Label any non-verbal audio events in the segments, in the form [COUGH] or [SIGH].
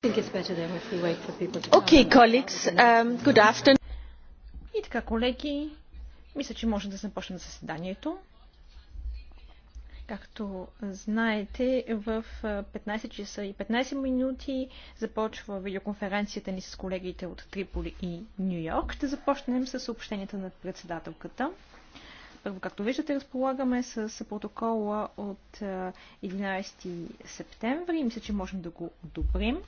Um, good afternoon. И така, колеги, мисля, че може да започнем заседанието. Както знаете, в 15 часа и 15 минути започва видеоконференцията ни с колегите от Триполи и Нью Йорк. Ще започнем с съобщенията на председателката. Първо, както виждате, разполагаме с протокола от 11 септември. Мисля, че можем да го одобрим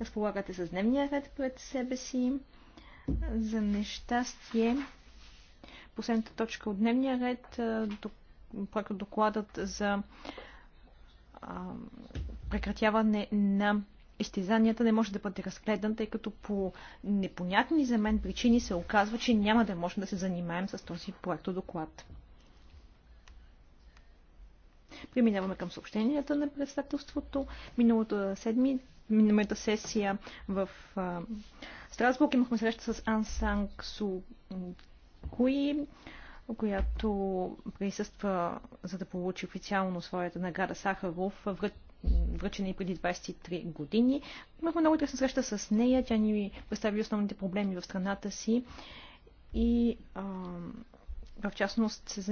разполагате с дневния ред пред себе си. За нещастие, последната точка от дневния ред, проект докладът за а, прекратяване на изтезанията не може да бъде разгледан, тъй като по непонятни за мен причини се оказва, че няма да можем да се занимаем с този проект доклад. Преминаваме към съобщенията на представителството. Миналото седмица миналата сесия в а, Страсбург. Имахме среща с Ан Санг Су Куи, която присъства за да получи официално своята награда Сахаров в връчена и преди 23 години. Имахме много интересна среща с нея. Тя ни представи основните проблеми в страната си и а, в частност се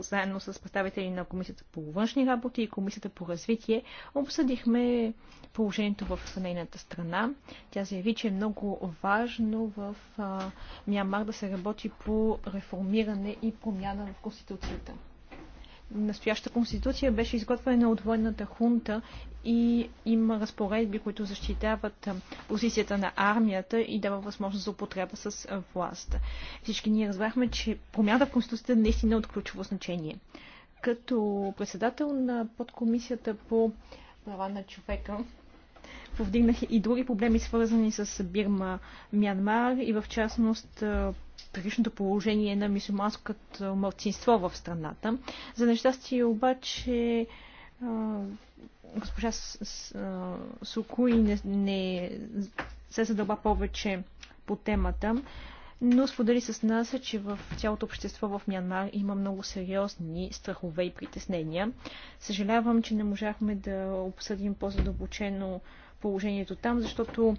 заедно с представители на Комисията по външни работи и Комисията по развитие, обсъдихме положението в нейната страна. Тя заяви, че е много важно в Мямар да се работи по реформиране и промяна в конституцията настояща конституция беше изготвена от военната хунта и има разпоредби, които защитават позицията на армията и дава възможност за употреба с власт. Всички ние разбрахме, че промяната в конституцията наистина е от ключово значение. Като председател на подкомисията по права на човека, повдигнах и други проблеми, свързани с Бирма, Мянмар и в частност трагичното положение на мисуманското мълцинство в страната. За нещастие обаче госпожа Сукуи не, не се задълба повече по темата, но сподели с нас, че в цялото общество в Мянмар има много сериозни страхове и притеснения. Съжалявам, че не можахме да обсъдим по-задълбочено положението там, защото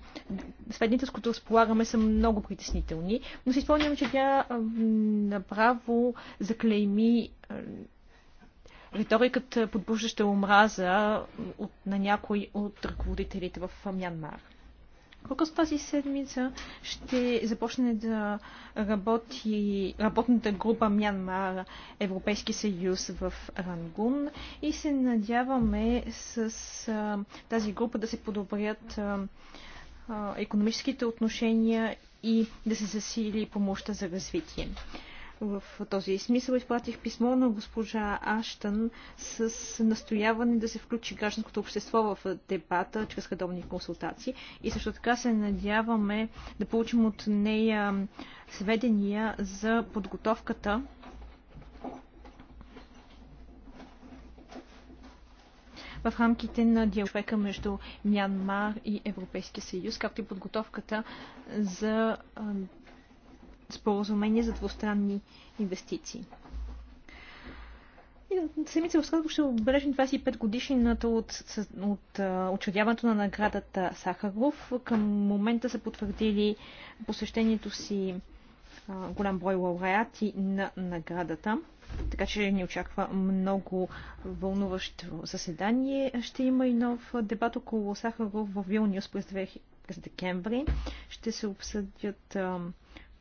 сведните, с които разполагаме, са много притеснителни. Но си спомням, че тя направо заклейми риториката, подбуждаща омраза от, на някой от ръководителите в Мянмар. По-късно тази седмица ще започне да работи работната група Мянмар Европейски съюз в Рангун и се надяваме с а, тази група да се подобрят а, а, економическите отношения и да се засили помощта за развитие. В този смисъл изпратих писмо на госпожа Аштън с настояване да се включи гражданското общество в дебата чрез редовни консултации и също така се надяваме да получим от нея сведения за подготовката в рамките на диалога между Мянмар и Европейския съюз, както и подготовката за споразумение за двустранни инвестиции. Седмица в Сладко ще отбележим 25 годишнината от, от очудяването на наградата Сахаров. Към момента са потвърдили посещението си голям брой лауреати на наградата. Така че ни очаква много вълнуващо заседание. Ще има и нов дебат около Сахаров в Вилнюс през, през декември. Ще се обсъдят а,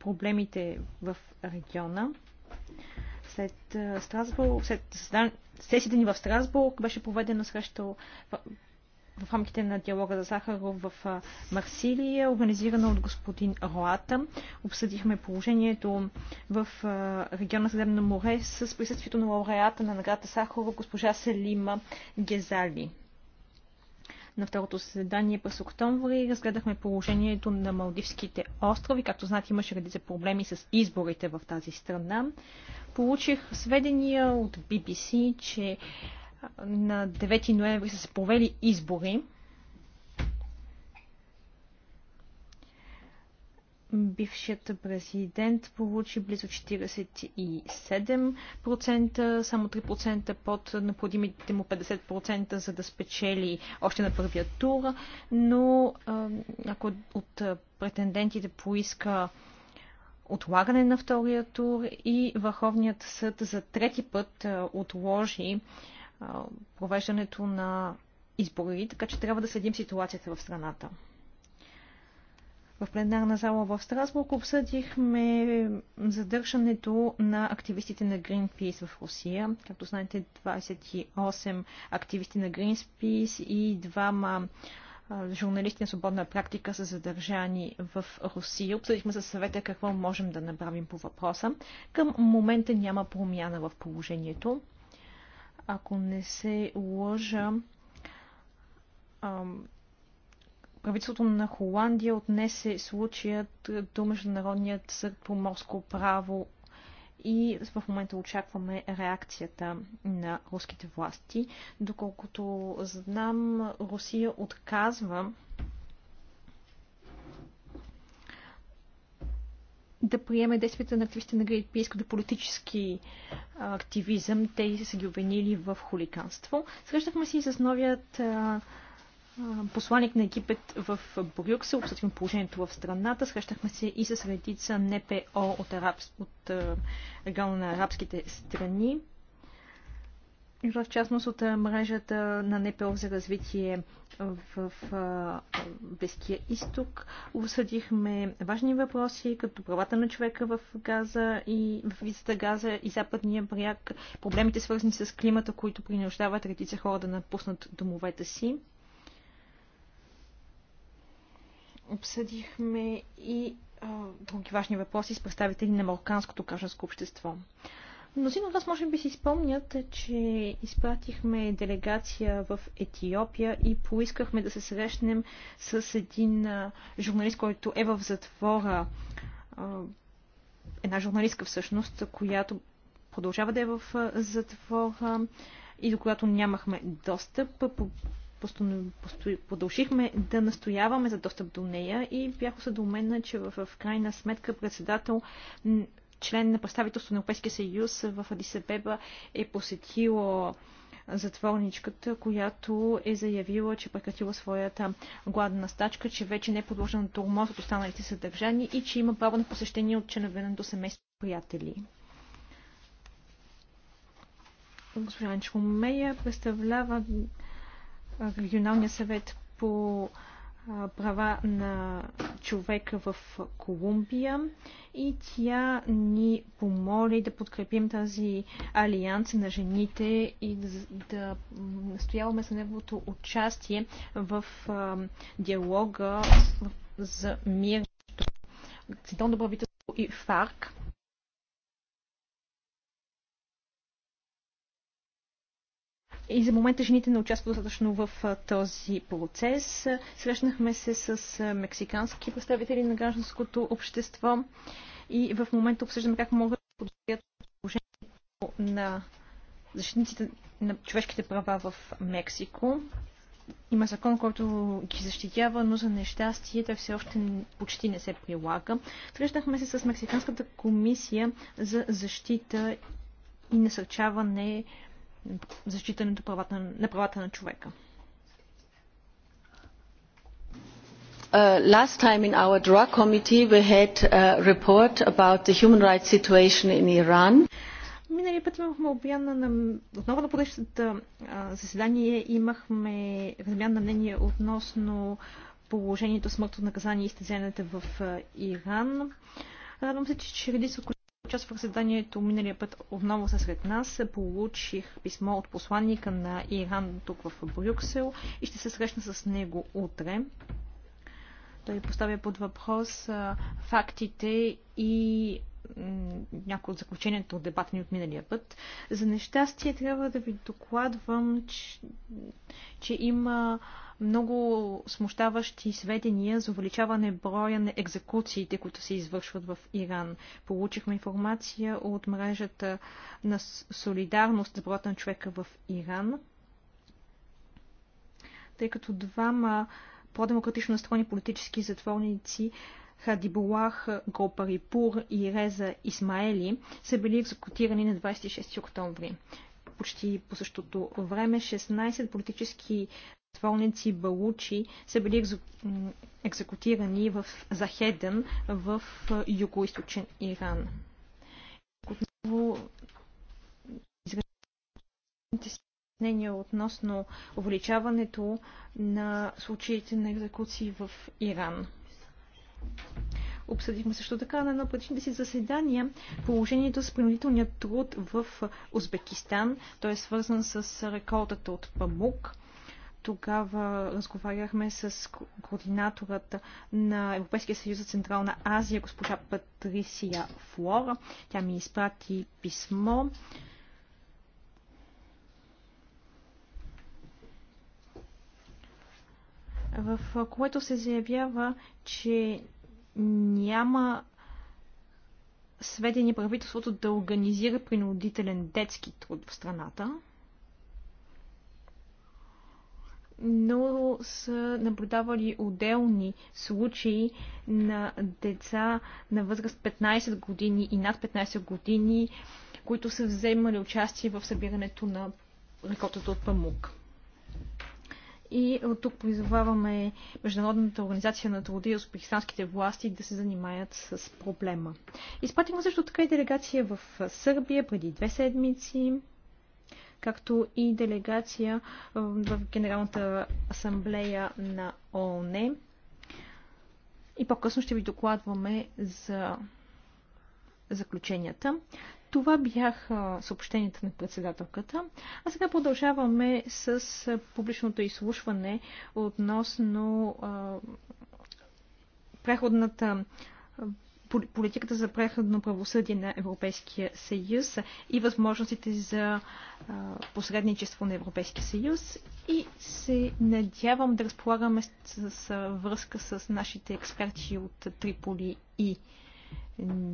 проблемите в региона. След, Страсбург, след сесията ни в Страсбург беше проведена среща в рамките на диалога за Сахаров в Марсилия, организирана от господин Роата. Обсъдихме положението в региона Средно море с присъствието на лауреата на награда Сахаров, госпожа Селима Гезали на второто заседание през октомври разгледахме положението на Малдивските острови. Както знаете, имаше редица проблеми с изборите в тази страна. Получих сведения от BBC, че на 9 ноември са се провели избори бившият президент получи близо 47%, само 3% под необходимите му 50%, за да спечели още на първия тур, но ако от претендентите поиска отлагане на втория тур и Върховният съд за трети път отложи провеждането на избори, така че трябва да следим ситуацията в страната в пленарна зала в Страсбург обсъдихме задържането на активистите на Greenpeace в Русия. Както знаете, 28 активисти на Greenpeace и двама журналисти на свободна практика са задържани в Русия. Обсъдихме със съвета какво можем да направим по въпроса. Към момента няма промяна в положението. Ако не се лъжа, правителството на Холандия отнесе случаят до Международният съд по морско право и в момента очакваме реакцията на руските власти. Доколкото знам, Русия отказва да приеме действията на активистите на Грейтпи до политически активизъм. Те са ги обвинили в хулиганство. Срещахме се и с новият посланик на Египет в Брюксел, обсъдихме положението в страната, срещахме се и с редица НПО от, араб, от региона на арабските страни, в частност от мрежата на НПО за развитие в, в Близкия изток. Обсъдихме важни въпроси, като правата на човека в Газа и в визата Газа и Западния бряг, проблемите свързани с климата, които принуждават редица хора да напуснат домовете си. Обсъдихме и а, други важни въпроси с представители на Балканското гражданско общество. Мнозина от вас може би си спомнят, че изпратихме делегация в Етиопия и поискахме да се срещнем с един журналист, който е в затвора. Една журналистка всъщност, която продължава да е в затвора и до която нямахме достъп продължихме да настояваме за достъп до нея и бях осъдомена, че в, в крайна сметка председател член на представителство на Европейския съюз в Адисабеба е посетила затворничката, която е заявила, че прекратила своята гладна стачка, че вече не е подложена на тормоз от останалите съдържани и че има право на посещение от членове на до семейство приятели. Госпожа Мея представлява регионалния съвет по права на човека в Колумбия и тя ни помоли да подкрепим тази алианс на жените и да настояваме за неговото участие в диалога за мир. Цитон добровителство и ФАРК. И за момента жените не участват достатъчно в този процес. Срещнахме се с мексикански представители на гражданското общество и в момента обсъждаме как могат да подобрят положението на защитниците на човешките права в Мексико. Има закон, който ги защитява, но за нещастие той все още почти не се прилага. Срещнахме се с Мексиканската комисия за защита и насърчаване защитането правата, на правата на човека. Uh, last time in our drug committee we had a report about the human rights situation in Iran. Миналия път имахме обмяна на... Отново на подещата заседание имахме размян на мнение относно положението смъртно наказание и изтезянията в Иран. Радвам се, че редица участвах в заданието миналия път отново са сред нас. Получих писмо от посланника на Иран тук в Брюксел и ще се срещна с него утре. Той поставя под въпрос фактите и някои от заключенията от дебата ни от миналия път. За нещастие трябва да ви докладвам, че, че има много смущаващи сведения за увеличаване броя на екзекуциите, които се извършват в Иран. Получихме информация от мрежата на солидарност за брата на човека в Иран, тъй като двама по-демократично настроени политически затворници Хадибулах Гопарипур и Реза Исмаели са били екзекутирани на 26 октомври. Почти по същото време 16 политически затворници Балучи са били екзекутирани в Захеден в юго-источен Иран. Отново изразите си относно увеличаването на случаите на екзекуции в Иран. Обсъдихме също така на едно предишните си заседания положението с принудителният труд в Узбекистан. Той е свързан с рекордата от памук. Тогава разговаряхме с координаторът на Европейския съюз за Централна Азия, госпожа Патрисия Флора. Тя ми изпрати писмо. в което се заявява, че няма сведения правителството да организира принудителен детски труд в страната. но са наблюдавали отделни случаи на деца на възраст 15 години и над 15 години, които са вземали участие в събирането на рекотата от памук. И от тук призоваваме Международната организация на труда и узбекистанските власти да се занимаят с проблема. Изпратихме също така и делегация в Сърбия преди две седмици както и делегация в Генералната асамблея на ООН. И по-късно ще ви докладваме за заключенията. Това бяха съобщенията на председателката. А сега продължаваме с публичното изслушване относно а, преходната политиката за преходно правосъдие на Европейския съюз и възможностите за посредничество на Европейския съюз и се надявам да разполагаме с, с връзка с нашите експерти от Триполи и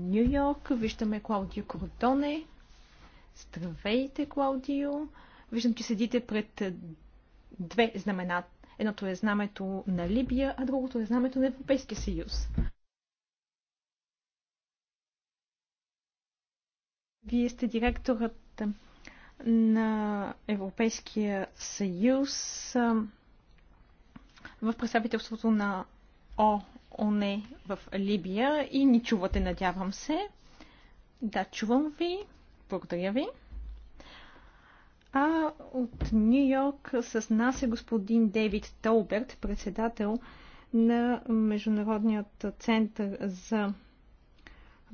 Нью Йорк. Виждаме Клаудио Кордоне. Здравейте, Клаудио. Виждам, че седите пред две знамена. Едното е знамето на Либия, а другото е знамето на Европейския съюз. Вие сте директорът на Европейския съюз в представителството на ООНЕ в Либия и ни чувате, надявам се. Да, чувам ви. Благодаря ви. А от Нью Йорк с нас е господин Дейвид Толберт, председател на Международният център за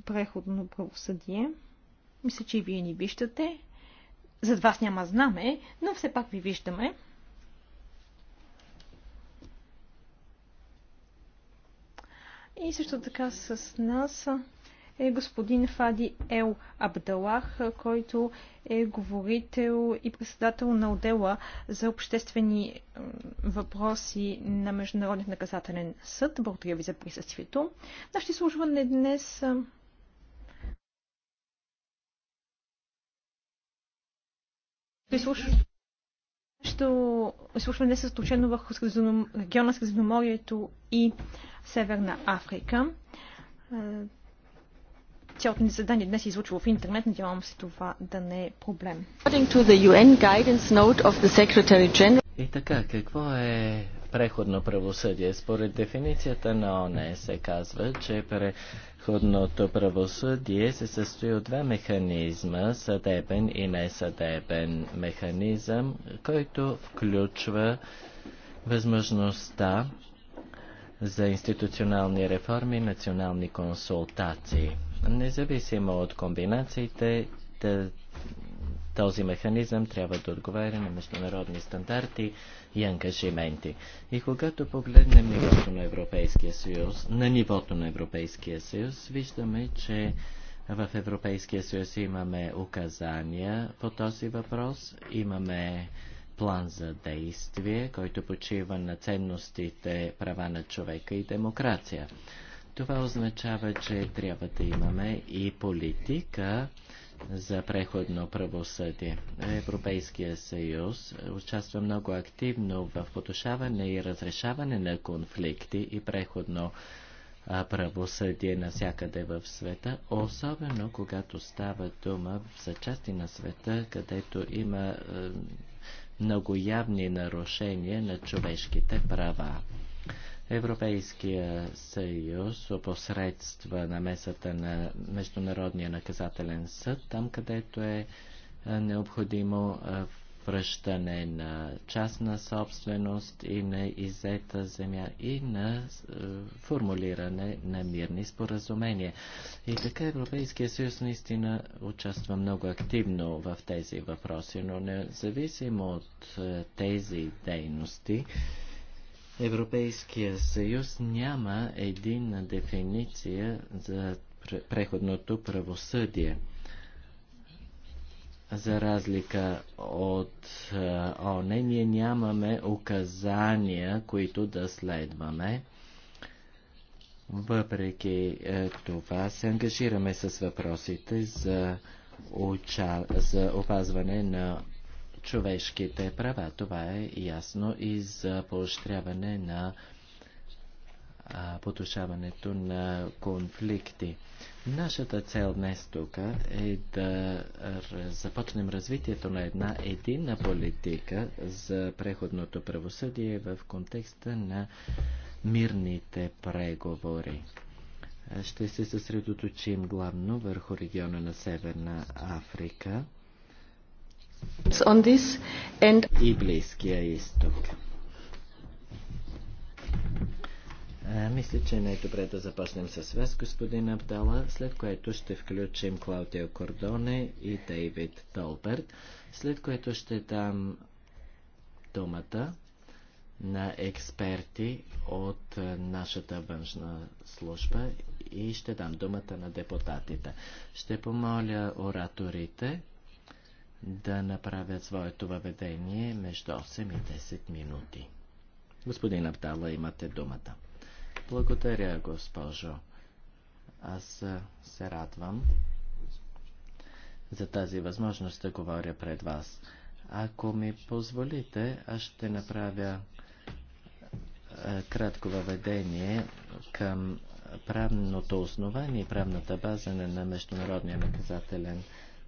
преходно правосъдие. Мисля, че и вие ни виждате. Зад вас няма знаме, но все пак ви виждаме. И също така с нас е господин Фади Ел Абдалах, който е говорител и председател на отдела за обществени въпроси на Международния наказателен съд. Благодаря ви за присъствието. Нашето изслужване днес Нашето изслушване е състочено върху региона с Средиземноморието и Северна Африка. Е, цялото ни задание днес е излучило в интернет. Надявам се това да не е проблем. И така, какво е преходно правосъдие. Според дефиницията на ОНЕ се казва, че преходното правосъдие се състои от два механизма, съдебен и несъдебен механизъм, който включва възможността за институционални реформи и национални консултации. Независимо от комбинациите, този механизъм трябва да отговаря на международни стандарти и ангажименти. И когато погледнем нивото на Европейския съюз, на нивото на Европейския съюз, виждаме, че в Европейския съюз имаме указания по този въпрос, имаме план за действие, който почива на ценностите права на човека и демокрация. Това означава, че трябва да имаме и политика за преходно правосъдие. Европейския съюз участва много активно в потушаване и разрешаване на конфликти и преходно правосъдие навсякъде в света, особено когато става дума за части на света, където има много явни нарушения на човешките права. Европейския съюз опосредства намесата на Международния наказателен съд, там където е необходимо връщане на частна собственост и на иззета земя и на формулиране на мирни споразумения. И така Европейския съюз наистина участва много активно в тези въпроси, но независимо от тези дейности, Европейския съюз няма единна дефиниция за преходното правосъдие. За разлика от ОНЕ, ние нямаме указания, които да следваме. Въпреки е, това се ангажираме с въпросите за, уча... за опазване на човешките права. Това е ясно и за поощряване на потушаването на конфликти. Нашата цел днес тук е да започнем развитието на една единна политика за преходното правосъдие в контекста на мирните преговори. Ще се съсредоточим главно върху региона на Северна Африка And... И Близкия изток. А, мисля, че най-добре е да започнем с вас, господин Абдала, след което ще включим Клаудио Кордоне и Дейвид Толберт, след което ще дам думата на експерти от нашата външна служба и ще дам думата на депутатите. Ще помоля ораторите да направят своето въведение между 8 и 10 минути. Господин Абдала, имате думата. Благодаря, госпожо. Аз се радвам за тази възможност да говоря пред вас. Ако ми позволите, аз ще направя кратко въведение към правното основание и правната база на Международния наказателен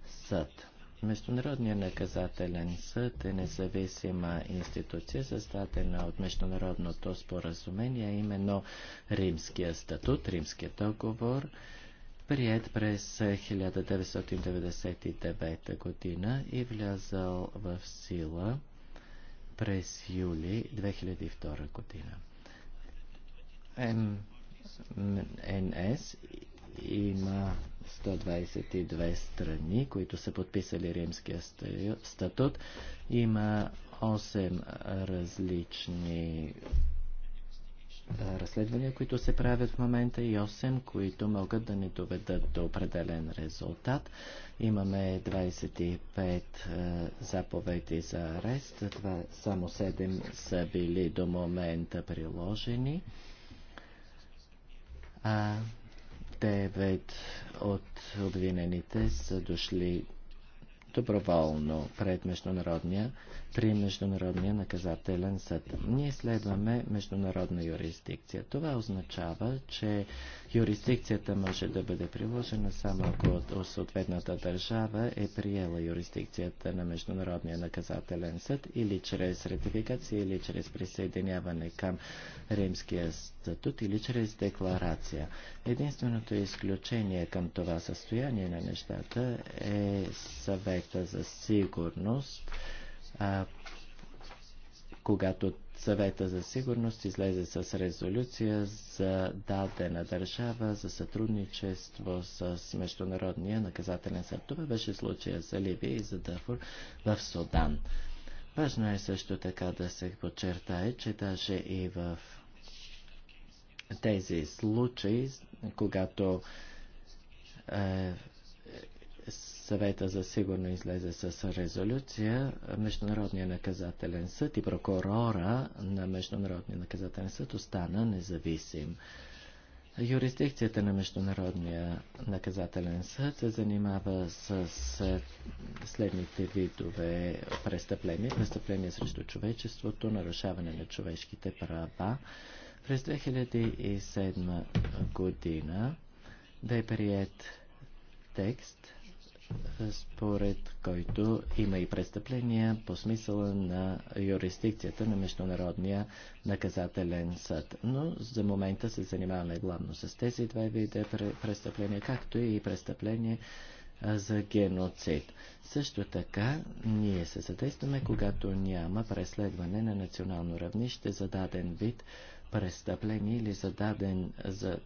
съд. Международният наказателен съд е независима институция, създадена от международното споразумение, именно Римския статут, Римския договор, прият през 1999 година и влязал в сила през юли 2002 година. МНС има 122 страни, които са подписали Римския статут. Има 8 различни разследвания, които се правят в момента и 8, които могат да ни доведат до определен резултат. Имаме 25 заповеди за арест, това само 7 са били до момента приложени. А Девет от обвинените са дошли доброволно пред Международния при Международния наказателен съд. Ние следваме международна юрисдикция. Това означава, че юрисдикцията може да бъде приложена само ако съответната държава е приела юрисдикцията на Международния наказателен съд или чрез ратификация, или чрез присъединяване към Римския статут, или чрез декларация. Единственото изключение към това състояние на нещата е съвета за сигурност, а, когато съвета за сигурност излезе с резолюция за дадена държава за сътрудничество с Международния наказателен съд. Това беше случая за Ливия и за Дафур в Судан. Важно е също така да се подчертае, че даже и в тези случаи, когато е, съвета за сигурно излезе с резолюция, Международния наказателен съд и прокурора на Международния наказателен съд остана независим. Юрисдикцията на Международния наказателен съд се занимава с следните видове престъпления. Престъпления срещу човечеството, нарушаване на човешките права. През 2007 година да е прият текст според който има и престъпления по смисъла на юрисдикцията на Международния наказателен съд. Но за момента се занимаваме главно с тези два вида престъпления, както и престъпления за геноцид. Също така, ние се задействаме, когато няма преследване на национално равнище за даден вид престъпление или за даден за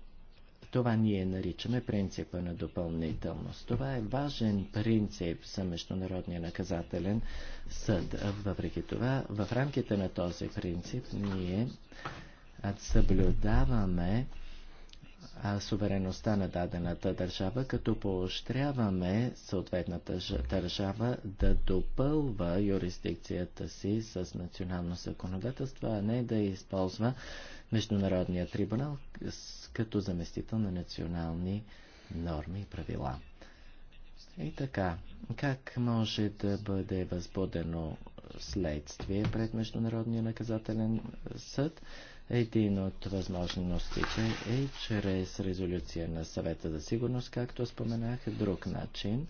това ние наричаме принципа на допълнителност. Това е важен принцип за Международния наказателен съд. Въпреки това, в рамките на този принцип ние съблюдаваме сувереността на дадената държава, като поощряваме съответната държава да допълва юрисдикцията си с национално законодателство, а не да използва Международния трибунал като заместител на национални норми и правила. И така, как може да бъде възбудено следствие пред Международния наказателен съд? Един от възможностите е чрез резолюция на съвета за сигурност, както споменах. Друг начин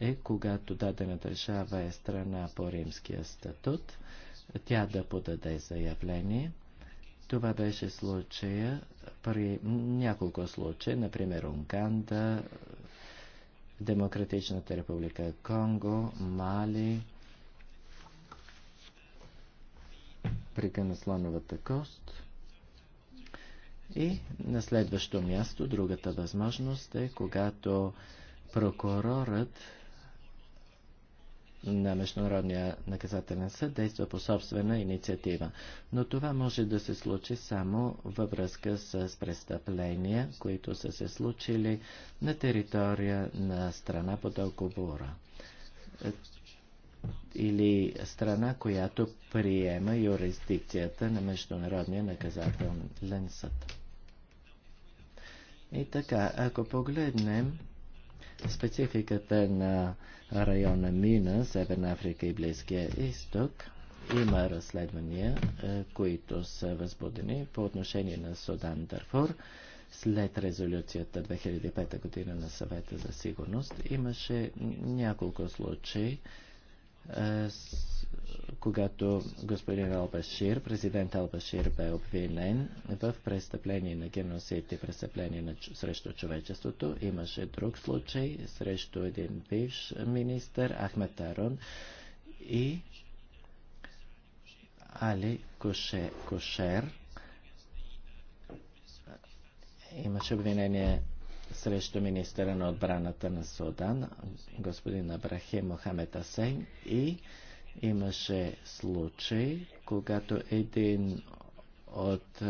е, когато дадена държава е страна по римския статут, тя да подаде заявление. Това беше случая при няколко случая, например Унганда, Демократичната република Конго, Мали, Прика слоновата кост – и на следващо място, другата възможност е, когато прокурорът на Международния наказателен съд действа по собствена инициатива. Но това може да се случи само във връзка с престъпления, които са се случили на територия на страна по договора или страна, която приема юрисдикцията на Международния наказателен съд. И така, ако погледнем спецификата на района Мина, Северна Африка и Близкия изток, има разследвания, е, които са възбудени по отношение на Судан Дарфур. След резолюцията 2005 година на съвета за сигурност имаше няколко случаи е, когато господин Албашир, президент Албашир бе обвинен в престъпление на геноцид и престъпление на, срещу човечеството, имаше друг случай срещу един бивш министр, Ахмед Тарон и Али Коше, Кошер. Имаше обвинение срещу министъра на отбраната на Судан, господин Абрахим Мохамед Асейн и Имаше случай, когато един от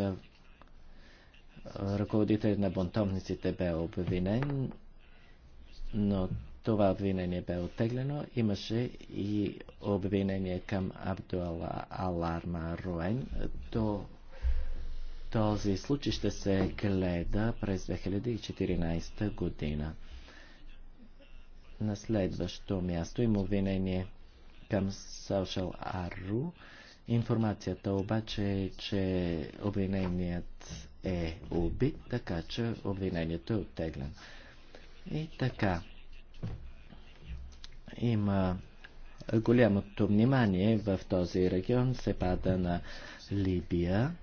ръководители на бунтовниците бе обвинен, но това обвинение бе оттеглено. Имаше и обвинение към Абдуала Аларма Руен. То, този случай ще се гледа през 2014 година. На следващо място има обвинение към Social Arru. Информацията обаче е, че обвиненият е убит, така че обвинението е оттеглено. И така. Има голямото внимание в този регион се пада на Либия.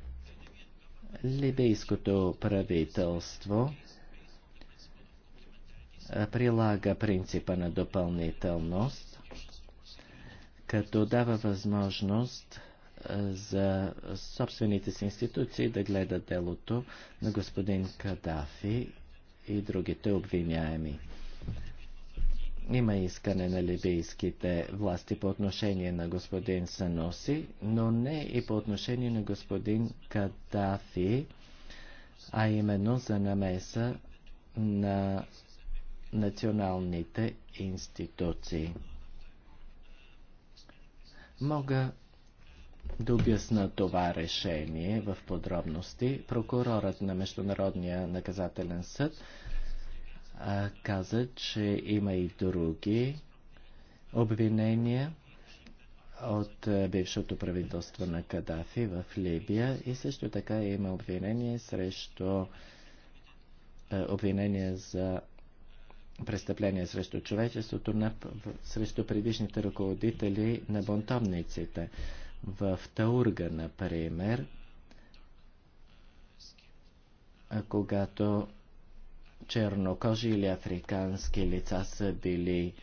Либийското правителство прилага принципа на допълнителност като дава възможност за собствените си институции да гледат делото на господин Кадафи и другите обвиняеми. Има искане на либийските власти по отношение на господин Саноси, но не и по отношение на господин Кадафи, а именно за намеса на националните институции. Мога да обясна това решение в подробности. Прокурорът на Международния наказателен съд а, каза, че има и други обвинения от бившото правителство на Кадафи в Либия и също така има обвинение срещу обвинение за престъпления срещу човечеството на, срещу предишните ръководители на бунтовниците. В Таурга, например, когато чернокожи или африкански лица са били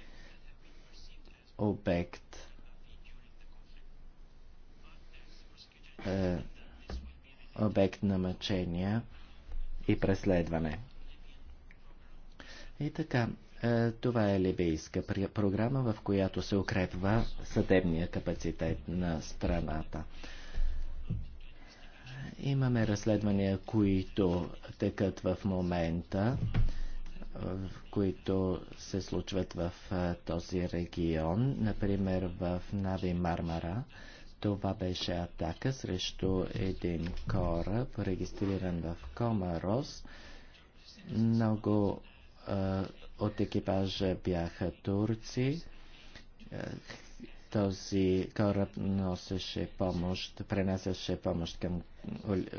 обект е, обект на мъчения и преследване. И така, е, това е либийска програма, в която се укрепва съдебния капацитет на страната. Имаме разследвания, които текат в момента, е, които се случват в е, този регион, например в Нави Мармара. Това беше атака срещу един кораб, регистриран в Комарос. Много от екипажа бяха турци. Този кораб носеше помощ, пренасяше помощ към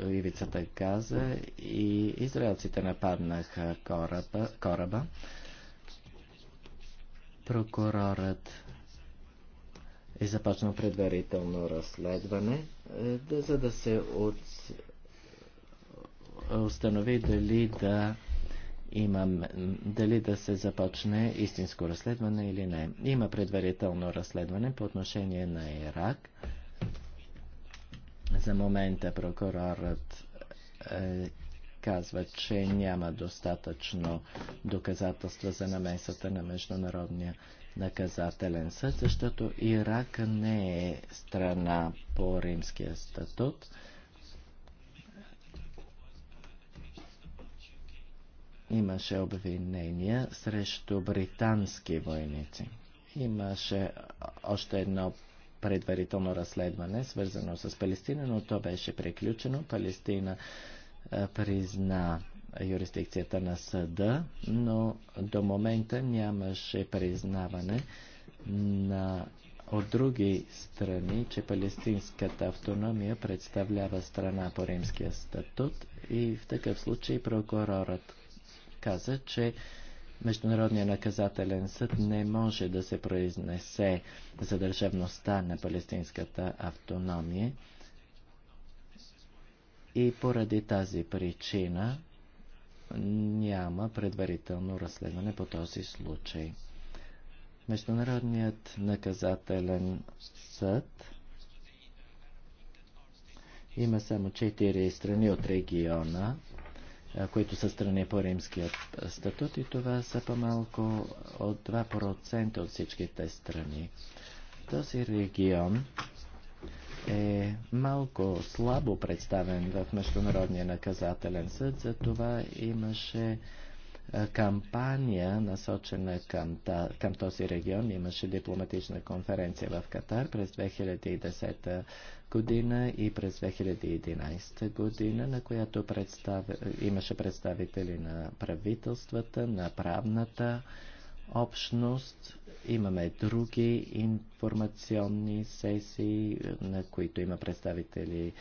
ивицата Газа и израелците нападнаха кораба. кораба. Прокурорът е започнал предварително разследване, е, за да се от... установи дали да имам, дали да се започне истинско разследване или не. Има предварително разследване по отношение на Ирак. За момента прокурорът е, казва, че няма достатъчно доказателства за намесата на Международния наказателен съд, защото Ирак не е страна по римския статут. имаше обвинения срещу британски войници. Имаше още едно предварително разследване, свързано с Палестина, но то беше приключено. Палестина призна юрисдикцията на съда, но до момента нямаше признаване на от други страни, че палестинската автономия представлява страна по римския статут и в такъв случай прокурорът каза, че Международният наказателен съд не може да се произнесе за държавността на палестинската автономия. И поради тази причина няма предварително разследване по този случай. Международният наказателен съд има само четири страни от региона, които са страни по римския статут и това са по-малко от 2% от всичките страни. Този регион е малко слабо представен в Международния наказателен съд, затова имаше кампания, насочена към, та, към този регион. Имаше дипломатична конференция в Катар през 2010 година и през 2011 година, на която представ... имаше представители на правителствата, на правната общност. Имаме други информационни сесии, на които има представители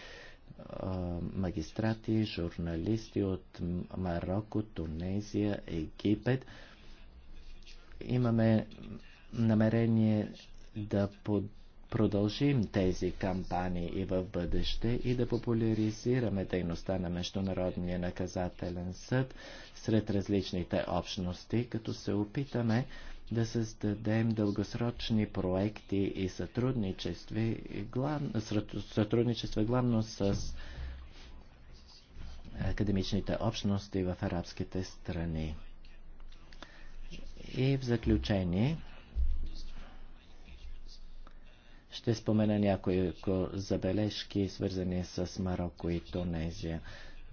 магистрати, журналисти от Марокко, Тунезия, Египет. Имаме намерение да поддържаме продължим тези кампании и в бъдеще и да популяризираме дейността на Международния наказателен съд сред различните общности, като се опитаме да създадем дългосрочни проекти и сътрудничества, глав... сътрудничества главно с академичните общности в арабските страни. И в заключение, ще спомена някои забележки, свързани с Марокко и Тунезия.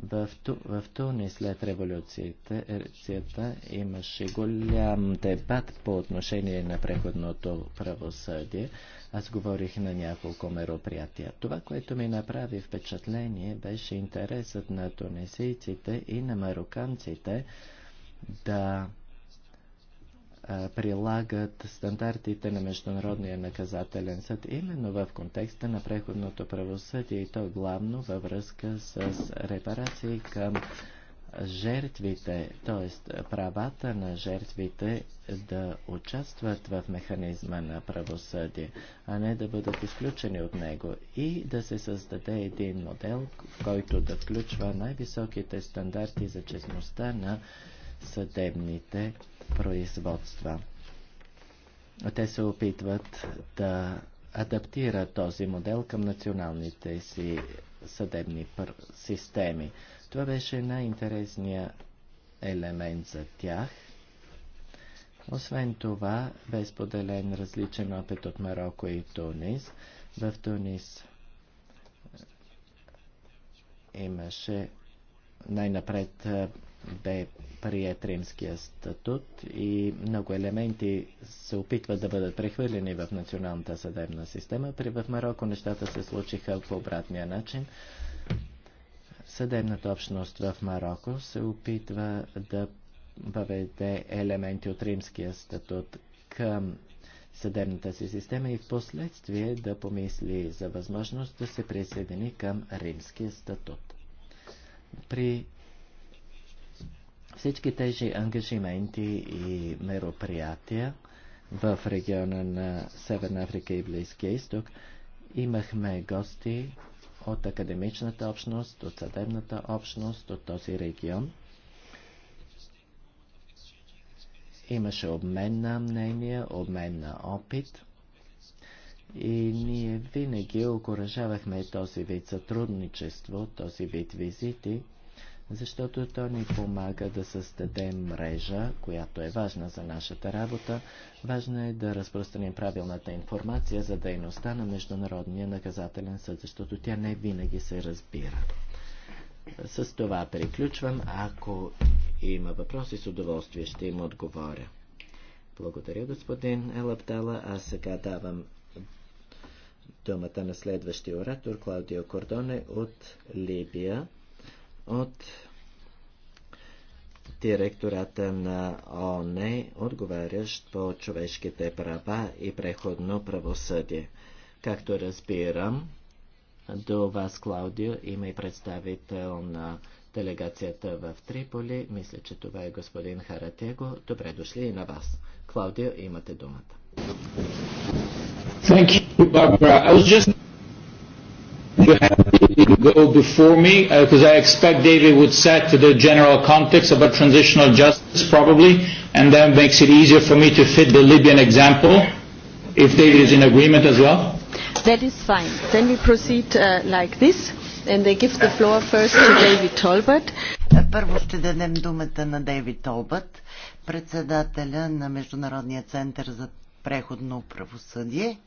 В, в Туни след революцията имаше голям дебат по отношение на преходното правосъдие. Аз говорих на няколко мероприятия. Това, което ми направи впечатление, беше интересът на тунисийците и на мароканците да прилагат стандартите на Международния наказателен съд именно в контекста на преходното правосъдие и то главно във връзка с репарации към жертвите, т.е. правата на жертвите да участват в механизма на правосъдие, а не да бъдат изключени от него и да се създаде един модел, в който да включва най-високите стандарти за честността на съдебните производства. Те се опитват да адаптират този модел към националните си съдебни системи. Това беше най-интересният елемент за тях. Освен това, бе споделен различен опит от Марокко и Тунис. В Тунис е, имаше най-напред е, бе прият римския статут и много елементи се опитват да бъдат прехвърлени в националната съдебна система. При в Марокко нещата се случиха по обратния начин. Съдебната общност в Марокко се опитва да въведе елементи от римския статут към съдебната си система и в последствие да помисли за възможност да се присъедини към римския статут. При всички тези ангажименти и мероприятия в региона на Северна Африка и Близкия изток имахме гости от академичната общност, от съдебната общност, от този регион. Имаше обмен на мнения, обмен на опит и ние винаги окоръжавахме този вид сътрудничество, този вид визити – защото то ни помага да създадем мрежа, която е важна за нашата работа. Важно е да разпространим правилната информация за дейността на Международния наказателен съд, защото тя не винаги се разбира. С това приключвам. Ако има въпроси, с удоволствие ще им отговоря. Благодаря, господин Елаптала. аз сега давам думата на следващия оратор Клаудио Кордоне от Либия от директората на ООН, отговарящ по човешките права и преходно правосъдие. Както разбирам, до вас, Клаудио, има и представител на делегацията в Триполи. Мисля, че това е господин Харатего. Добре дошли и на вас. Клаудио, имате думата. Thank you, Barbara. I was just... have go before me because uh, I expect David would set the general context of a transitional justice probably and that makes it easier for me to fit the Libyan example if David is in agreement as well. That is fine. Then we proceed uh, like this and they give the floor first to David Talbot. Първо ще дадем думата на Дейвид Толбът, председателя на Международния център за преходно правосъдие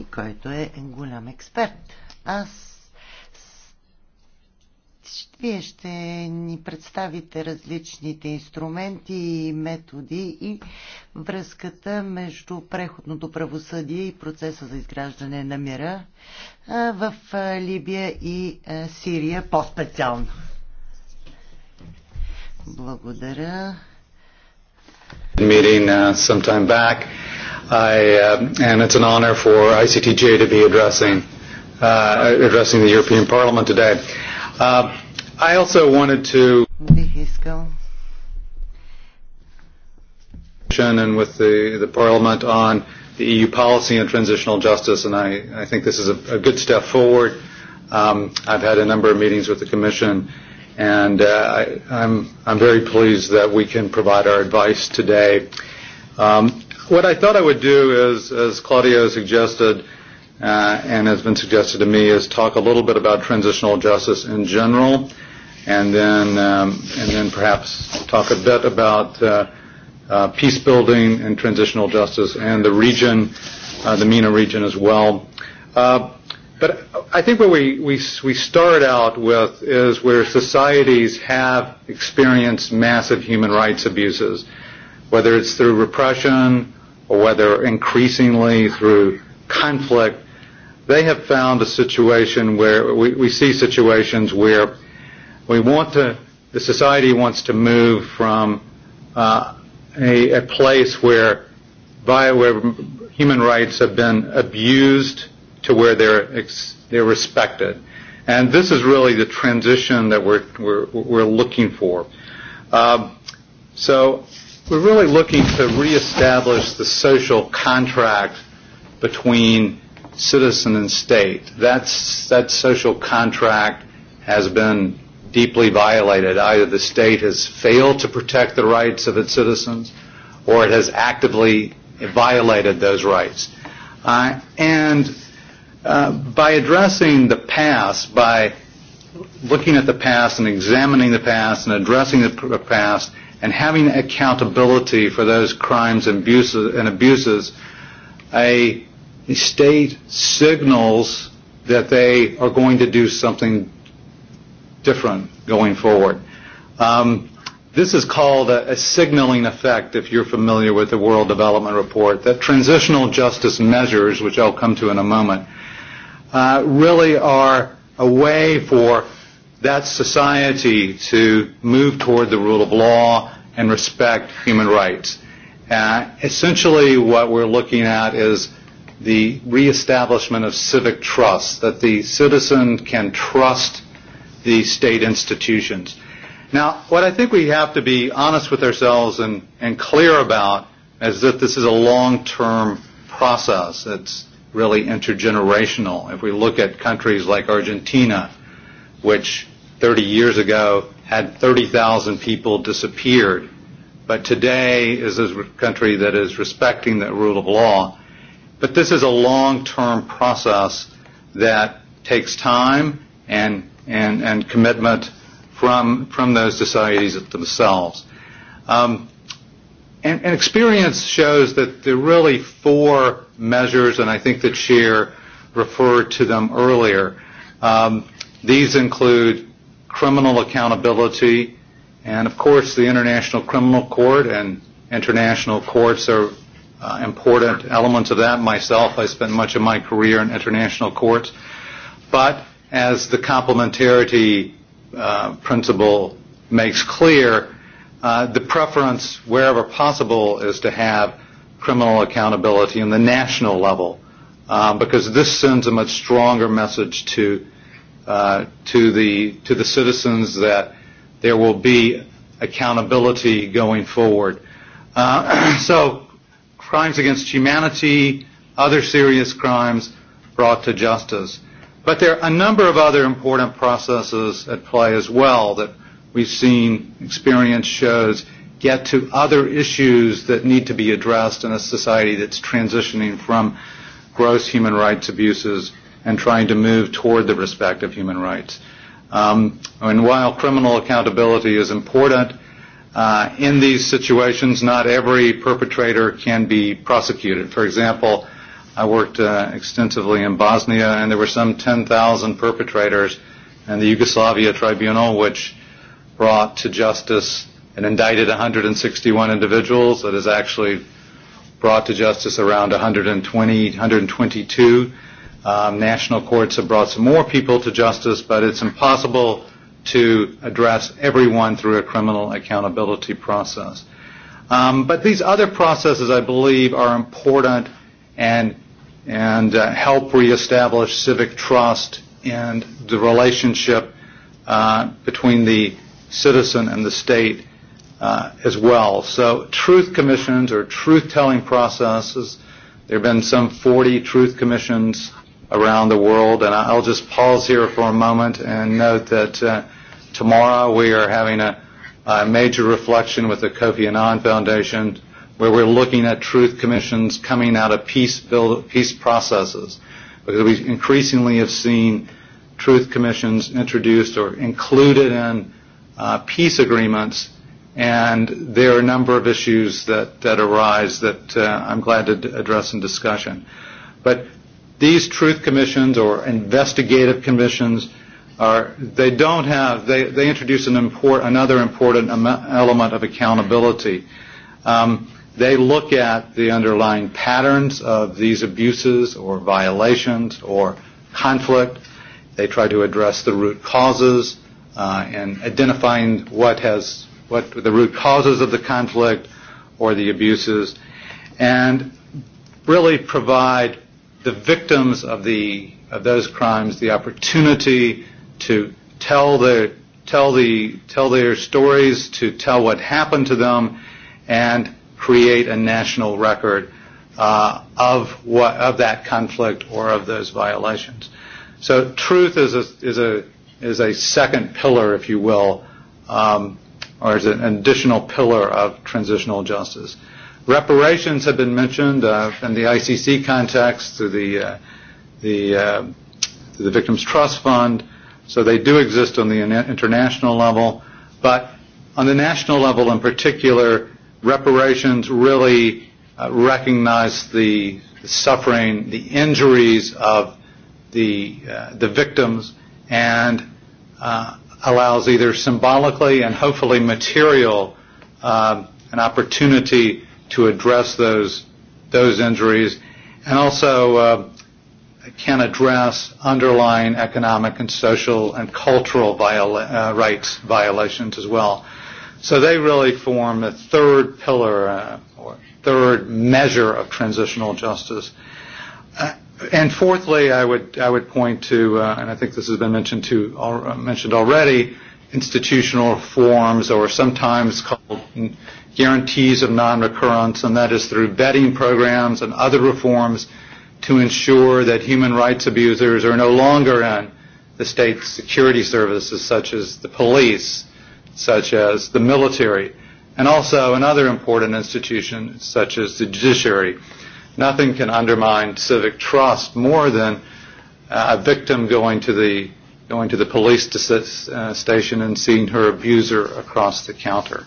и който е голям експерт аз вие ще ни представите различните инструменти и методи и връзката между преходното правосъдие и процеса за изграждане на мира в Либия и Сирия по-специално. Благодаря. Meeting uh, time back, I, uh, and it's an honor for ICTJ to be addressing uh, addressing the European Parliament today. Uh, I also wanted to and with the, the Parliament on the EU policy on transitional justice, and I, I think this is a, a good step forward. Um, I've had a number of meetings with the Commission, and uh, I, I'm, I'm very pleased that we can provide our advice today. Um, what I thought I would do is, as Claudio suggested, uh, and has been suggested to me is talk a little bit about transitional justice in general, and then um, and then perhaps talk a bit about uh, uh, peace building and transitional justice and the region, uh, the MENA region as well. Uh, but I think what we, we, we start out with is where societies have experienced massive human rights abuses, whether it's through repression or whether increasingly through conflict They have found a situation where we, we see situations where we want to, the society wants to move from uh, a, a place where, by where human rights have been abused to where they're ex, they're respected. And this is really the transition that we're, we're, we're looking for. Um, so we're really looking to reestablish the social contract between citizen and state. That's, that social contract has been deeply violated. Either the state has failed to protect the rights of its citizens or it has actively violated those rights. Uh, and uh, by addressing the past, by looking at the past and examining the past and addressing the past and having accountability for those crimes and abuses, and abuses, a the state signals that they are going to do something different going forward. Um, this is called a, a signaling effect, if you're familiar with the World Development Report, that transitional justice measures, which I'll come to in a moment, uh, really are a way for that society to move toward the rule of law and respect human rights. Uh, essentially, what we're looking at is the reestablishment of civic trust, that the citizen can trust the state institutions. Now, what I think we have to be honest with ourselves and, and clear about is that this is a long-term process. It's really intergenerational. If we look at countries like Argentina, which 30 years ago had 30,000 people disappeared, but today is a country that is respecting the rule of law But this is a long-term process that takes time and, and, and commitment from, from those societies themselves. Um, and, and experience shows that there are really four measures, and I think the chair referred to them earlier. Um, these include criminal accountability, and of course the International Criminal Court and international courts are uh, important elements of that. Myself, I spent much of my career in international courts. But as the complementarity uh, principle makes clear, uh, the preference, wherever possible, is to have criminal accountability in the national level, because this sends a much stronger message to uh, to the to the citizens that there will be accountability going forward. Uh, so crimes against humanity, other serious crimes brought to justice. But there are a number of other important processes at play as well that we've seen experience shows get to other issues that need to be addressed in a society that's transitioning from gross human rights abuses and trying to move toward the respect of human rights. Um, and while criminal accountability is important, Uh, in these situations, not every perpetrator can be prosecuted. For example, I worked uh, extensively in Bosnia, and there were some 10,000 perpetrators, and the Yugoslavia Tribunal, which brought to justice and indicted 161 individuals, that is actually brought to justice around 120, 122. Um, national courts have brought some more people to justice, but it's impossible to address everyone through a criminal accountability process. Um, but these other processes, I believe, are important and and uh, help reestablish civic trust and the relationship uh, between the citizen and the state uh, as well. So truth commissions or truth-telling processes. There have been some 40 truth commissions around the world. And I'll just pause here for a moment and note that uh, tomorrow we are having a, a major reflection with the Kofi Annan Foundation where we're looking at truth commissions coming out of peace, build, peace processes because we increasingly have seen truth commissions introduced or included in uh, peace agreements. And there are a number of issues that, that arise that uh, I'm glad to d- address in discussion. But These truth commissions or investigative commissions are, they don't have, they, they introduce an import, another important element of accountability. Um, they look at the underlying patterns of these abuses or violations or conflict. They try to address the root causes uh, and identifying what has what the root causes of the conflict or the abuses, and really provide the victims of the of those crimes the opportunity to tell their tell the tell their stories, to tell what happened to them, and create a national record uh, of what of that conflict or of those violations. So truth is a is a is a second pillar, if you will, um, or is an additional pillar of transitional justice. Uh, Reparations have been mentioned uh, in the ICC context through the, uh, the, uh, through the Victims Trust Fund. So they do exist on the international level. But on the national level in particular, reparations really uh, recognize the suffering, the injuries of the, uh, the victims, and uh, allows either symbolically and hopefully material uh an opportunity to address those those injuries, and also uh, can address underlying economic and social and cultural viola- uh, rights violations as well. So they really form a third pillar uh, or third measure of transitional justice. Uh, and fourthly, I would I would point to, uh, and I think this has been mentioned to al- mentioned already, institutional reforms, or sometimes called guarantees of non-recurrence, and that is through vetting programs and other reforms to ensure that human rights abusers are no longer in the state security services such as the police, such as the military, and also in other important institutions such as the judiciary. Nothing can undermine civic trust more than a victim going to the going to the police station and seeing her abuser across the counter.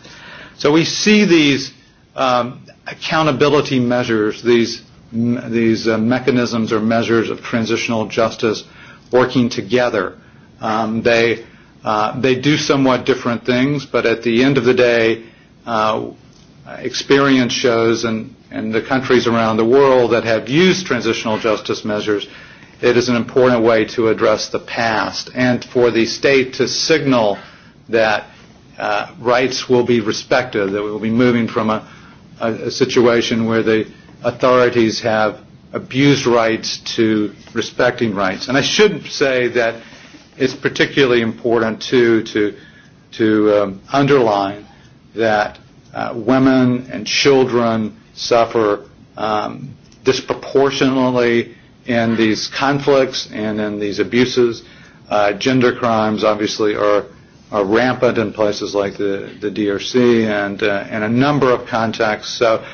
So we see these um, accountability measures, these, these uh, mechanisms or measures of transitional justice working together. Um, they, uh, they do somewhat different things, but at the end of the day, uh, experience shows and, and the countries around the world that have used transitional justice measures, it is an important way to address the past and for the state to signal that uh, rights will be respected, that we will be moving from a, a, a situation where the authorities have abused rights to respecting rights. And I should say that it's particularly important, too, to, to um, underline that uh, women and children suffer um, disproportionately in these conflicts and in these abuses. Uh, gender crimes, obviously, are are rampant in places like the, the DRC and, uh, in a number of contexts. So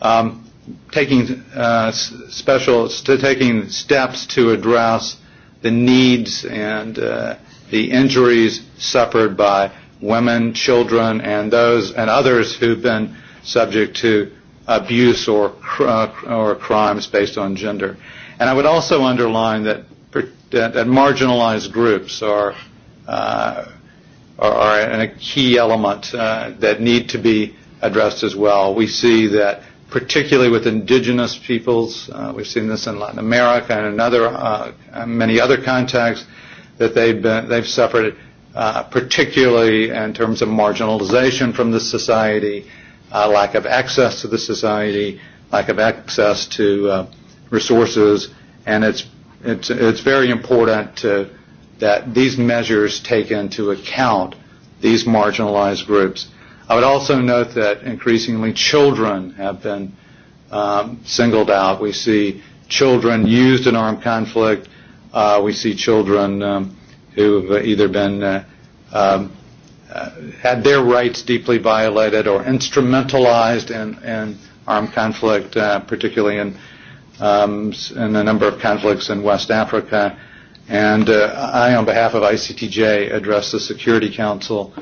um, taking uh, special, st- taking steps to address the needs and uh, the injuries suffered by women, children, and those and others who've been subject to abuse or uh, or crimes based on gender. And I would also underline that that, that marginalized groups are uh, are, a key element uh, that need to be addressed as well. We see that particularly with indigenous peoples, uh, we've seen this in Latin America and in other, uh, many other contexts, that they've, been, they've suffered uh, particularly in terms of marginalization from the society, uh, lack of access to the society, lack of access to uh, resources, and it's, it's, it's very important to that these measures take into account these marginalized groups. I would also note that increasingly children have been um, singled out. We see children used in armed conflict. Uh, we see children um, who have either been uh, um, uh, had their rights deeply violated or instrumentalized in, in armed conflict, uh, particularly in, um, in a number of conflicts in West Africa And uh, I, on behalf of ICTJ, addressed the Security Council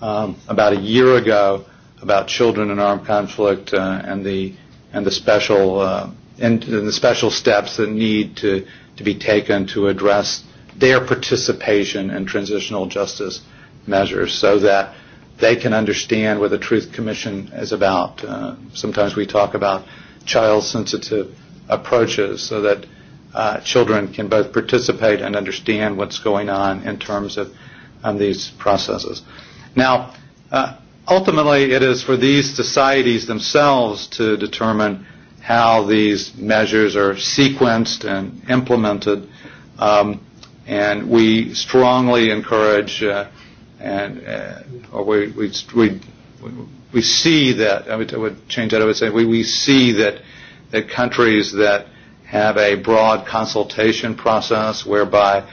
um, about a year ago about children in armed conflict uh, and the and the special uh, and, and the special steps that need to to be taken to address their participation in transitional justice measures, so that they can understand what the Truth Commission is about. Uh, sometimes we talk about child-sensitive approaches, so that uh, children can both participate and understand what's going on in terms of um, these processes. Now, uh, ultimately, it is for these societies themselves to determine how these measures are sequenced and implemented. Um, and we strongly encourage, uh, and uh, or we we we we see that I would, I would change that. I would say we we see that that countries that have a broad consultation process whereby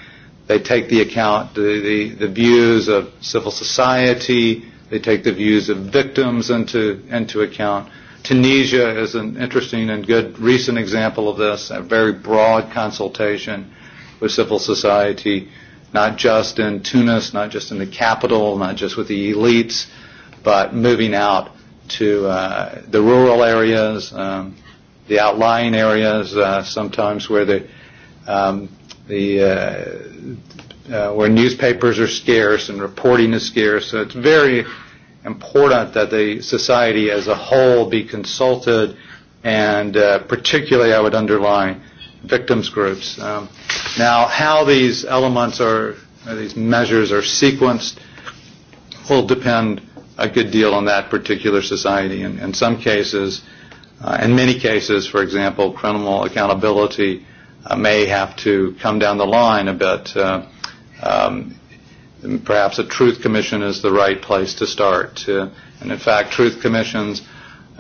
they take the account the, the, the views of civil society, they take the views of victims into, into account. Tunisia is an interesting and good recent example of this, a very broad consultation with civil society, not just in Tunis, not just in the capital, not just with the elites, but moving out to uh, the rural areas, um, the outlying areas, uh, sometimes where the um, the uh, uh, where newspapers are scarce and reporting is scarce. So it's very important that the society as a whole be consulted, and uh, particularly I would underline victims groups. Um, now, how these elements are, or these measures are sequenced, will depend a good deal on that particular society. In, in some cases, uh, Uh, in many cases, for example, criminal accountability uh, may have to come down the line a bit. Uh, um, perhaps a truth commission is the right place to start. Uh, and in fact, truth commissions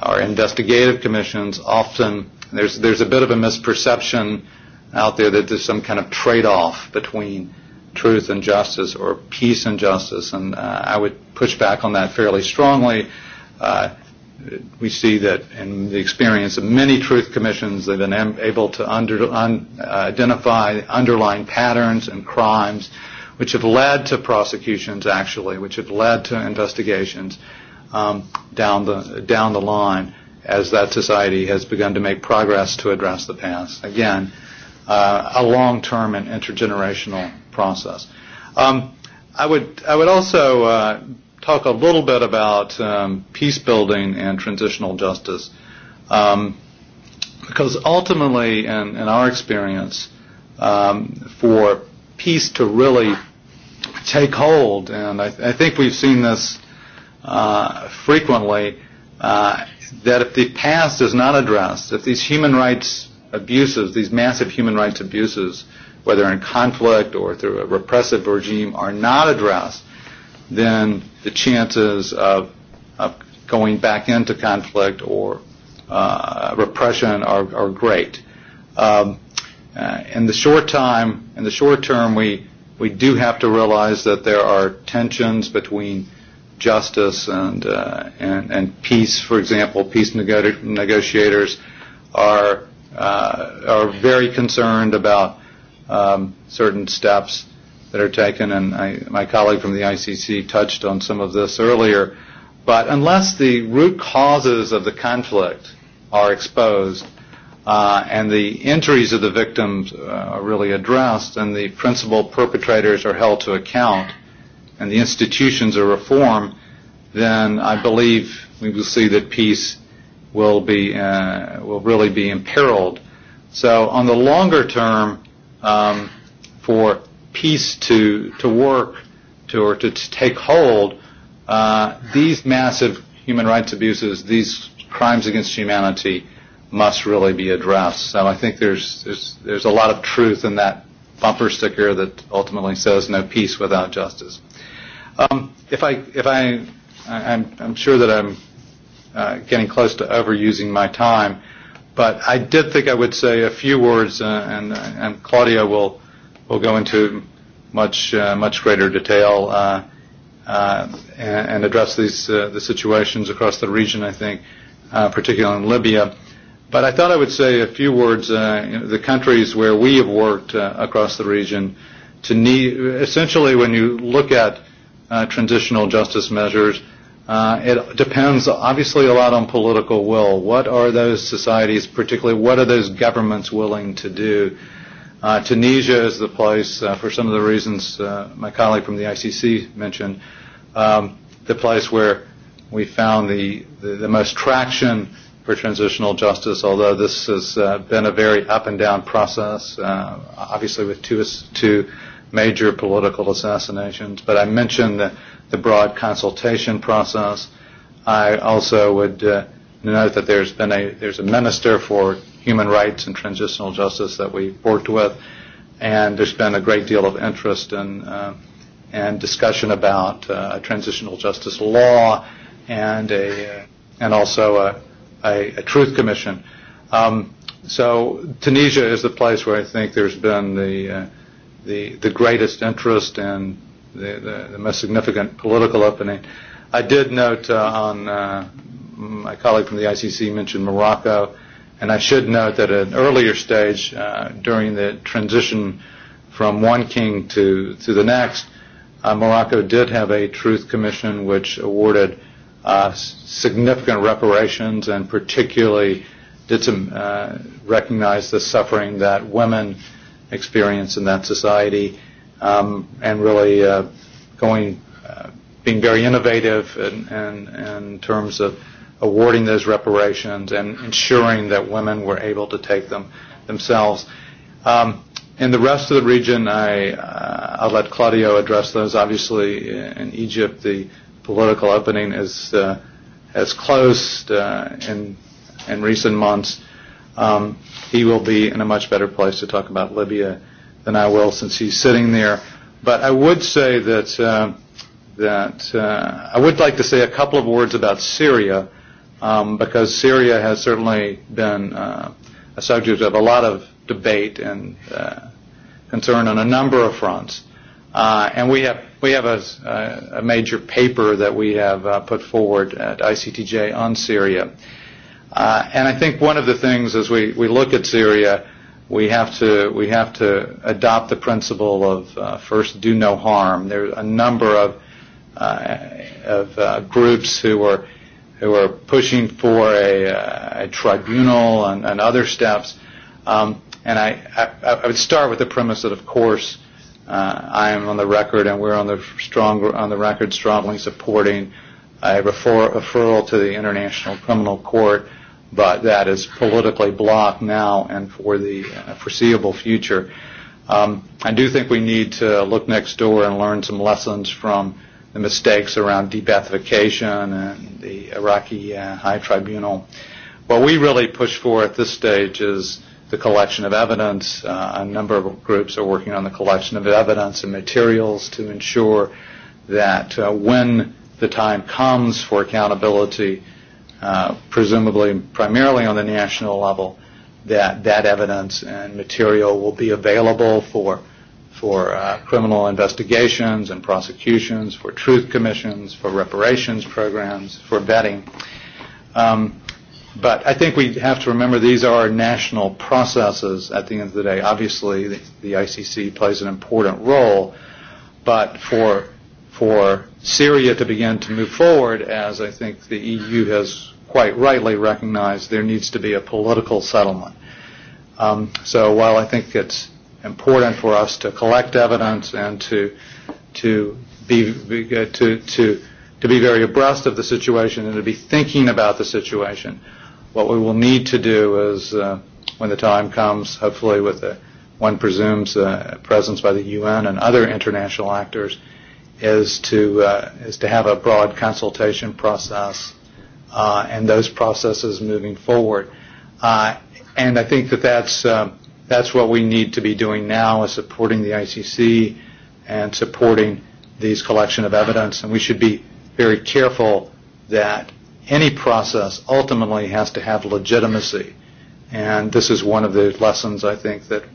or investigative commissions often there's there's a bit of a misperception out there that there's some kind of trade-off between truth and justice or peace and justice, and uh, I would push back on that fairly strongly. Uh, we see that in the experience of many truth commissions, they've been able to under, un, identify underlying patterns and crimes which have led to prosecutions, actually, which have led to investigations um, down, the, down the line as that society has begun to make progress to address the past. Again, uh, a long-term and intergenerational process. Um, I would I would also uh, talk a little bit about um, peace building and transitional justice. Um, because ultimately, in, in our experience, um, for peace to really take hold, and I, th- I think we've seen this uh, frequently, uh, that if the past is not addressed, if these human rights abuses, these massive human rights abuses, whether in conflict or through a repressive regime, are not addressed, then the chances of, of going back into conflict or uh, repression are, are great. Um, uh, in the short time, in the short term, we we do have to realize that there are tensions between justice and uh, and, and peace. For example, peace nego- negotiators are uh, are very concerned about um, certain steps that are taken, and I, my colleague from the ICC touched on some of this earlier. But unless the root causes of the conflict are exposed uh, and the injuries of the victims uh, are really addressed and the principal perpetrators are held to account and the institutions are reformed, then I believe we will see that peace will be uh, will really be imperiled. So on the longer term, um, for piece to, to work to, or to, to take hold, uh, these massive human rights abuses, these crimes against humanity must really be addressed. So I think there's, there's, there's a lot of truth in that bumper sticker that ultimately says no peace without justice. Um, if I, if I, I I'm, I'm sure that I'm uh, getting close to overusing my time, but I did think I would say a few words, uh, and, and Claudia will will go into much uh, much greater detail uh, uh, and, and address these uh, the situations across the region. I think, uh, particularly in Libya. But I thought I would say a few words. Uh, you know, the countries where we have worked uh, across the region, to need, essentially, when you look at uh, transitional justice measures, uh, it depends obviously a lot on political will. What are those societies, particularly, what are those governments willing to do? Uh, Uh, Tunisia is the place, uh, for some of the reasons uh, my colleague from the ICC mentioned, um, the place where we found the, the, the most traction for transitional justice, although this has uh, been a very up and down process, uh, obviously with two, two major political assassinations. But I mentioned the, the broad consultation process. I also would uh, note that there's been a, there's a minister for human rights and transitional justice that we've worked with. And there's been a great deal of interest and, uh, and discussion about uh, transitional justice law and, a, uh, and also a, a, a truth commission. Um, so Tunisia is the place where I think there's been the, uh, the, the greatest interest and the, the, the most significant political opening. I did note uh, on uh, my colleague from the ICC mentioned Morocco. And I should note that at an earlier stage, uh, during the transition from one king to, to the next, uh, Morocco did have a truth commission which awarded uh, significant reparations and particularly did some, uh, recognize the suffering that women experience in that society um, and really uh, going, uh, being very innovative in, in, in terms of awarding those reparations and ensuring that women were able to take them themselves. Um, in the rest of the region, I, uh, I'll let Claudio address those. Obviously, in Egypt, the political opening is uh, has closed uh, in in recent months. Um, he will be in a much better place to talk about Libya than I will, since he's sitting there. But I would say that uh, that uh, I would like to say a couple of words about Syria um, because Syria has certainly been uh, a subject of a lot of debate and uh, concern on a number of fronts. Uh, and we have we have a, a major paper that we have uh, put forward at ICTJ on Syria. Uh, and I think one of the things as we, we look at Syria, we have to we have to adopt the principle of uh, first do no harm. There are a number of uh, of uh, groups who are who are pushing for a, uh, a tribunal and, and other steps. Um, and I, I, I would start with the premise that, of course, uh, I am on the record and we're on the strong on the record strongly supporting a refer, referral to the International Criminal Court, but that is politically blocked now and for the foreseeable future. Um, I do think we need to look next door and learn some lessons from the mistakes around debathification and the Iraqi uh, High Tribunal. What we really push for at this stage is the collection of evidence. Uh, a number of groups are working on the collection of evidence and materials to ensure that uh, when the time comes for accountability, uh, presumably primarily on the national level, that that evidence and material will be available for for uh, criminal investigations and prosecutions, for truth commissions, for reparations programs, for vetting. Um, but I think we have to remember these are national processes at the end of the day. Obviously, the, the ICC plays an important role, but for for Syria to begin to move forward, as I think the EU has quite rightly recognized, there needs to be a political settlement. Um, so while I think it's important for us to collect evidence and to to be, be to to to be very abreast of the situation and to be thinking about the situation. What we will need to do is, uh, when the time comes, hopefully with the, one presumes uh, presence by the UN and other international actors, is to uh, is to have a broad consultation process uh, and those processes moving forward. Uh, and I think that that's uh, That's what we need to be doing now is supporting the ICC and supporting these collection of evidence. And we should be very careful that any process ultimately has to have legitimacy. And this is one of the lessons I think that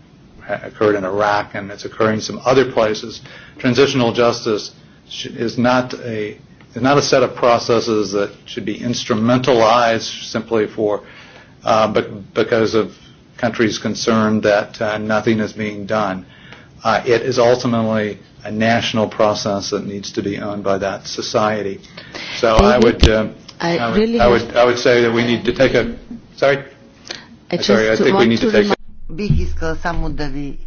occurred in Iraq and it's occurring in some other places. Transitional justice is not a is not a set of processes that should be instrumentalized simply for uh, but because of countries concerned that uh, nothing is being done. Uh, it is ultimately a national process that needs to be owned by that society. So David, I would, uh, I, I would, really I would, I would say that we need to take a. Sorry. I sorry, I think we need to take. A... Бих искала само да ви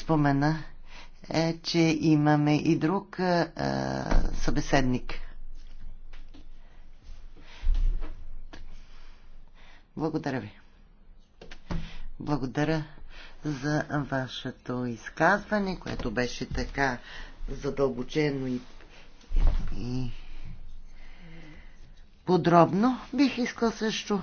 спомена, е, че имаме и друг е, събеседник. Благодаря ви. Благодаря за вашето изказване, което беше така задълбочено и, и подробно. Бих искал също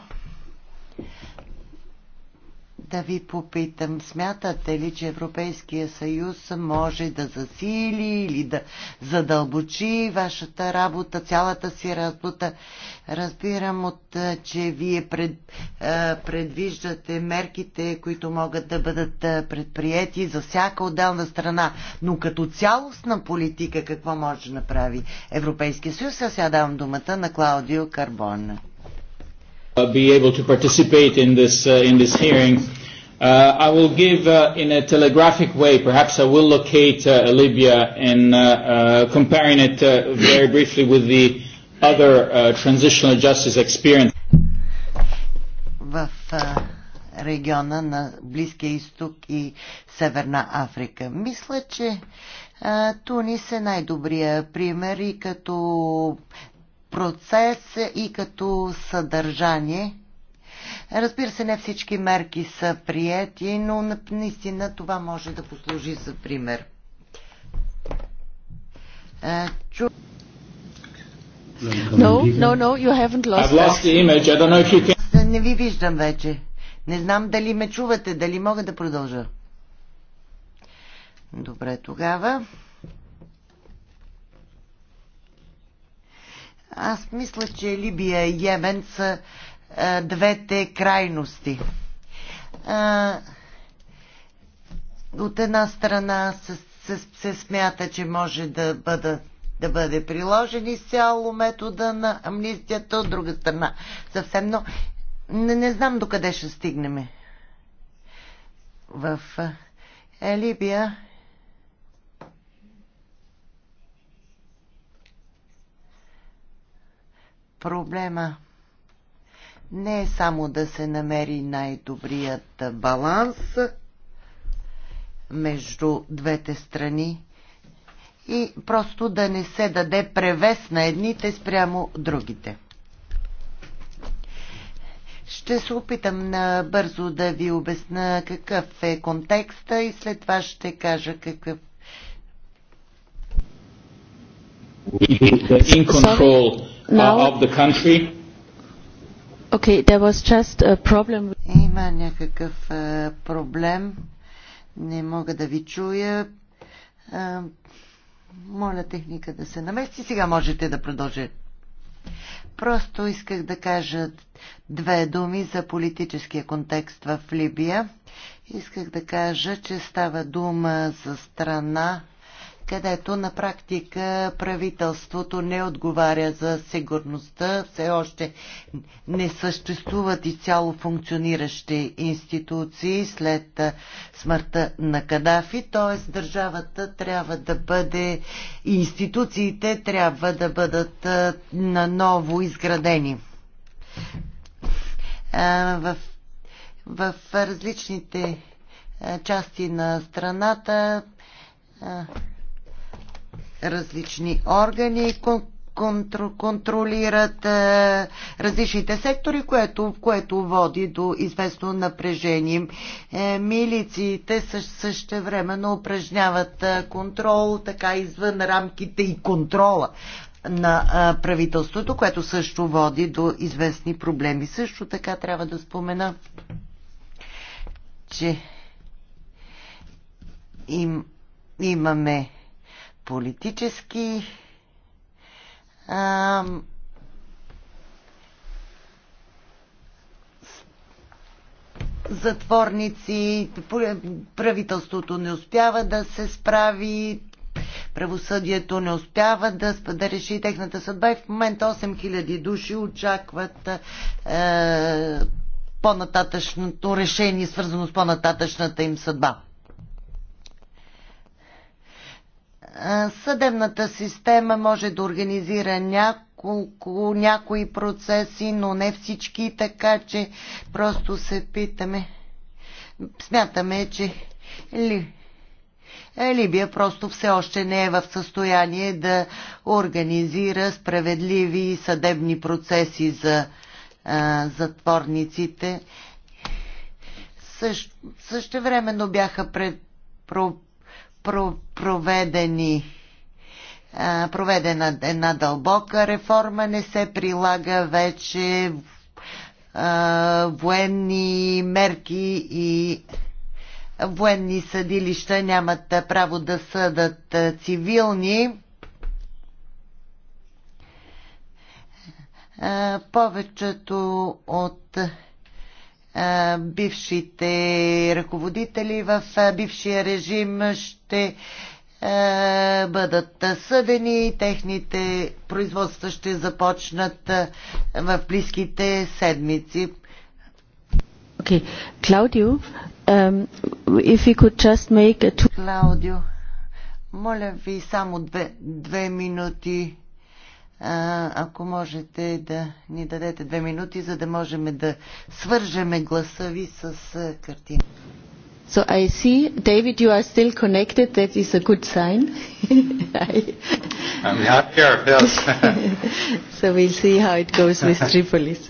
да ви попитам, смятате ли, че Европейския съюз може да засили или да задълбочи вашата работа, цялата си работа? Разбирам от, е, че вие пред, е, предвиждате мерките, които могат да бъдат е, предприяти за всяка отделна страна, но като цялостна политика какво може да направи Европейския съюз? сега давам думата на Клаудио Карбона uh, be able to participate in this, uh, in this hearing. Uh, I will give uh, in a telegraphic way, perhaps I will locate uh, Libya and uh, uh, comparing it uh, very briefly with the other uh, transitional justice experience. В uh, региона на Близкия изток и Северна Африка. Мисля, че Тунис е най-добрия пример и като процес и като съдържание. Разбира се, не всички мерки са приети, но наистина това може да послужи за пример. Е, чу... No, no, no, you haven't lost lost the image. I don't know if you can... Не ви виждам вече. Не знам дали ме чувате, дали мога да продължа. Добре, тогава. Аз мисля, че Либия и Йемен са а, двете крайности. А, от една страна се, се, се смята, че може да, бъда, да бъде приложен изцяло метода на амнистията, от друга страна съвсем, но не, не знам докъде ще стигнем. В а, Либия проблема не е само да се намери най-добрият баланс между двете страни и просто да не се даде превес на едните спрямо другите. Ще се опитам набързо да ви обясна какъв е контекста и след това ще кажа какъв in control Sorry? now? Of the country? Okay, there was just a problem. Има някакъв проблем. Не мога да ви чуя. моля техника да се намести. Сега можете да продължите. Просто исках да кажа две думи за политическия контекст в Либия. Исках да кажа, че става дума за страна, където на практика правителството не отговаря за сигурността, все още не съществуват и цяло функциониращи институции след смъртта на Кадафи, т.е. държавата трябва да бъде, институциите трябва да бъдат наново изградени. В, в различните части на страната различни органи, контр, контролират е, различните сектори, което, което води до известно напрежение. Е, милициите също времено упражняват е, контрол, така извън рамките и контрола на е, правителството, което също води до известни проблеми. Също така трябва да спомена, че им, имаме политически Ам... затворници, правителството не успява да се справи, правосъдието не успява да, да реши техната съдба и в момента 8000 души очакват е, по-нататъчното решение, свързано с по-нататъчната им съдба. Съдебната система може да организира няколко, някои процеси, но не всички, така че просто се питаме. Смятаме, че ли, Либия просто все още не е в състояние да организира справедливи съдебни процеси за а, затворниците. Също, времено бяха пред, про, про, проведени проведена една дълбока реформа, не се прилага вече военни мерки и военни съдилища нямат право да съдат цивилни. Повечето от бившите ръководители в бившия режим ще бъдат съдени, и техните производства ще започнат в близките седмици. Okay. Claudio, um, if you could just make a... Claudio, моля ви само две, две минути. А, ако можете да ни дадете две минути, за да можем да свържеме гласа ви с картина. So I see, David, you are still connected. That is a good sign. I... I'm not here, yes. so we'll see how it goes with Tripolis.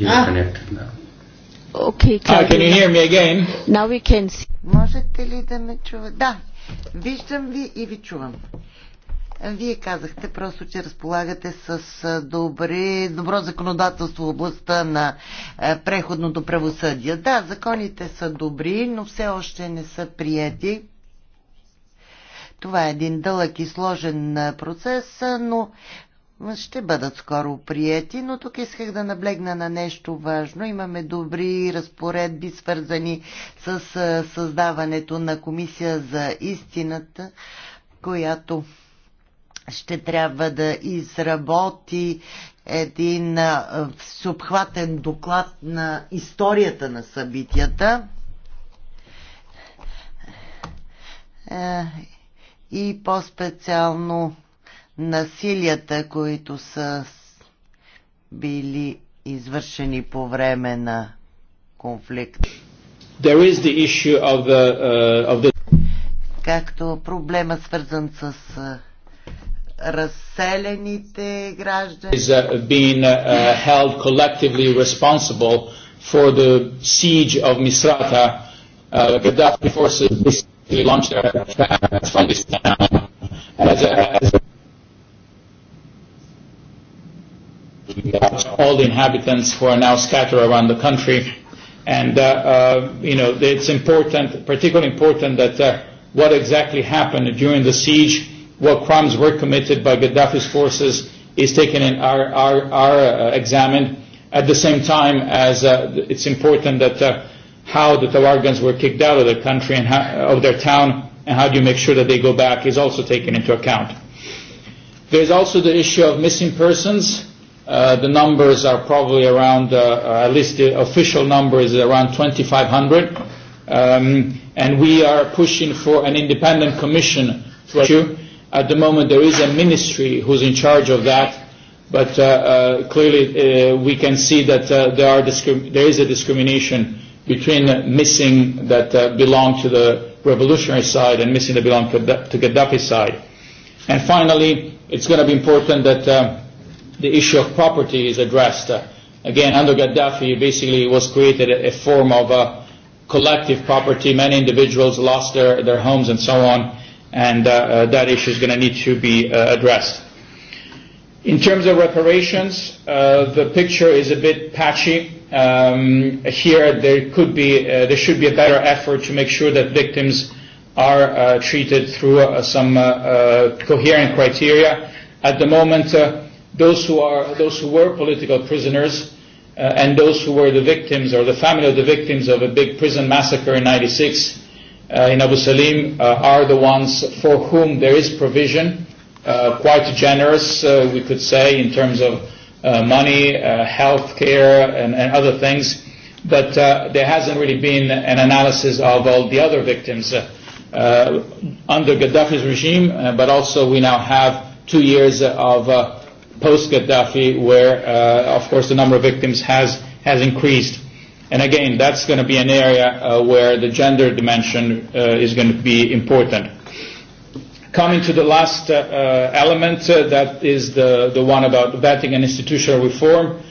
Ah. Ah, Можете ли да ме чувате? Да, виждам ви и ви чувам. Вие казахте просто, че разполагате с добри, добро законодателство в областта на преходното правосъдие. Да, законите са добри, но все още не са прияти. Това е един дълъг и сложен процес, но ще бъдат скоро прияти, но тук исках да наблегна на нещо важно. Имаме добри разпоредби, свързани с създаването на комисия за истината, която ще трябва да изработи един всеобхватен доклад на историята на събитията. Е, и по-специално насилията, които са били извършени по време на конфликт. There is the issue of the, uh, of the... Както проблема свързан с uh, разселените граждани. Is, uh, being, uh, held collectively responsible for the siege of Misrata. Uh, Gaddafi forces launched their attacks from this town as a, as a all the inhabitants who are now scattered around the country. And, uh, uh, you know, it's important, particularly important that uh, what exactly happened during the siege, what crimes were committed by Gaddafi's forces is taken in our, our, our uh, examined. At the same time as uh, it's important that uh, how the Tawargans were kicked out of the country and how, of their town and how do you make sure that they go back is also taken into account. There's also the issue of missing persons Uh, the numbers are probably around, uh, uh, at least the official number is around 2,500. Um, and we are pushing for an independent commission to issue. At the moment, there is a ministry who's in charge of that, but uh, uh, clearly uh, we can see that uh, there, are there is a discrimination between missing that uh, belong to the revolutionary side and missing that belong to, the Gaddafi's side. And finally, it's going to be important that uh, the issue of property is addressed. again, under Gaddafi, basically it was created a, a form of uh, collective property. Many individuals lost their, their homes and so on, and uh, uh, that issue is going to need to be uh, addressed. In terms of reparations, uh, the picture is a bit patchy. Um, here, there could be, uh, there should be a better effort to make sure that victims are uh, treated through uh, some uh, uh, coherent criteria. At the moment, uh, those who, are, those who were political prisoners uh, and those who were the victims or the family of the victims of a big prison massacre in 96 uh, in Abu Salim uh, are the ones for whom there is provision, uh, quite generous, uh, we could say, in terms of uh, money, uh, health care, and, and other things. But uh, there hasn't really been an analysis of all the other victims uh, uh, under Gaddafi's regime, uh, but also we now have two years of uh, post-Gaddafi, where, uh, of course, the number of victims has, has increased. And again, that's going to be an area uh, where the gender dimension uh, is going to be important. Coming to the last uh, uh, element, uh, that is the, the one about vetting and institutional reform.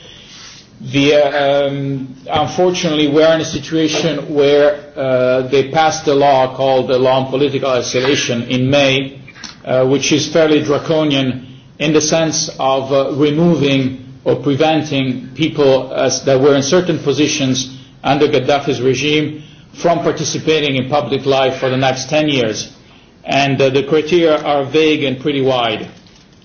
The, uh, um, unfortunately, we are in a situation where uh, they passed a law called the Law on Political Isolation in May, uh, which is fairly draconian in the sense of uh, removing or preventing people as that were in certain positions under Gaddafi's regime from participating in public life for the next 10 years. And uh, the criteria are vague and pretty wide.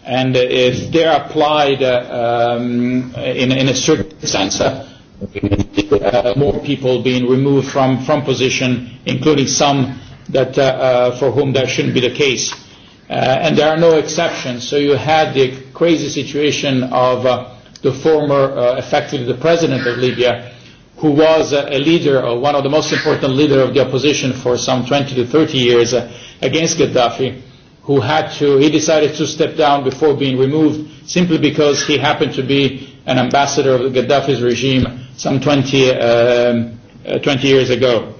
And uh, if they're applied uh, um, in, in a certain sense, uh, uh, more people being removed from, from position, including some that uh, uh, for whom that shouldn't be the case uh, and there are no exceptions. So you had the crazy situation of uh, the former, uh, effectively the president of Libya, who was uh, a leader, or one of the most important leaders of the opposition for some 20 to 30 years uh, against Gaddafi, who had to, he decided to step down before being removed simply because he happened to be an ambassador of Gaddafi's regime some 20, um, uh, 20 years ago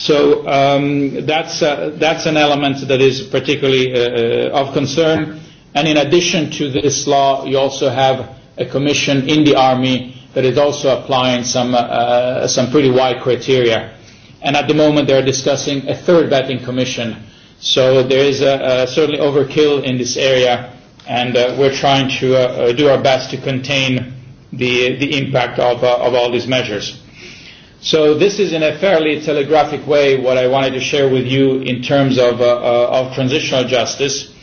So um, that's, uh, that's an element that is particularly uh, of concern. And in addition to this law, you also have a commission in the army that is also applying some, uh, some pretty wide criteria. And at the moment, they are discussing a third vetting commission. So there is a, a certainly overkill in this area, and uh, we're trying to uh, do our best to contain the, the impact of, uh, of all these measures. So this is in a fairly telegraphic way what I wanted to share with you in terms of, uh, uh, of transitional justice.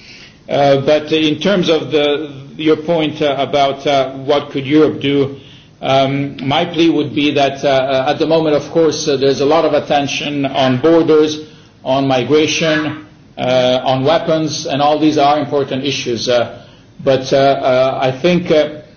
Uh, but in terms of the, your point uh, about uh, what could Europe do, um, my plea would be that uh, at the moment, of course, uh, there's a lot of attention on borders, on migration, uh, on weapons, and all these are important issues. Uh, but uh, uh, I think uh,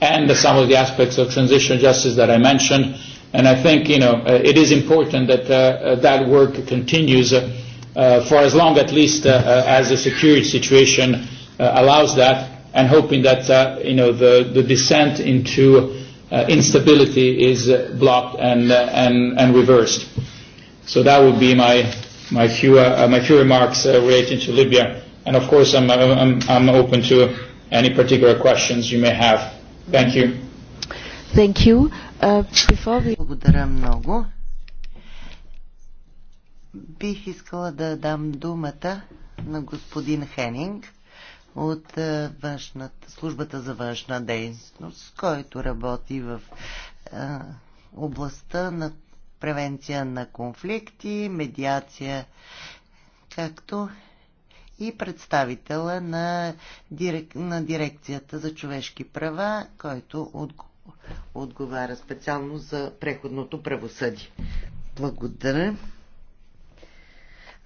and some of the aspects of transitional justice that I mentioned. And I think you know it is important that uh, that work continues uh, for as long, at least, uh, as the security situation uh, allows that, and hoping that uh, you know the, the descent into uh, instability is uh, blocked and, uh, and and reversed. So that would be my my few uh, my few remarks uh, relating to Libya. And of course, I'm I'm, I'm open to any particular questions you may have. Thank you. Thank you. Uh, before we... Благодаря много. Бих искала да дам думата на господин Хенинг от е, външната, службата за външна дейност, който работи в а, е, областта на превенция на конфликти, медиация, както и представителя на, дирек, на Дирекцията за човешки права, който от, отговаря специално за преходното правосъдие. Благодаря.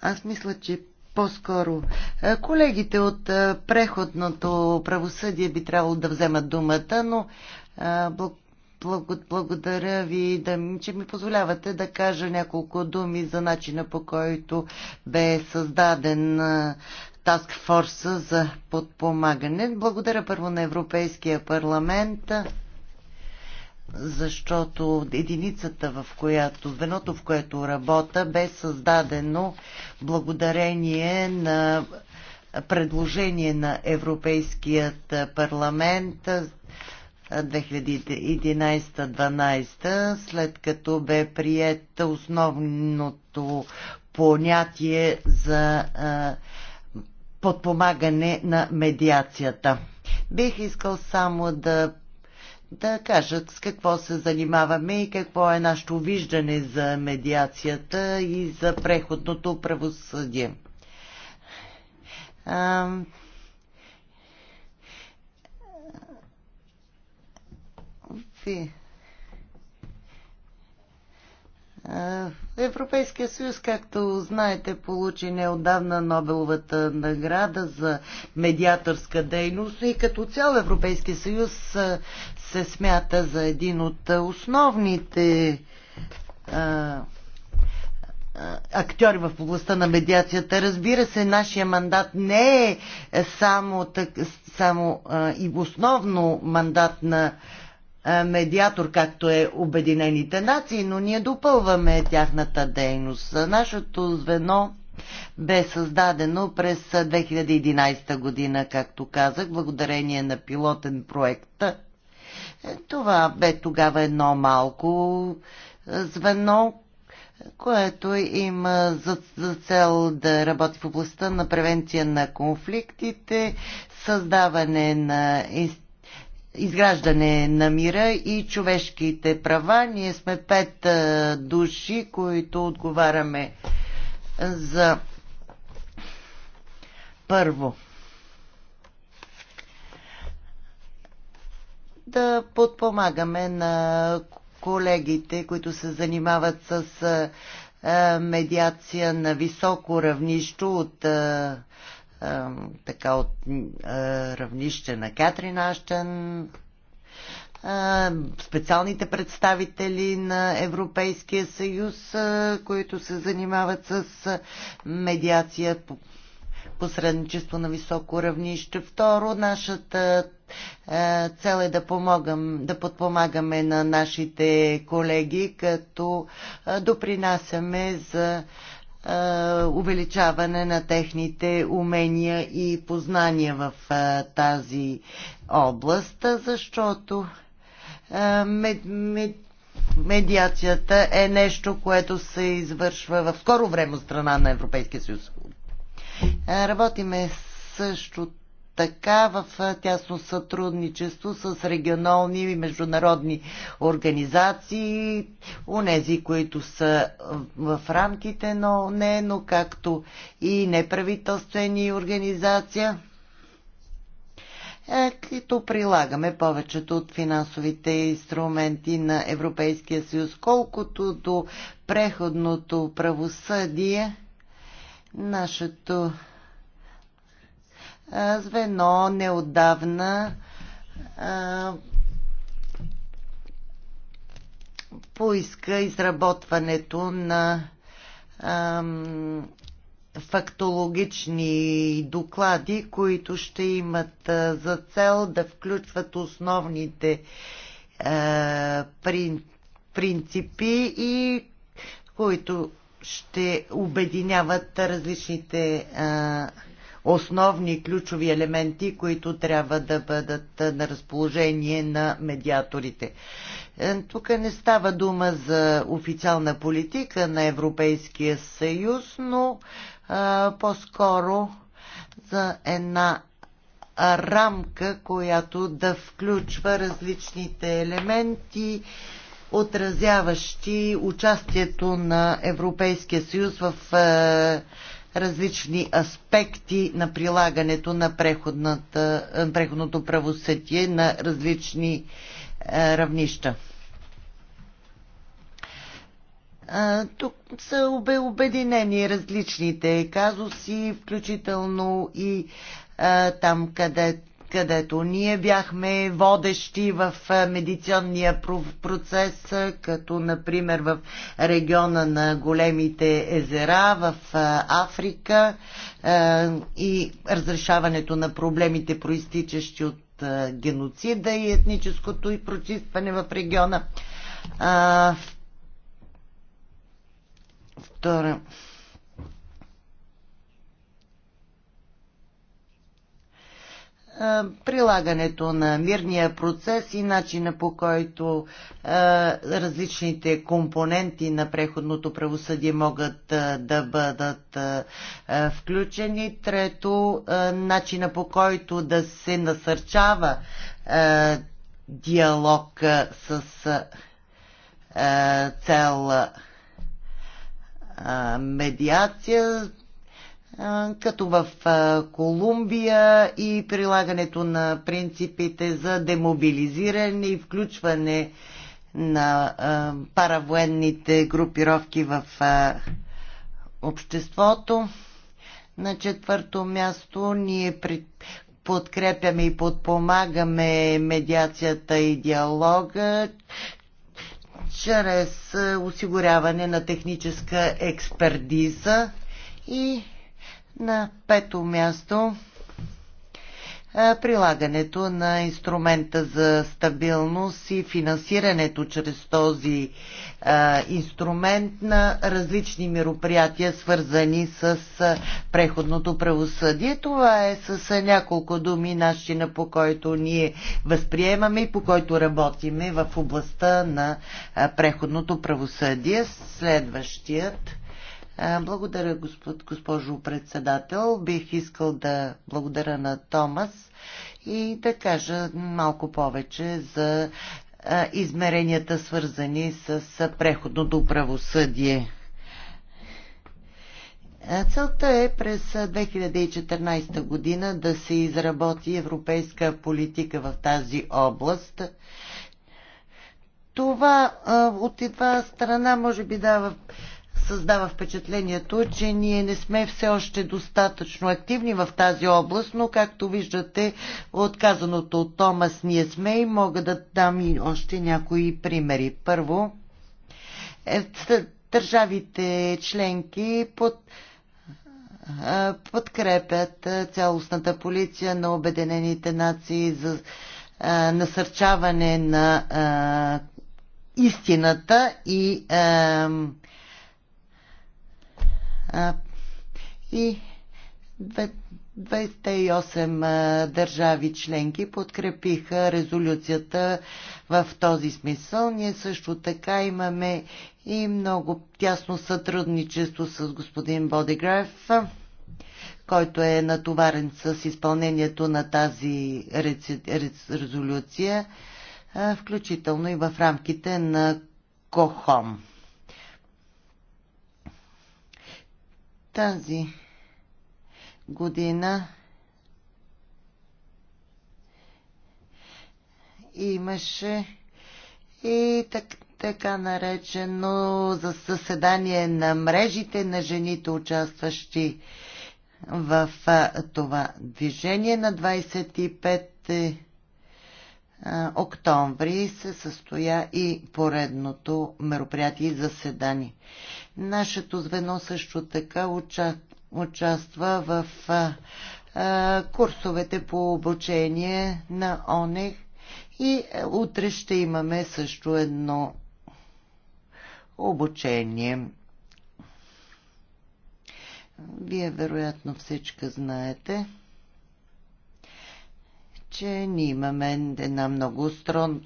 Аз мисля, че по-скоро е, колегите от е, преходното правосъдие би трябвало да вземат думата, но е, благодаря ви, да, че ми позволявате да кажа няколко думи за начина по който бе създаден Task Force за подпомагане. Благодаря първо на Европейския парламент, защото единицата, в която, звеното, в което работа, бе създадено благодарение на предложение на Европейският парламент 2011-12, след като бе прият основното понятие за подпомагане на медиацията. Бих искал само да да кажат с какво се занимаваме и какво е нашето виждане за медиацията и за преходното правосъдие. какви. Европейския съюз, както знаете, получи неодавна Нобеловата награда за медиаторска дейност и като цял Европейския съюз се смята за един от основните актьори в областта на медиацията. Разбира се, нашия мандат не е само, само и основно мандат на е, медиатор, както е Обединените нации, но ние допълваме тяхната дейност. Нашето звено бе създадено през 2011 година, както казах, благодарение на пилотен проект. Е, това бе тогава едно малко е, звено, което има за, за цел да работи в областта на превенция на конфликтите, създаване на институции, изграждане на мира и човешките права. Ние сме пет души, които отговаряме за първо да подпомагаме на колегите, които се занимават с медиация на високо равнище от така от равнище на Катрин Аштен, специалните представители на Европейския съюз, които се занимават с медиация по посредничество на високо равнище. Второ, нашата цел е да, помогам, да подпомагаме на нашите колеги, като допринасяме за е, увеличаване на техните умения и познания в е, тази област, защото е, мед, мед, медиацията е нещо, което се извършва в скоро време от страна на Европейския съюз. Работиме също така в тясно сътрудничество с регионални и международни организации, унези, които са в рамките на НЕ, но както и неправителствени организации е, като прилагаме повечето от финансовите инструменти на Европейския съюз. Колкото до преходното правосъдие, нашето звено неодавна поиска изработването на фактологични доклади, които ще имат за цел да включват основните принципи и които ще обединяват различните а, основни ключови елементи, които трябва да бъдат на разположение на медиаторите. Е, тук не става дума за официална политика на Европейския съюз, но по-скоро за една рамка, която да включва различните елементи, отразяващи участието на Европейския съюз в различни аспекти на прилагането на преходното правосъдие на различни е, равнища. Тук са обединени различните казуси, включително и там, където където ние бяхме водещи в медиционния процес, като например в региона на големите езера в Африка и разрешаването на проблемите, проистичащи от геноцида и етническото и прочистване в региона. Втора. прилагането на мирния процес и начина по който различните компоненти на преходното правосъдие могат да бъдат включени. Трето, начина по който да се насърчава диалог с цел медиация като в Колумбия и прилагането на принципите за демобилизиране и включване на паравоенните групировки в обществото. На четвърто място ние подкрепяме и подпомагаме медиацията и диалога чрез осигуряване на техническа експертиза и на пето място прилагането на инструмента за стабилност и финансирането чрез този а, инструмент на различни мероприятия, свързани с а, преходното правосъдие. Това е с а, няколко думи начина по който ние възприемаме и по който работиме в областта на а, преходното правосъдие. Следващият благодаря, господ, госпожо председател. Бих искал да благодаря на Томас и да кажа малко повече за измеренията, свързани с преходното правосъдие. Целта е през 2014 година да се изработи европейска политика в тази област. Това от една страна може би дава създава впечатлението, че ние не сме все още достатъчно активни в тази област, но както виждате от казаното от Томас ние сме и мога да дам и още някои примери. Първо, е, държавите членки под подкрепят цялостната полиция на Обединените нации за насърчаване на истината и и 28 държави членки подкрепиха резолюцията в този смисъл. Ние също така имаме и много тясно сътрудничество с господин Бодиграф, който е натоварен с изпълнението на тази резолюция, включително и в рамките на КОХОМ. Тази година имаше и так, така наречено за съседание на мрежите на жените, участващи в а, това движение. На 25 е, а, октомври се състоя и поредното мероприятие и заседание. Нашето звено също така уча, участва в а, а, курсовете по обучение на ОНЕХ и е, утре ще имаме също едно обучение. Вие вероятно всички знаете, че ние имаме една много строн,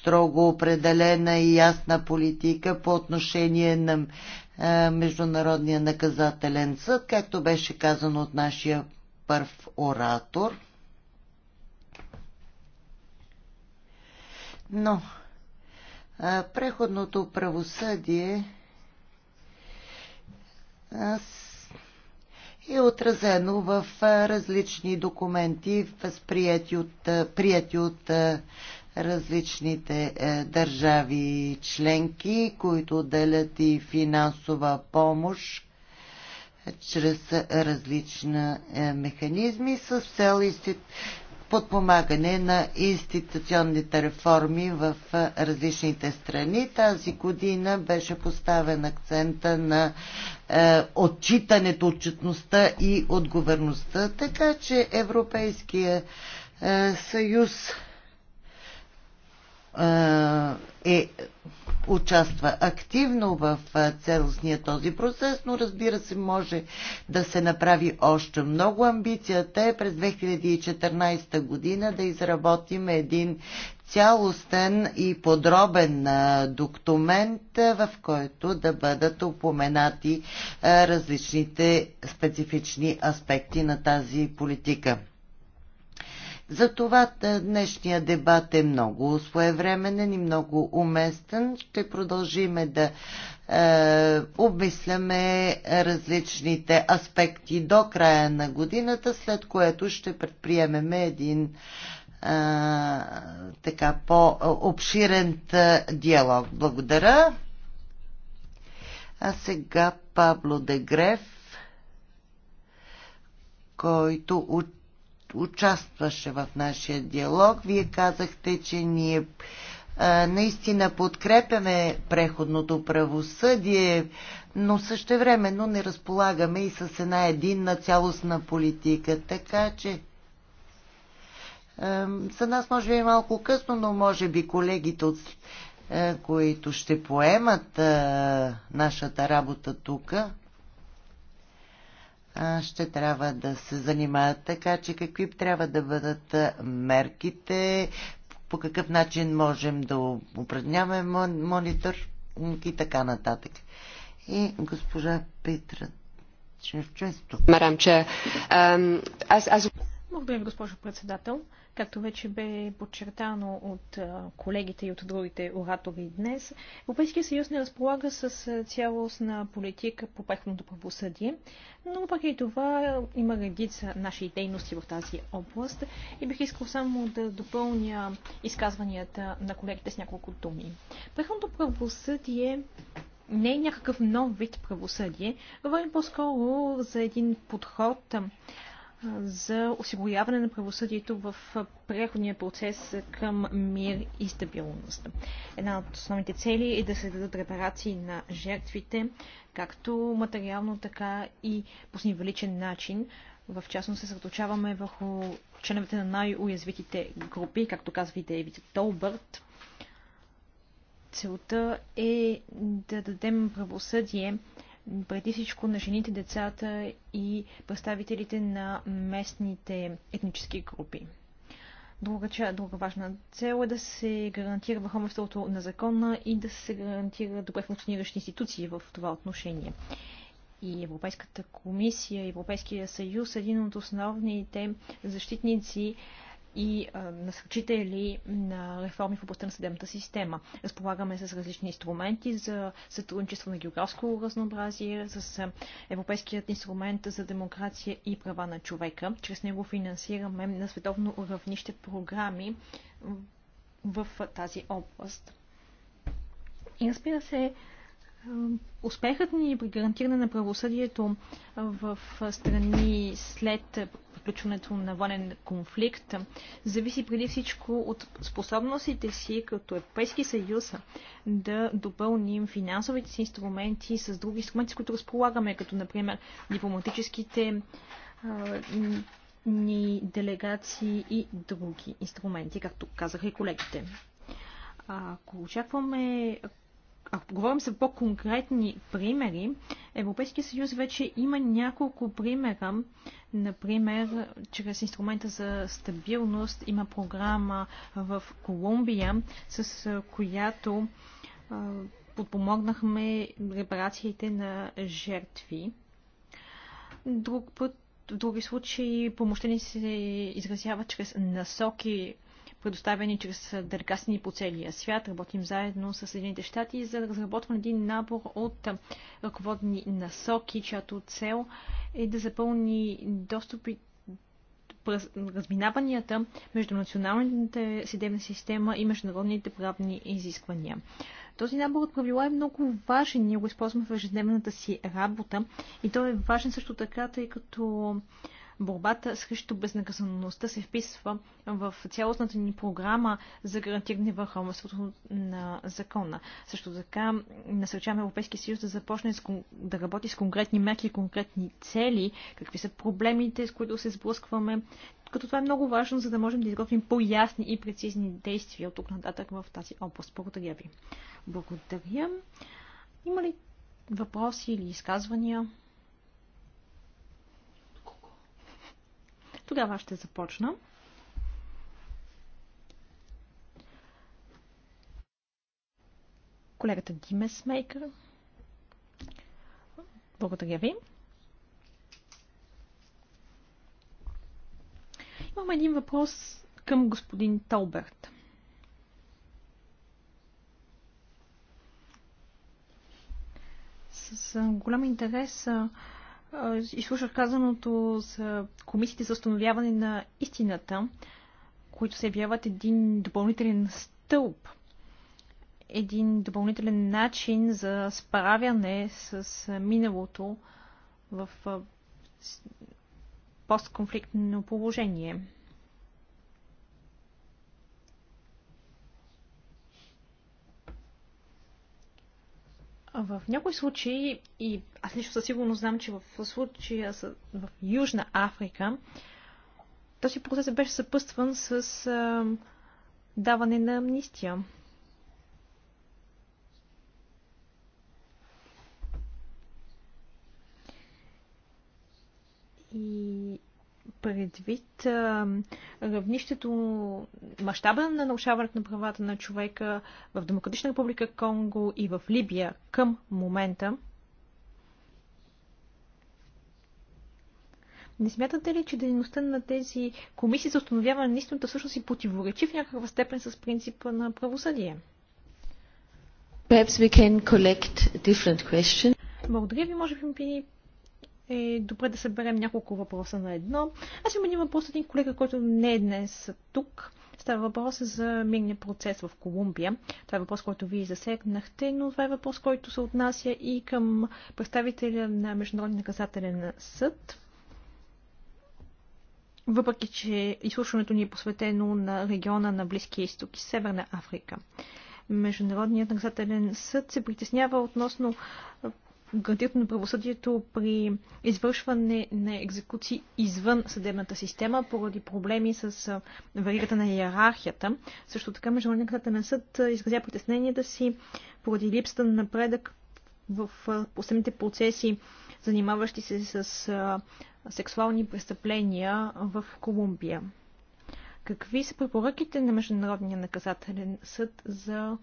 строго определена и ясна политика по отношение на е, Международния наказателен съд, както беше казано от нашия първ оратор. Но е, преходното правосъдие е, е отразено в различни документи, възприяти от, прияти от различните е, държави членки, които отделят и финансова помощ е, чрез различни е, механизми с цел подпомагане на институционните реформи в различните страни. Тази година беше поставен акцента на е, отчитането, отчетността и отговорността, така че Европейския е, съюз е, участва активно в целостния този процес, но разбира се може да се направи още много. Амбицията е през 2014 година да изработим един цялостен и подробен документ, в който да бъдат упоменати различните специфични аспекти на тази политика. Затова днешния дебат е много своевременен и много уместен. Ще продължиме да е, обмисляме различните аспекти до края на годината, след което ще предприемеме един е, така по-обширен е, диалог. Благодаря. А сега Пабло Дегрев, който участваше в нашия диалог. Вие казахте, че ние наистина подкрепяме преходното правосъдие, но същевременно не разполагаме и с една единна цялостна политика. Така че за нас може би е малко късно, но може би колегите, от, които ще поемат нашата работа тук, ще трябва да се занимават. Така че какви трябва да бъдат мерките, по какъв начин можем да упражняваме монитор и така нататък. И госпожа Петра Чевчесто. Марам, че... Аз, аз... Благодаря ви, госпожо председател. Както вече бе подчертано от колегите и от другите оратори днес, Европейския съюз не разполага с цялостна политика по преходното правосъдие, но въпреки това има редица наши дейности в тази област и бих искал само да допълня изказванията на колегите с няколко думи. Преходното правосъдие не е някакъв нов вид правосъдие, говорим по-скоро за един подход, за осигуряване на правосъдието в преходния процес към мир и стабилност. Една от основните цели е да се дадат репарации на жертвите, както материално, така и по символичен начин. В частност се съсредоточаваме върху членовете на най-уязвитите групи, както казва и Дейвид Толбърт. Целта е да дадем правосъдие преди всичко на жените, децата и представителите на местните етнически групи. Друга, друга важна цел е да се гарантира върховенството на закона и да се гарантира добре функциониращи институции в това отношение. И Европейската комисия, Европейския съюз, един от основните защитници и насърчители на реформи в областта на съдебната система. Разполагаме с различни инструменти за сътрудничество на географско разнообразие, с Европейският инструмент за демокрация и права на човека. Чрез него финансираме на световно равнище програми в тази област. И разбира се, успехът ни при гарантиране на правосъдието в страни след приключването на военен конфликт зависи преди всичко от способностите си като Европейски съюз да допълним финансовите си инструменти с други инструменти, с които разполагаме, като например дипломатическите а, ни делегации и други инструменти, както казаха и колегите. Ако очакваме, ако говорим за по-конкретни примери, Европейския съюз вече има няколко примера. Например, чрез инструмента за стабилност има програма в Колумбия, с която подпомогнахме репарациите на жертви. Друг път в други случаи помощта ни се изразява чрез насоки предоставени чрез делегации по целия свят. Работим заедно с Съединените щати за да разработваме един набор от ръководни насоки, чиято цел е да запълни достъпи разминаванията между националните съдебна система и международните правни изисквания. Този набор от правила е много важен. Ние го използваме в ежедневната си работа и той е важен също така, тъй като Борбата срещу безнаказаността се вписва в цялостната ни програма за гарантиране върховенството на закона. Също така насърчаваме Европейския съюз да започне с, да работи с конкретни мерки и конкретни цели, какви са проблемите, с които се сблъскваме, като това е много важно, за да можем да изготвим по-ясни и прецизни действия от тук нататък в тази област. Благодаря ви. Благодаря. Има ли въпроси или изказвания? Тогава ще започна. Колегата Димес Мейкър. Благодаря ви. Имам един въпрос към господин Толберт. С голям интерес изслушах казаното за комисиите за установяване на истината, които се явяват един допълнителен стълб, един допълнителен начин за справяне с миналото в постконфликтно положение. В някои случаи, и аз лично със сигурност знам, че в случая в Южна Африка, този процес беше съпъстван с а, даване на амнистия. И предвид равнището, мащаба на нарушаването на правата на човека в Демократична република Конго и в Либия към момента, Не смятате ли, че дейността на тези комисии за установяване на истината всъщност си противоречи в някаква степен с принципа на правосъдие? Perhaps we can collect different questions. Благодаря ви, може би е добре да съберем няколко въпроса на едно. Аз имам един въпрос от един колега, който не е днес тук. Става въпрос за мирния процес в Колумбия. Това е въпрос, който вие засегнахте, но това е въпрос, който се отнася и към представителя на Международния наказателен съд. Въпреки, че изслушването ни е посветено на региона на Близкия изток и Северна Африка. Международният наказателен съд се притеснява относно гарантирането на правосъдието при извършване на екзекуции извън съдебната система поради проблеми с варигата на иерархията. Също така Международният кратен съд изразя притесненията си поради липсата на напредък в последните процеси, занимаващи се с сексуални престъпления в Колумбия. Какви са препоръките на Международния наказателен съд за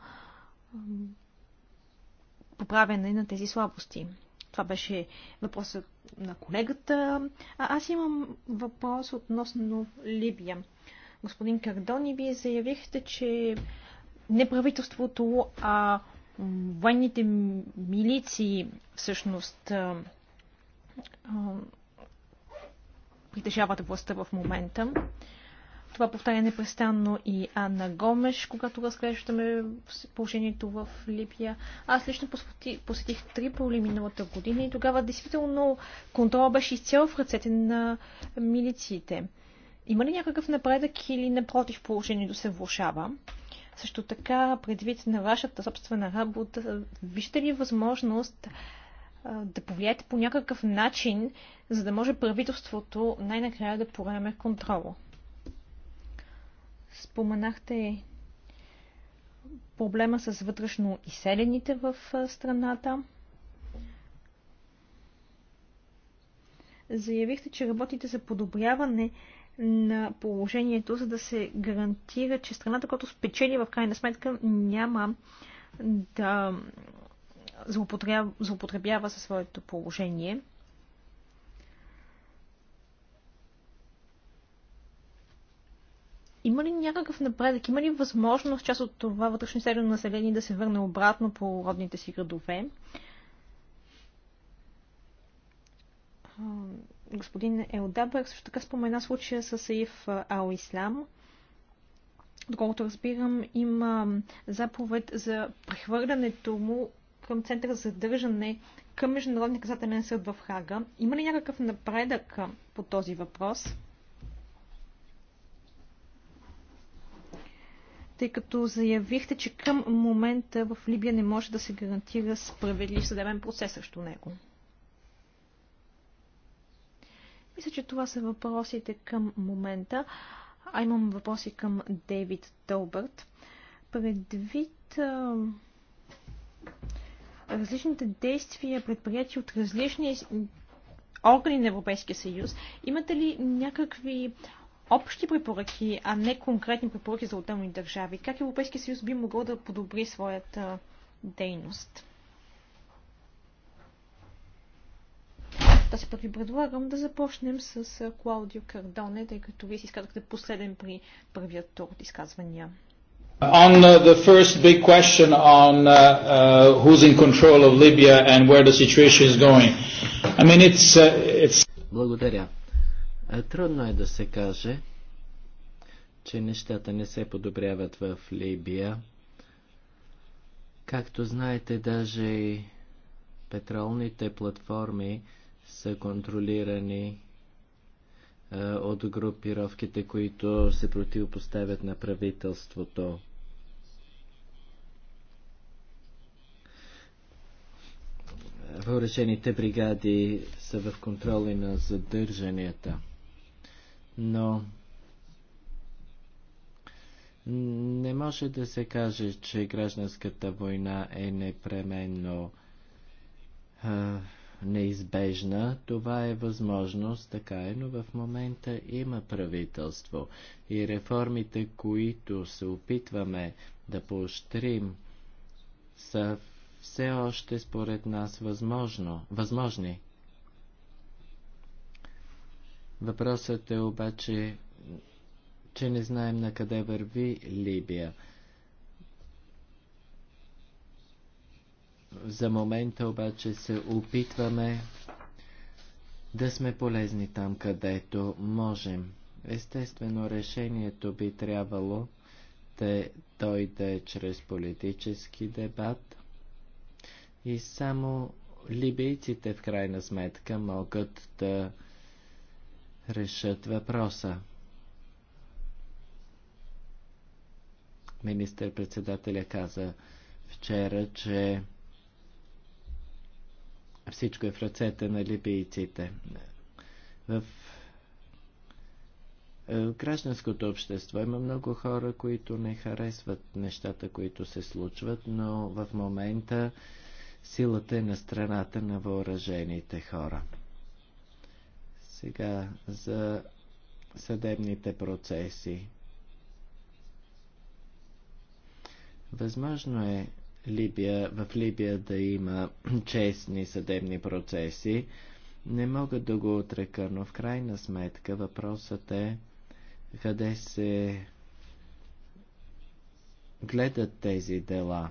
поправяне на тези слабости. Това беше въпросът на колегата. А аз имам въпрос относно Либия. Господин Кардони, вие заявихте, че не правителството, а военните милиции всъщност а, а, притежават властта в момента. Това повтаря непрестанно и Анна Гомеш, когато разглеждаме положението в Либия. Аз лично посетих, посетих Триполи миналата година и тогава действително контрола беше изцяло в ръцете на милициите. Има ли някакъв напредък или напротив положението се влушава? Също така, предвид на вашата собствена работа, вижте ли възможност да повлияете по някакъв начин, за да може правителството най-накрая да поеме контрола? Споменахте проблема с вътрешно изселените в страната. Заявихте, че работите за подобряване на положението, за да се гарантира, че страната, която спечели в крайна сметка, няма да злоупотребява със своето положение. Има ли някакъв напредък? Има ли възможност част от това вътрешно изселено население да се върне обратно по родните си градове? Господин Елдабър също така спомена случая с Саиф Ал Ислам. Доколкото разбирам, има заповед за прехвърлянето му към център за задържане към Международния казателен съд в Хага. Има ли някакъв напредък по този въпрос? тъй като заявихте, че към момента в Либия не може да се гарантира справедлив съдебен процес срещу него. Мисля, че това са въпросите към момента. А имам въпроси към Дейвид Долбърт. Предвид а, различните действия, предприяти от различни органи на Европейския съюз, имате ли някакви общи препоръки, а не конкретни препоръки за отделни държави? Как Европейския съюз би могъл да подобри своята дейност? Този път ви предлагам да започнем с Клаудио Кардоне, тъй като вие си изказахте последен при първия тур от изказвания. On uh, the first big question on uh, uh, who's in control of Libya and where the situation is going, I mean, it's, uh, it's... Благодаря. Е, трудно е да се каже, че нещата не се подобряват в Либия. Както знаете, даже и петролните платформи са контролирани а, е, от групировките, които се противопоставят на правителството. Въоръжените бригади са в контроли на задържанията но не може да се каже, че гражданската война е непременно а, неизбежна. Това е възможност, така е, но в момента има правителство и реформите, които се опитваме да поощрим, са все още според нас възможно, възможни. Въпросът е обаче, че не знаем на къде върви Либия. За момента обаче се опитваме да сме полезни там, където можем. Естествено, решението би трябвало да дойде чрез политически дебат и само либийците в крайна сметка могат да решат въпроса. Министър-председателя каза вчера, че всичко е в ръцете на либийците. Е, в гражданското общество има много хора, които не харесват нещата, които се случват, но в момента силата е на страната на въоръжените хора. Сега за съдебните процеси. Възможно е Либия, в Либия да има [CLEARS THROAT] честни съдебни процеси. Не мога да го отрека, но в крайна сметка въпросът е къде се гледат тези дела.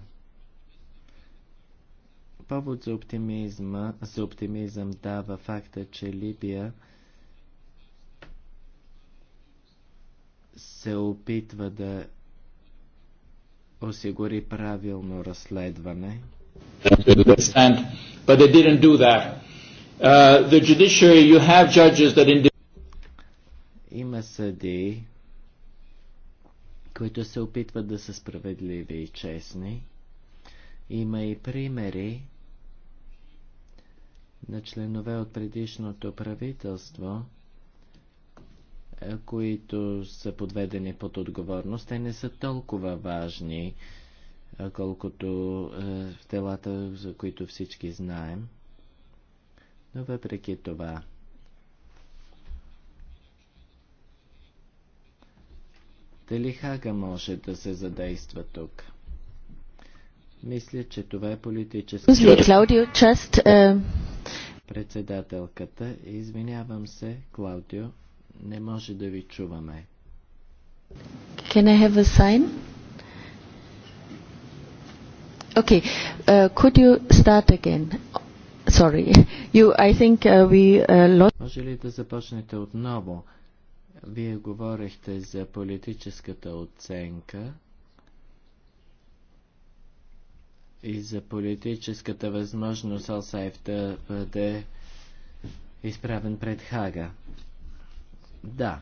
Повод за, оптимизма, за оптимизъм дава факта, че Либия се опитва да осигури правилно разследване. But they didn't do that. Uh, the judiciary, you have judges that in... Има съдии, които се опитват да са справедливи и честни. Има и примери на членове от предишното правителство – е, които са подведени под отговорност, те не са толкова важни, е, колкото в е, телата, за които всички знаем. Но въпреки това, дали Хага може да се задейства тук? Мисля, че това е политическа Клаудио, uh, Председателката, извинявам се, Клаудио, не може да ви чуваме. Can I have a sign? Okay, uh, could you start again? Sorry, [LAUGHS] you, I think uh, we uh, lost... Може ли да започнете отново? Вие говорихте за политическата оценка и за политическата възможност Алсаев да бъде изправен пред Хага. Да,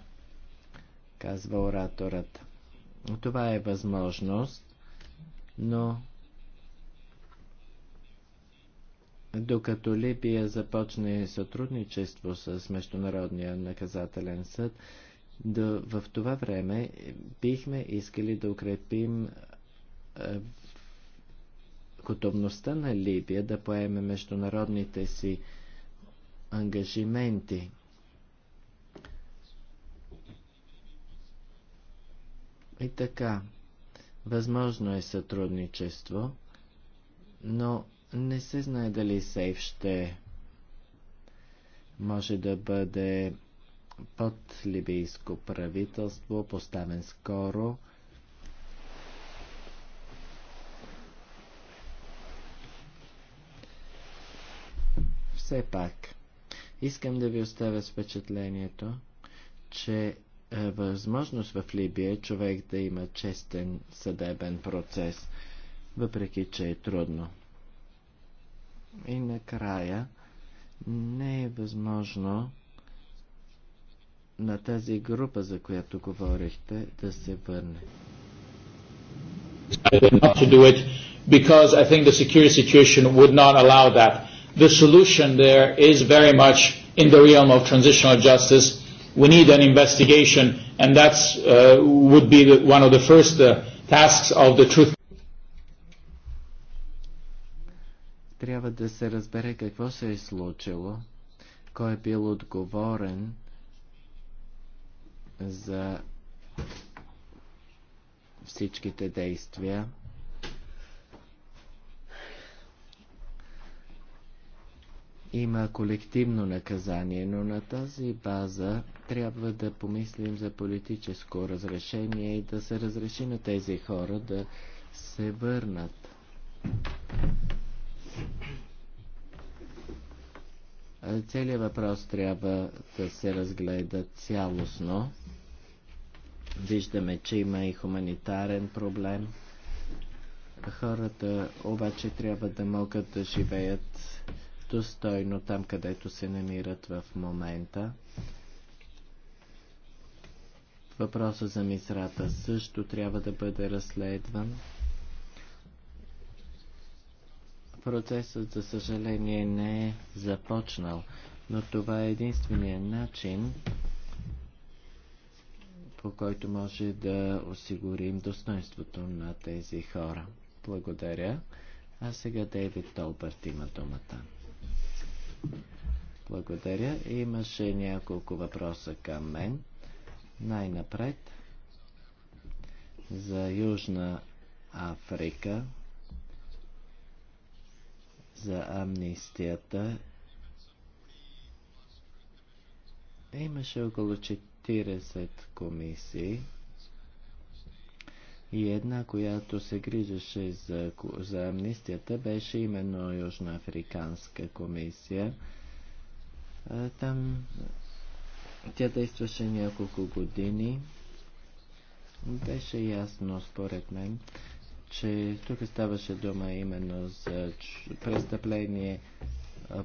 казва ораторът. Това е възможност, но докато Либия започне сътрудничество с Международния наказателен съд, да, в това време бихме искали да укрепим е, готовността на Либия да поеме международните си ангажименти. И така, възможно е сътрудничество, но не се знае дали сейф ще може да бъде под либийско правителство, поставен скоро. Все пак, искам да ви оставя с впечатлението, че възможност в Либия човек да има честен съдебен процес, въпреки че е трудно. И накрая не е възможно на тази група, за която говорихте, да се върне. Not to do it because I think the security situation would not allow that. The solution there is very much in the realm of transitional justice we need an investigation, and that uh, would be the, one of the first uh, tasks of the truth. Трябва да се разбере какво се е случило, кой е бил отговорен за всичките действия. има колективно наказание, но на тази база трябва да помислим за политическо разрешение и да се разреши на тези хора да се върнат. Целият въпрос трябва да се разгледа цялостно. Виждаме, че има и хуманитарен проблем. Хората обаче трябва да могат да живеят стойно там, където се намират в момента. Въпросът за мисрата също трябва да бъде разследван. Процесът, за съжаление, не е започнал, но това е единствения начин, по който може да осигурим достоинството на тези хора. Благодаря. А сега Дейвид Толбърт има думата. Благодаря. Имаше няколко въпроса към мен. Най-напред за Южна Африка, за амнистията. Имаше около 40 комисии. И една, която се грижеше за, за амнистията, беше именно Южноафриканска комисия. Там тя действаше няколко години. Беше ясно, според мен, че тук ставаше дума именно за престъпление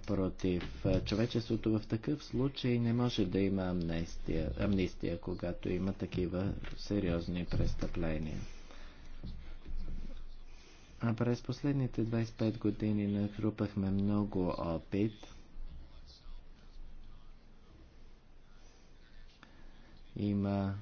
против човечеството. В такъв случай не може да има амнистия, амнистия когато има такива сериозни престъпления. А през последните 25 години натрупахме много опит. Има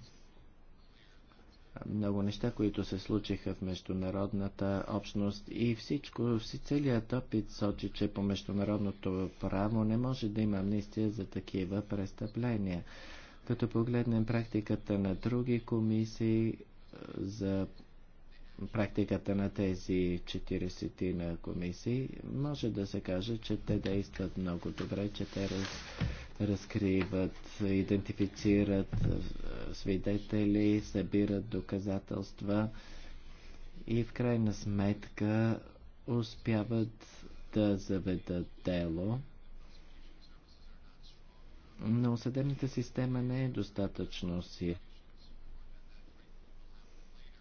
много неща, които се случиха в международната общност и всичко, си целият опит сочи, че по международното право не може да има амнистия за такива престъпления. Като погледнем практиката на други комисии за практиката на тези 40 на комисии, може да се каже, че те действат много добре, че те раз, разкриват, идентифицират е, свидетели, събират доказателства и в крайна сметка успяват да заведат дело. Но съдебната система не е достатъчно си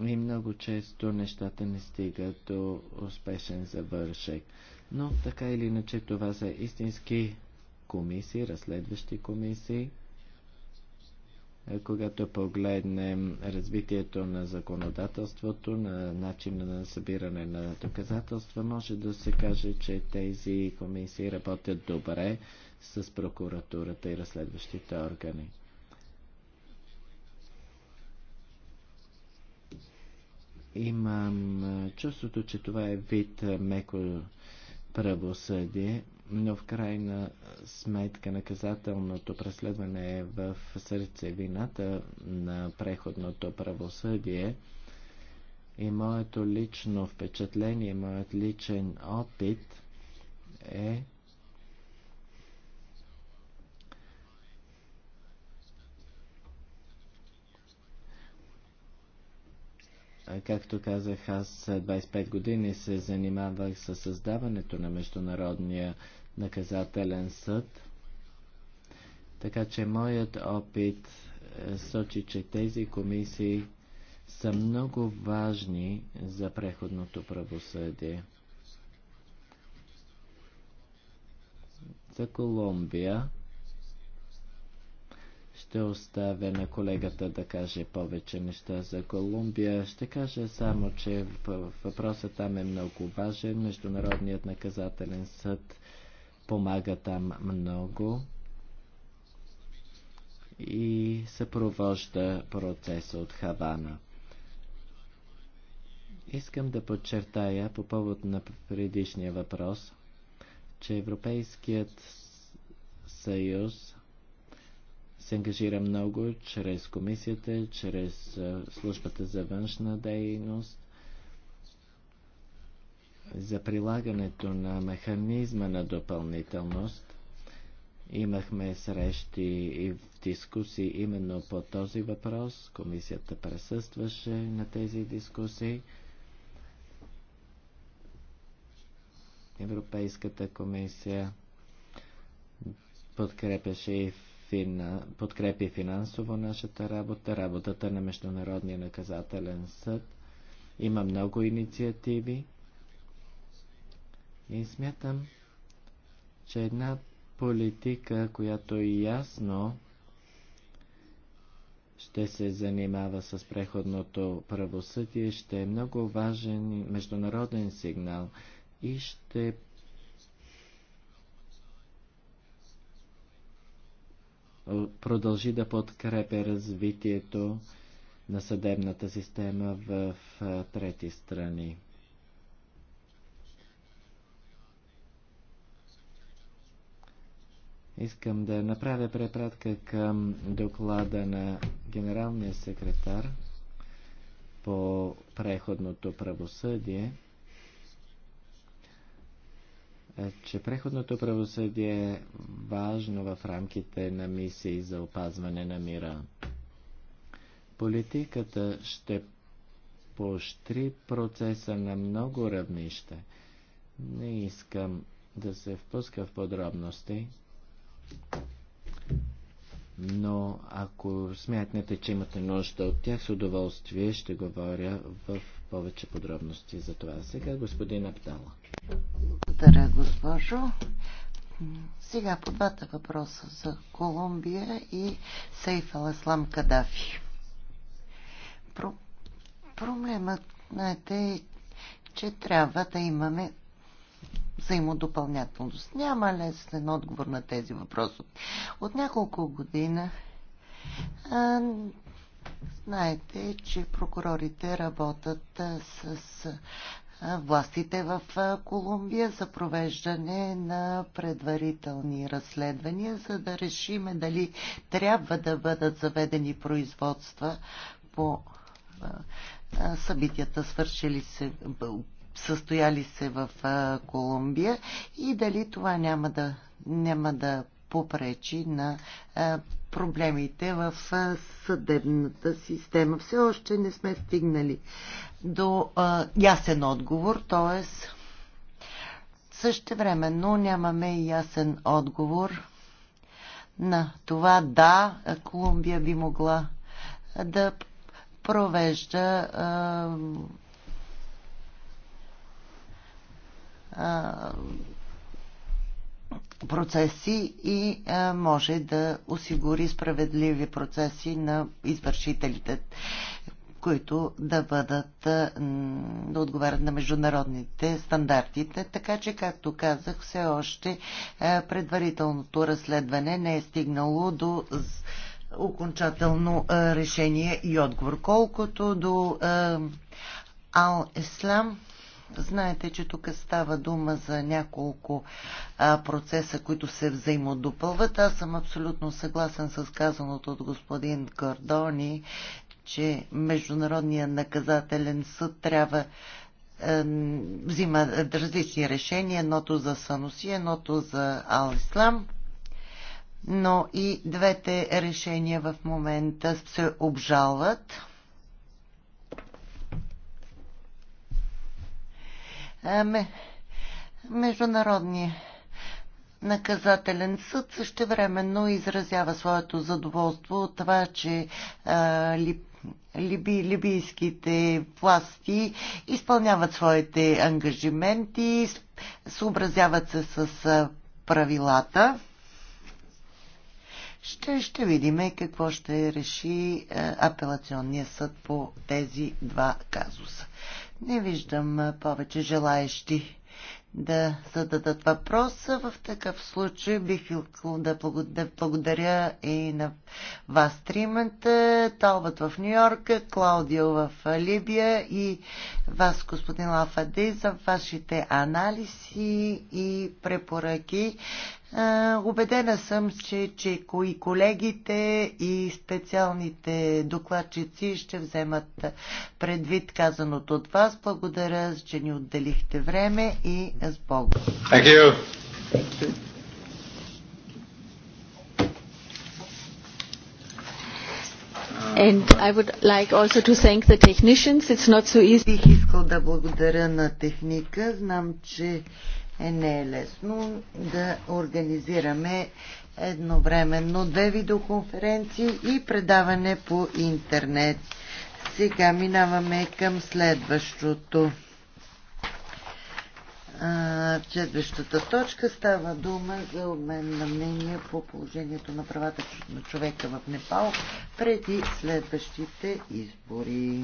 и много често нещата не стигат до успешен завършек. Но така или иначе това са истински комисии, разследващи комисии. Когато погледнем развитието на законодателството, на начина на събиране на доказателства, може да се каже, че тези комисии работят добре с прокуратурата и разследващите органи. Имам чувството, че това е вид меко правосъдие, но в крайна сметка наказателното преследване е в сърцевината на преходното правосъдие и моето лично впечатление, моят личен опит е, Както казах, аз 25 години се занимавах с създаването на Международния наказателен съд. Така че моят опит е, сочи, че тези комисии са много важни за преходното правосъдие. За Колумбия ще оставя на колегата да каже повече неща за Колумбия. Ще кажа само, че въпросът там е много важен. Международният наказателен съд помага там много и съпровожда процеса от Хавана. Искам да подчертая по повод на предишния въпрос, че Европейският съюз се ангажира много чрез комисията, чрез службата за външна дейност за прилагането на механизма на допълнителност. Имахме срещи и дискусии именно по този въпрос. Комисията присъстваше на тези дискусии. Европейската комисия подкрепяше и фина... подкрепи финансово нашата работа, работата на Международния наказателен съд. Има много инициативи и смятам, че една политика, която е ясно ще се занимава с преходното правосъдие, ще е много важен международен сигнал и ще продължи да подкрепя развитието на съдебната система в трети страни. Искам да направя препратка към доклада на генералния секретар по преходното правосъдие – е, че преходното правосъдие е важно в рамките на мисии за опазване на мира. Политиката ще поощри процеса на много равнище. Не искам да се впуска в подробности, но ако смятнете, че имате нужда от тях, с удоволствие ще говоря в повече подробности за това. Сега господин Аптала. Благодаря, госпожо. Сега по двата въпроса за Колумбия и Сейф Аласлам Кадафи. Про... Проблемът, знаете, е, че трябва да имаме взаимодопълнятелност. Няма лесен отговор на тези въпроси. От няколко година а, знаете, че прокурорите работят а, с властите в Колумбия за провеждане на предварителни разследвания, за да решиме дали трябва да бъдат заведени производства по събитията, свършили се, състояли се в Колумбия и дали това няма да, няма да попречи на проблемите в съдебната система. Все още не сме стигнали до а, ясен отговор, т.е. но нямаме ясен отговор на това да, Колумбия би могла да провежда а, а, процеси и а, може да осигури справедливи процеси на извършителите които да бъдат, да отговарят на международните стандартите. Така че, както казах, все още предварителното разследване не е стигнало до окончателно решение и отговор. Колкото до Ал-Ислам, Знаете, че тук става дума за няколко а, процеса, които се взаимодопълват. Аз съм абсолютно съгласен с казаното от господин Кордони че Международният наказателен съд трябва е, взима различни решения, едното за Сануси, едното за Ал-Ислам, но и двете решения в момента се обжалват. Е, Международният наказателен съд също времено изразява своето задоволство от това, че а, е, Лип Либи, либийските власти изпълняват своите ангажименти, съобразяват се с правилата. Ще, ще видим какво ще реши апелационния съд по тези два казуса. Не виждам повече желаещи да зададат въпроса. В такъв случай бих искал да благодаря и на вас тримата, Талбът в Нью Йорк, Клаудио в Либия и вас, господин Лафади, за вашите анализи и препоръки. Обедена съм, че, че и колегите и специалните докладчици ще вземат предвид казаното от вас. Благодаря, че ни отделихте време и с Бог. And I would like also to thank the technicians. It's not so easy. Бих искал да благодаря на техника. Знам, че е, не е лесно да организираме едновременно две видеоконференции и предаване по интернет. Сега минаваме към следващото. В следващата точка става дума за обмен на мнение по положението на правата на човека в Непал преди следващите избори.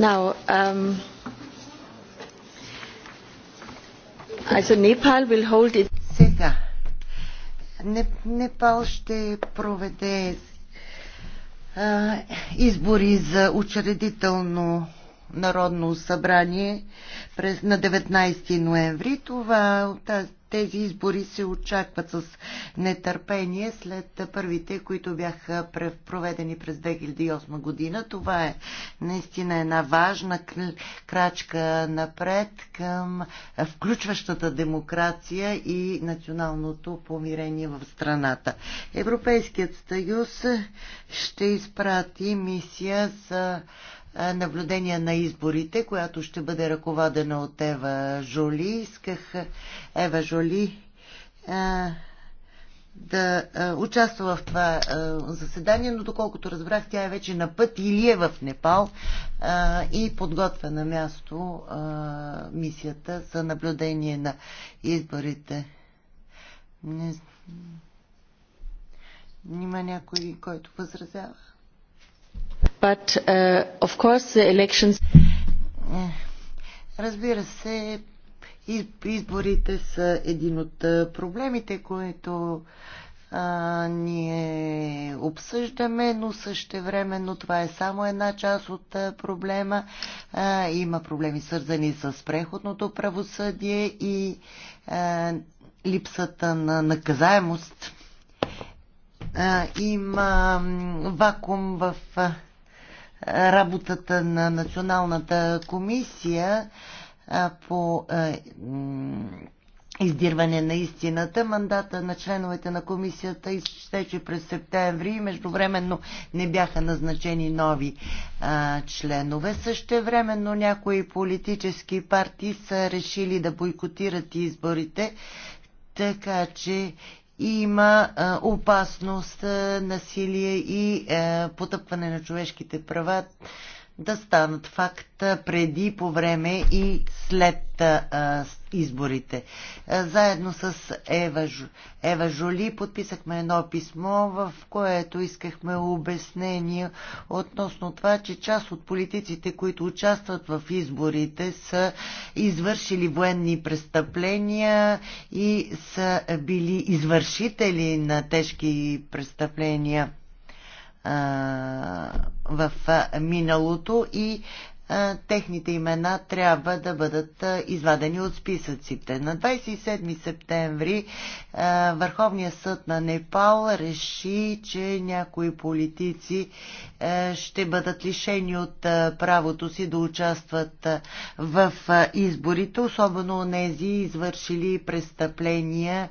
Now, um, also Nepal will hold it. Сега. Непал ще проведе а, избори за учредително народно събрание през, на 19 ноември. Това, тази, тези избори се очакват с нетърпение след първите, които бяха проведени през 2008 година. Това е наистина една важна крачка напред към включващата демокрация и националното помирение в страната. Европейският съюз ще изпрати мисия за наблюдение на изборите, която ще бъде ръководена от Ева Жоли. Исках Ева Жоли да участва в това заседание, но доколкото разбрах, тя е вече на път или е в Непал и подготвя на място мисията за наблюдение на изборите. Не... Има някой, който възразява? But uh, of course the elections... Е, разбира се, изборите са един от проблемите, които а, ние обсъждаме, но същевременно това е само една част от а, проблема. А, има проблеми свързани с преходното правосъдие и а, липсата на наказаемост. А, има вакуум в. А, работата на Националната комисия по е, издирване на истината. Мандата на членовете на комисията изтече през септември и междувременно не бяха назначени нови а, членове. времено някои политически партии са решили да бойкотират изборите, така че има опасност насилие и потъпване на човешките права да станат факт преди, по време и след изборите. Е, заедно с Ева, Ева Жоли подписахме едно писмо, в което искахме обяснение относно това, че част от политиците, които участват в изборите, са извършили военни престъпления и са били извършители на тежки престъпления в миналото и е, техните имена трябва да бъдат е, извадени от списъците. На 27 септември е, Върховният съд на Непал реши, че някои политици ще бъдат лишени от правото си да участват в изборите, особено нези извършили престъпления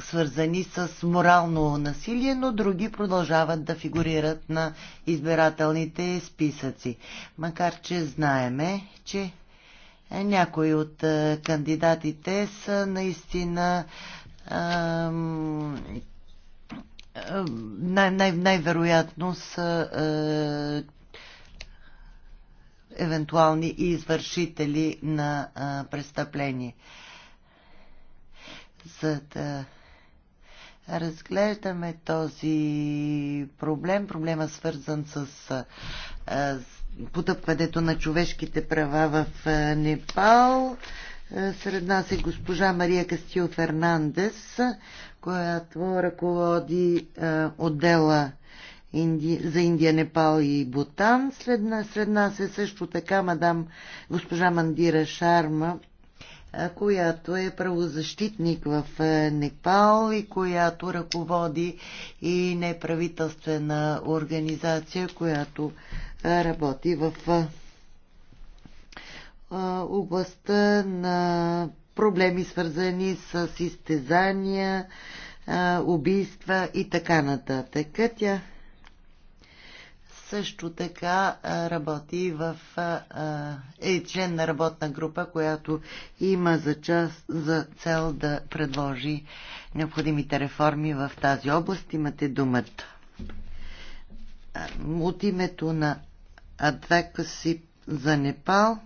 свързани с морално насилие, но други продължават да фигурират на избирателните списъци. Макар, че знаеме, че някои от кандидатите са наистина най- най- най-вероятно са е, евентуални извършители на е, престъпление. За да разглеждаме този проблем, проблема свързан с потъпването на човешките права в Непал. Сред нас е госпожа Мария Кастил Фернандес, която ръководи отдела за Индия, Непал и Бутан. сред нас е също така мадам госпожа Мандира Шарма, която е правозащитник в Непал и която ръководи и неправителствена организация, която работи в областта на проблеми свързани с изтезания, убийства и така нататък. Тя също така работи в е член на работна група, която има за част за цел да предложи необходимите реформи в тази област. Имате думата. От името на Адвекаси за Непал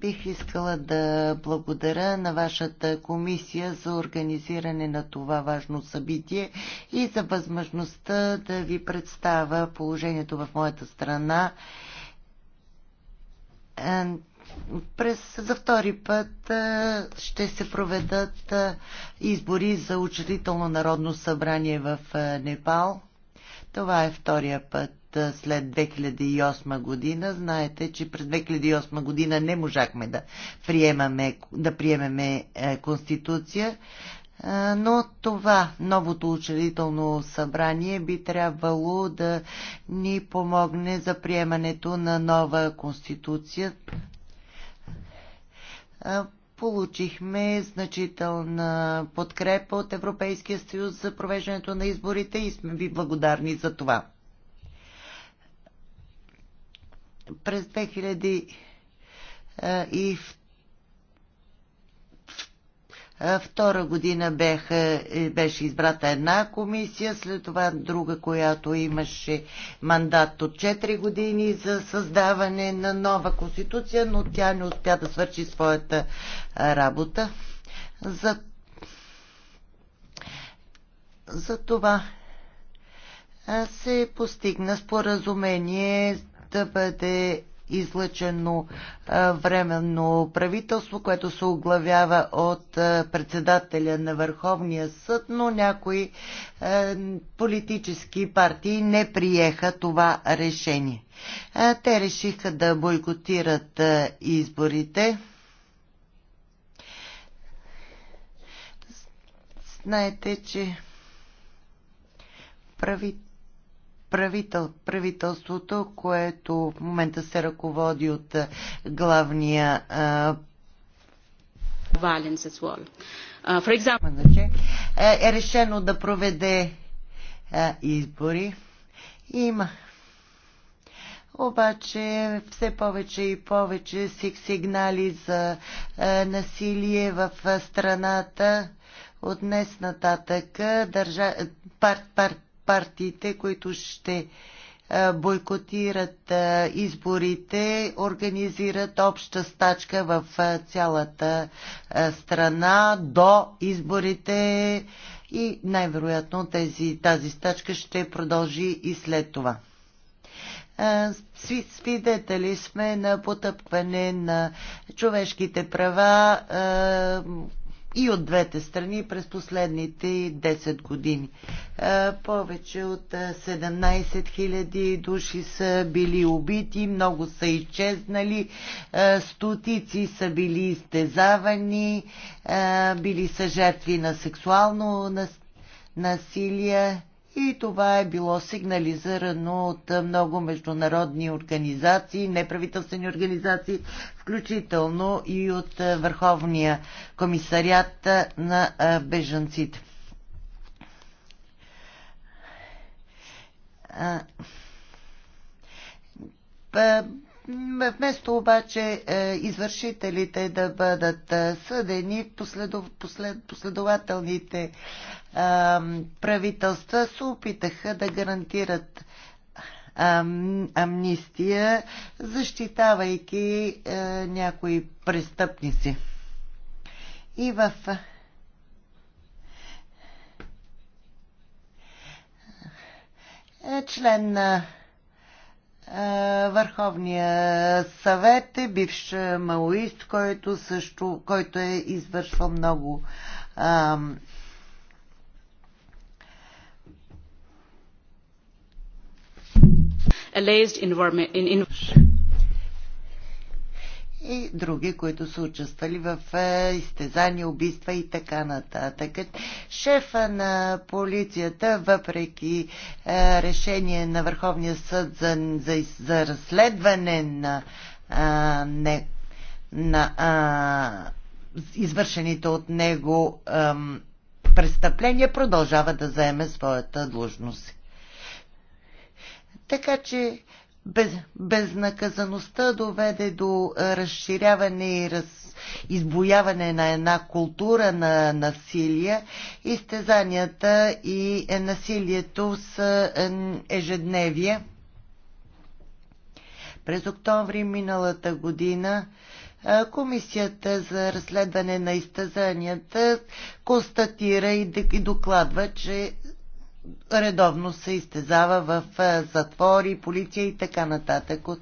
Бих искала да благодаря на вашата комисия за организиране на това важно събитие и за възможността да ви представя положението в моята страна. Е, през за втори път е, ще се проведат е, избори за учредително народно събрание в Непал. Това е втория път след 2008 година. Знаете, че през 2008 година не можахме да приемаме, да приемеме е, конституция, е, но това новото учредително събрание би трябвало да ни помогне за приемането на нова конституция. Е, получихме значителна подкрепа от Европейския съюз за провеждането на изборите и сме ви благодарни за това. През 2000 и втора година бех, е, беше избрата една комисия, след това друга, която имаше мандат от 4 години за създаване на нова конституция, но тя не успя да свърши своята работа. За, за това се постигна споразумение да бъде излъчено временно правителство, което се оглавява от председателя на Върховния съд, но някои политически партии не приеха това решение. Те решиха да бойкотират изборите. Знаете, че правителството правител, правителството, което в момента се ръководи от главния Вален violence Uh, example, е, е решено да проведе а, избори. Има. Обаче все повече и повече сигнали за а, насилие в страната от днес нататък държа... пар... Пар партиите, които ще бойкотират изборите, организират обща стачка в цялата страна до изборите и най-вероятно тези, тази стачка ще продължи и след това. Свидетели сме на потъпкване на човешките права, и от двете страни през последните 10 години. Повече от 17 000 души са били убити, много са изчезнали, стотици са били изтезавани, били са жертви на сексуално насилие и това е било сигнализирано от много международни организации, неправителствени организации, включително и от Върховния комисарят на бежанците. Вместо обаче е, извършителите да бъдат е, съдени, последов, послед, последователните е, правителства се опитаха да гарантират амнистия, защитавайки някои престъпници. И в член на е, Върховния съвет е бивш малоист, който също, който е извършвал много ам, alleged in, in, in и други, които са участвали в е, изтезания, убийства и така нататък. Шефа на полицията, въпреки е, решение на Върховния съд за, за, за разследване на, а, не, на а, извършените от него ам, престъпления, продължава да заеме своята длъжност. Така че без, безнаказаността доведе до разширяване и раз, избояване на една култура на насилие. Изтезанията и е, насилието са е, ежедневие. През октомври миналата година Комисията за разследване на изтезанията констатира и докладва, че редовно се изтезава в затвори, полиция и така нататък. От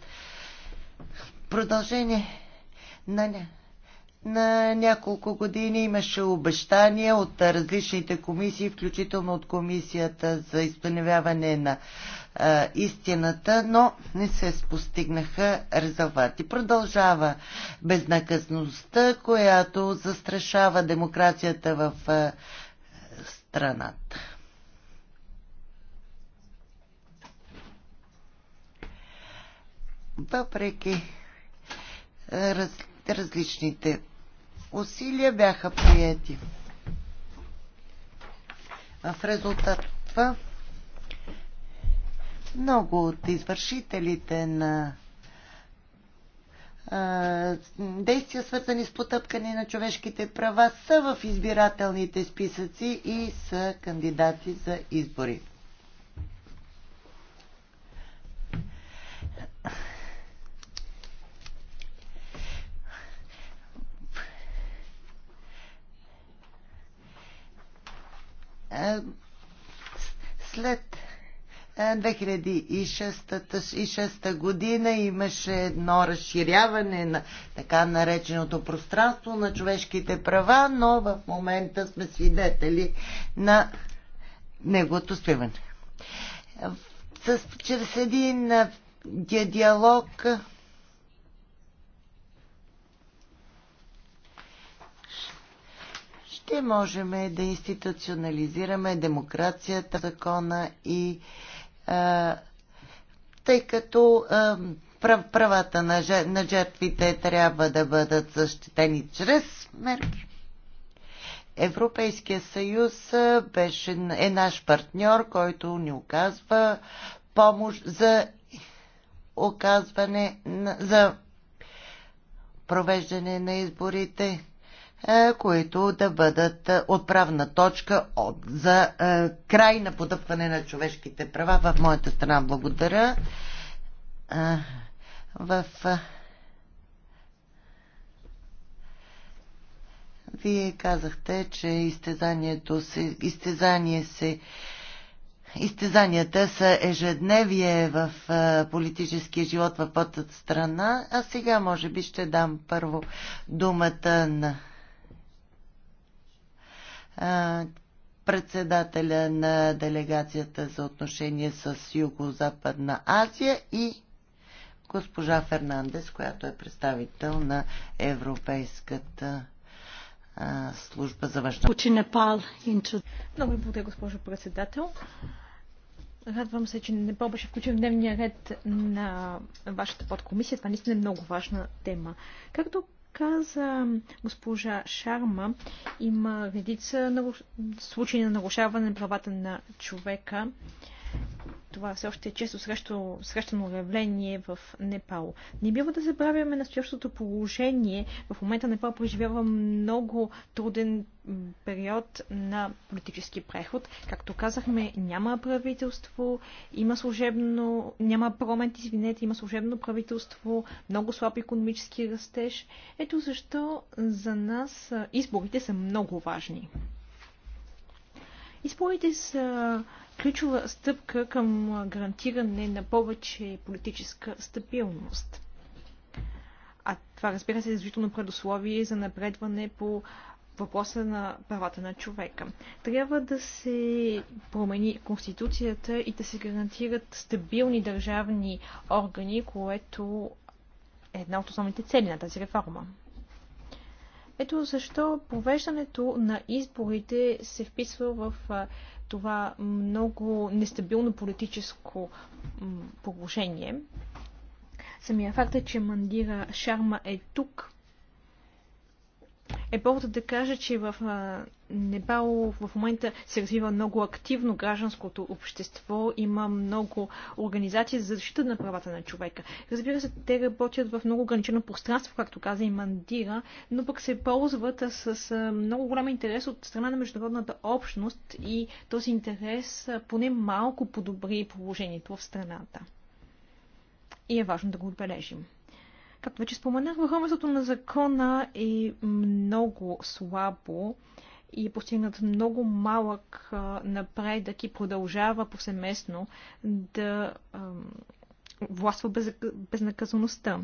продължение на, на няколко години имаше обещания от различните комисии, включително от комисията за изпълняване на а, истината, но не се постигнаха резултати. Продължава безнаказността, която застрашава демокрацията в а, страната. въпреки е, раз, различните усилия бяха приети. В резултат това много от извършителите на а, е, действия, свързани с потъпкане на човешките права, са в избирателните списъци и са кандидати за избори. Е, след 2006 е, година имаше едно разширяване на така нареченото пространство на човешките права, но в момента сме свидетели на неговото спиване. С, чрез един е, диалог ще можем да институционализираме демокрацията, закона и а, тъй като а, правата на, жер, на жертвите трябва да бъдат защитени чрез мерки. Европейския съюз беше, е наш партньор, който ни оказва помощ за оказване на, за провеждане на изборите е, които да бъдат е, отправна точка от, за е, край на подъпване на човешките права в моята страна. Благодаря. В Вие казахте, че изтезанието се, изтезание се Изтезанията са ежедневие в политическия живот в пътът страна, а сега може би ще дам първо думата на председателя на делегацията за отношение с Юго-Западна Азия и госпожа Фернандес, която е представител на Европейската а, служба за външна. Учи Непал. Много ви благодаря, госпожо председател. Радвам се, че Непал беше включен в дневния ред на вашата подкомисия. Това наистина е много важна тема. Както каза госпожа Шарма, има редица случаи на нарушаване на правата на човека това все още е често срещу, срещано явление в Непал. Не бива да забравяме настоящото положение. В момента Непал преживява много труден период на политически преход. Както казахме, няма правителство, има служебно, няма парламент, извинете, има служебно правителство, много слаб економически растеж. Ето защо за нас изборите са много важни. Изборите са ключова стъпка към гарантиране на повече политическа стабилност. А това, разбира се, е изключително предусловие за напредване по въпроса на правата на човека. Трябва да се промени конституцията и да се гарантират стабилни държавни органи, което е една от основните цели на тази реформа. Ето защо провеждането на изборите се вписва в това много нестабилно политическо положение. Самия факт е, че Мандира Шарма е тук, е повод да кажа, че в Непал в момента се развива много активно гражданското общество, има много организации за защита на правата на човека. Разбира се, те работят в много ограничено пространство, както каза и Мандира, но пък се ползват с много голям интерес от страна на международната общност и този интерес поне малко подобри положението в страната. И е важно да го отбележим. Както вече споменах, върховенството на закона е много слабо и постигнат много малък напредък и продължава повсеместно да властва без, безнаказаността.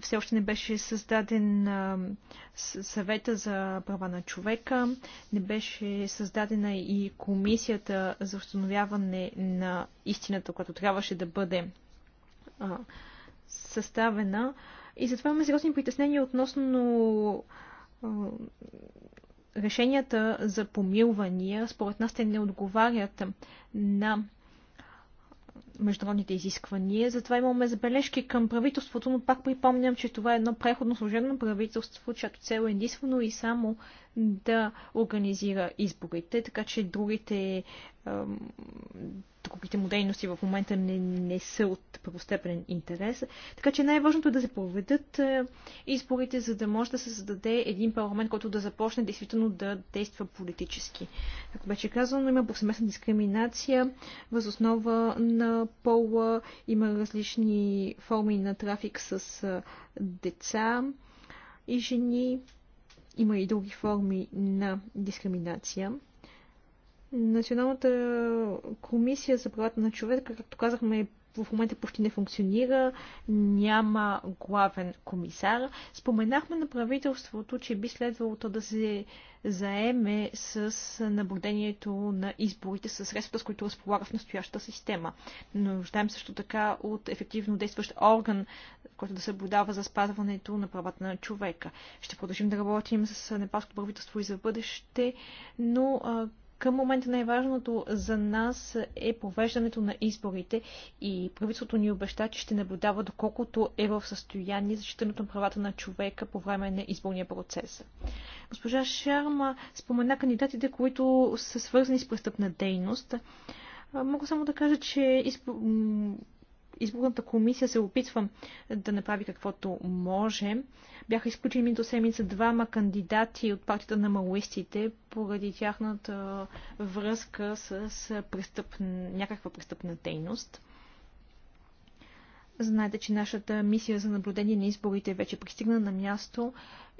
Все още не беше създаден съвета за права на човека, не беше създадена и комисията за установяване на истината, която трябваше да бъде съставена. И затова имаме сериозни притеснения относно решенията за помилвания, според нас, те не отговарят на международните изисквания. Затова имаме забележки към правителството, но пак припомням, че това е едно преходно служебно правителство, чето цел е единствено и само да организира изборите, така че другите Таковите му дейности в момента не, не са от първостепенен интерес. Така че най-важното е да се проведат е, изборите, за да може да се създаде един парламент, който да започне действително да действа политически. Както беше казано, има повсеместна дискриминация въз основа на пола, има различни форми на трафик с е, деца и жени, има и други форми на дискриминация. Националната комисия за правата на човека, както казахме, в момента почти не функционира, няма главен комисар. Споменахме на правителството, че би следвало то да се заеме с наблюдението на изборите, с средствата, с които разполага в настоящата система. Но нуждаем също така от ефективно действащ орган, който да се наблюдава за спазването на правата на човека. Ще продължим да работим с непалското правителство и за бъдеще, но към момента най-важното за нас е провеждането на изборите и правителството ни обеща, че ще наблюдава доколкото е в състояние защитането на правата на човека по време на изборния процес. Госпожа Шарма спомена кандидатите, които са свързани с престъпна дейност. Мога само да кажа, че изборната комисия се опитва да направи каквото може. Бяха изключени до седмица двама кандидати от партията на малоистите поради тяхната връзка с престъп... някаква престъпна дейност. Знаете, че нашата мисия за наблюдение на изборите е вече пристигна на място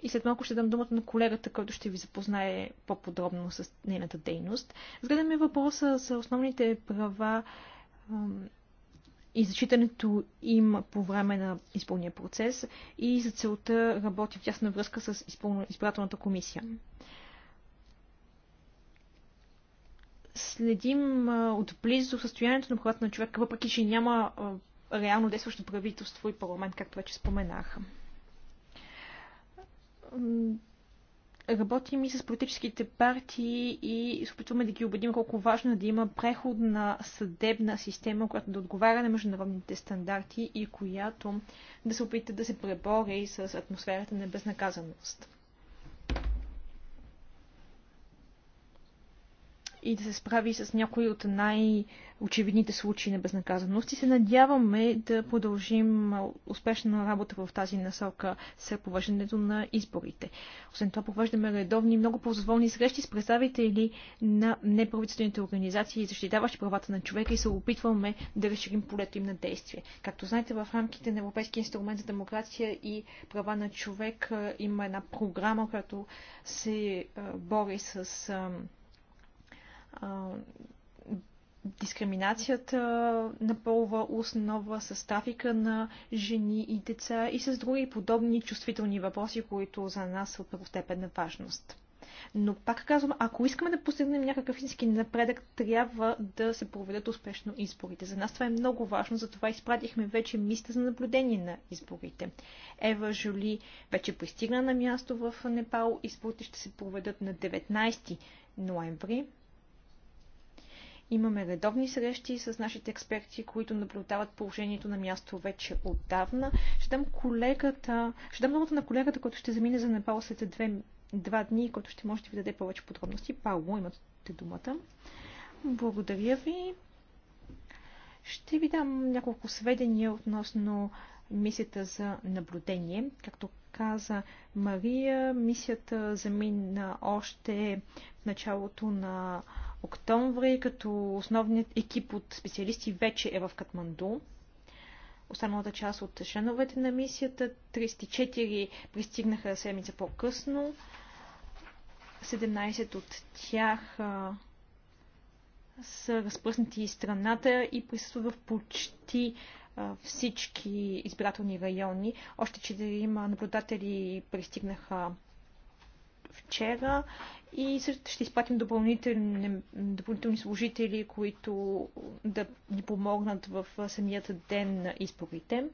и след малко ще дам думата на колегата, който ще ви запознае по-подробно с нейната дейност. Сгледаме въпроса за основните права и зачитането им по време на изпълния процес и за целта работи в тясна връзка с избирателната комисия. Следим отблизо състоянието на правата на човека, въпреки че няма реално действащо правителство и парламент, както вече споменах Работим и с политическите партии и се опитваме да ги убедим колко важно е да има преходна съдебна система, която да отговаря на международните стандарти и която да се опита да се пребори с атмосферата на безнаказаност. и да се справи с някои от най-очевидните случаи на безнаказаност. И се надяваме да продължим успешна работа в тази насока с провеждането на изборите. Освен това, провеждаме редовни, много ползволни срещи с представители на неправителствените организации, защитаващи правата на човека и се опитваме да разширим полето им на действие. Както знаете, в рамките на Европейския инструмент за демокрация и права на човек има една програма, която се бори с дискриминацията на полова основа, с трафика на жени и деца и с други подобни чувствителни въпроси, които за нас са от първостепенна важност. Но пак казвам, ако искаме да постигнем някакъв истински напредък, трябва да се проведат успешно изборите. За нас това е много важно, затова изпратихме вече миста за наблюдение на изборите. Ева Жоли вече пристигна на място в Непал. Изборите ще се проведат на 19 ноември. Имаме редовни срещи с нашите експерти, които наблюдават положението на място вече отдавна. Ще дам, колегата, ще дам думата на колегата, който ще замине за Непал след две, два дни, който ще може да ви даде повече подробности. Пауло, имате думата. Благодаря ви. Ще ви дам няколко сведения относно мисията за наблюдение. Както каза Мария, мисията замина още в началото на октомври, като основният екип от специалисти вече е в Катманду. Останалата част от членовете на мисията, 34 пристигнаха седмица по-късно, 17 от тях а, са разпръснати из страната и присъстват в почти а, всички избирателни райони. Още 4 наблюдатели пристигнаха вчера и също ще изплатим допълнителни, допълнителни служители, които да ни помогнат в самият ден на изборите.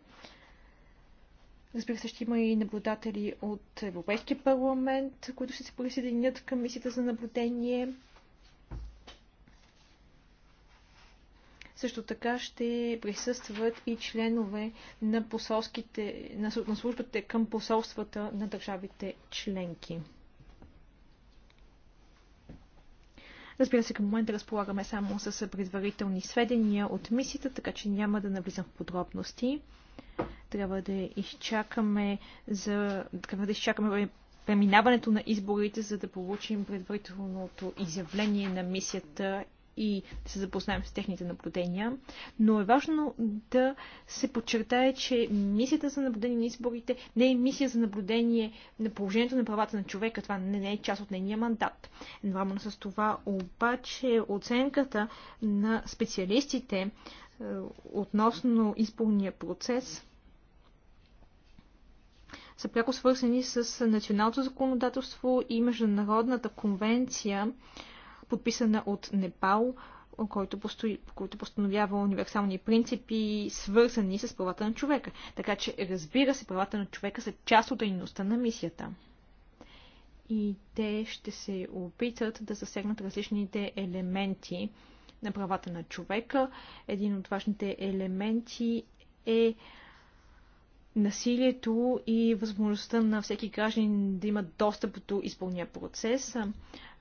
Разбира се, ще има и наблюдатели от Европейския парламент, които ще се присъединят към мисията за наблюдение. Също така ще присъстват и членове на, посолските, на службите към посолствата на държавите членки. Разбира се, към момента разполагаме само с предварителни сведения от мисията, така че няма да навлизам в подробности. Трябва да изчакаме за... Трябва да изчакаме преминаването на изборите, за да получим предварителното изявление на мисията и да се запознаем с техните наблюдения, но е важно да се подчертае, че мисията за наблюдение на изборите не е мисия за наблюдение на положението на правата на човека. Това не е част от нейния мандат. Едновременно с това обаче оценката на специалистите е, относно изборния процес са пряко свързани с националното законодателство и Международната конвенция подписана от Непал, който, постои, който постановява универсални принципи, свързани с правата на човека. Така че, разбира се, правата на човека са част от дейността на мисията. И те ще се опитат да засегнат различните елементи на правата на човека. Един от важните елементи е насилието и възможността на всеки гражданин да има достъп до изпълния процес.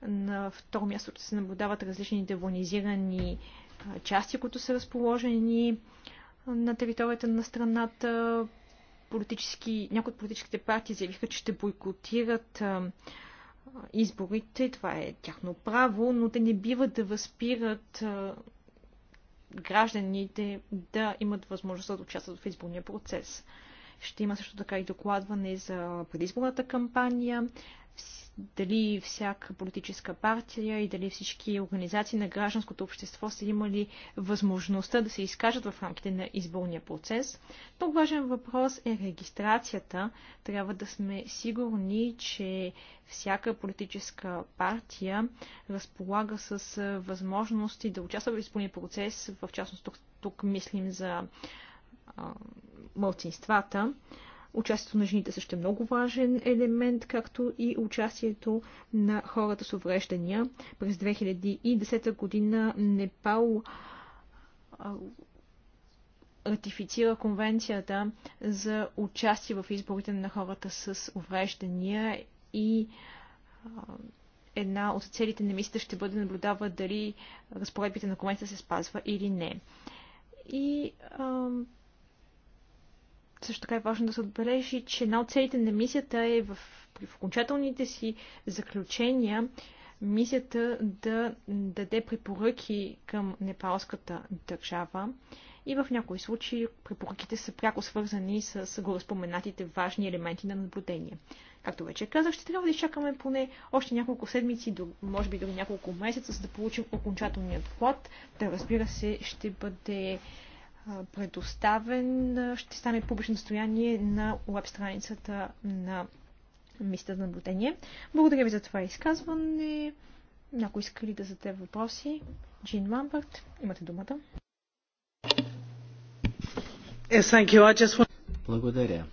На второ място се наблюдават различните девонизирани части, които са разположени на територията на страната. Политически, някои от политическите партии заявиха, че ще бойкотират изборите. Това е тяхно право, но те не бива да възпират гражданите да имат възможност да участват в изборния процес. Ще има също така и докладване за предизборната кампания, дали всяка политическа партия и дали всички организации на гражданското общество са имали възможността да се изкажат в рамките на изборния процес. Много важен въпрос е регистрацията. Трябва да сме сигурни, че всяка политическа партия разполага с възможности да участва в изборния процес. В частност тук, тук мислим за мълцинствата. Участието на жените също е много важен елемент, както и участието на хората с увреждания. През 2010 година Непал ратифицира конвенцията за участие в изборите на хората с увреждания и една от целите на мисията ще бъде наблюдава дали разпоредбите на конвенцията се спазва или не. И също така е важно да се отбележи, че една от целите на мисията е в, в окончателните си заключения мисията да даде препоръки към непалската държава и в някои случаи препоръките са пряко свързани с гореспоменатите важни елементи на наблюдение. Както вече казах, ще трябва да изчакаме поне още няколко седмици, може би дори няколко месеца, за да получим окончателният плат. Да, разбира се, ще бъде предоставен, ще стане публично достояние на веб страницата на Мистер за наблюдение. Благодаря ви за това изказване. Някой иска ли да зададе въпроси? Джин Ламбърт, имате думата. Благодаря.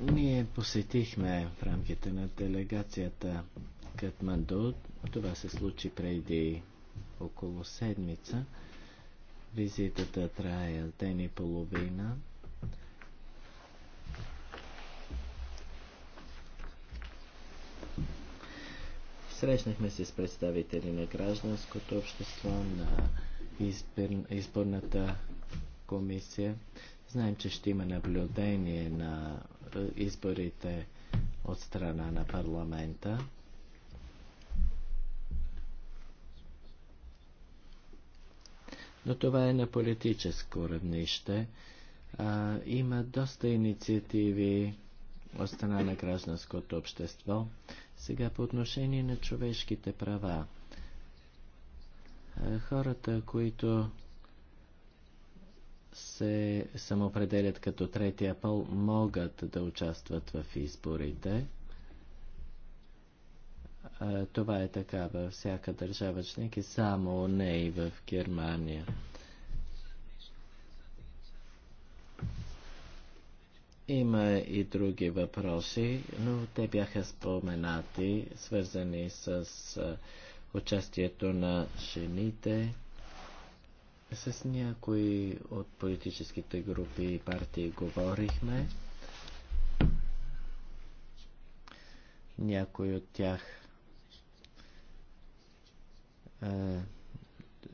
Ние посетихме в рамките на делегацията Катманду. Това се случи преди около седмица. Визитата трае ден и половина. Срещнахме се с представители на гражданското общество, на избир... изборната комисия. Знаем, че ще има наблюдение на изборите от страна на парламента. но това е на политическо равнище. А, има доста инициативи от страна на гражданското общество. Сега по отношение на човешките права. А, хората, които се самоопределят като третия пол, могат да участват в изборите. Това е така във всяка държава член и само не и в Германия. Има и други въпроси, но те бяха споменати, свързани с участието на жените, с някои от политическите групи и партии говорихме. Някои от тях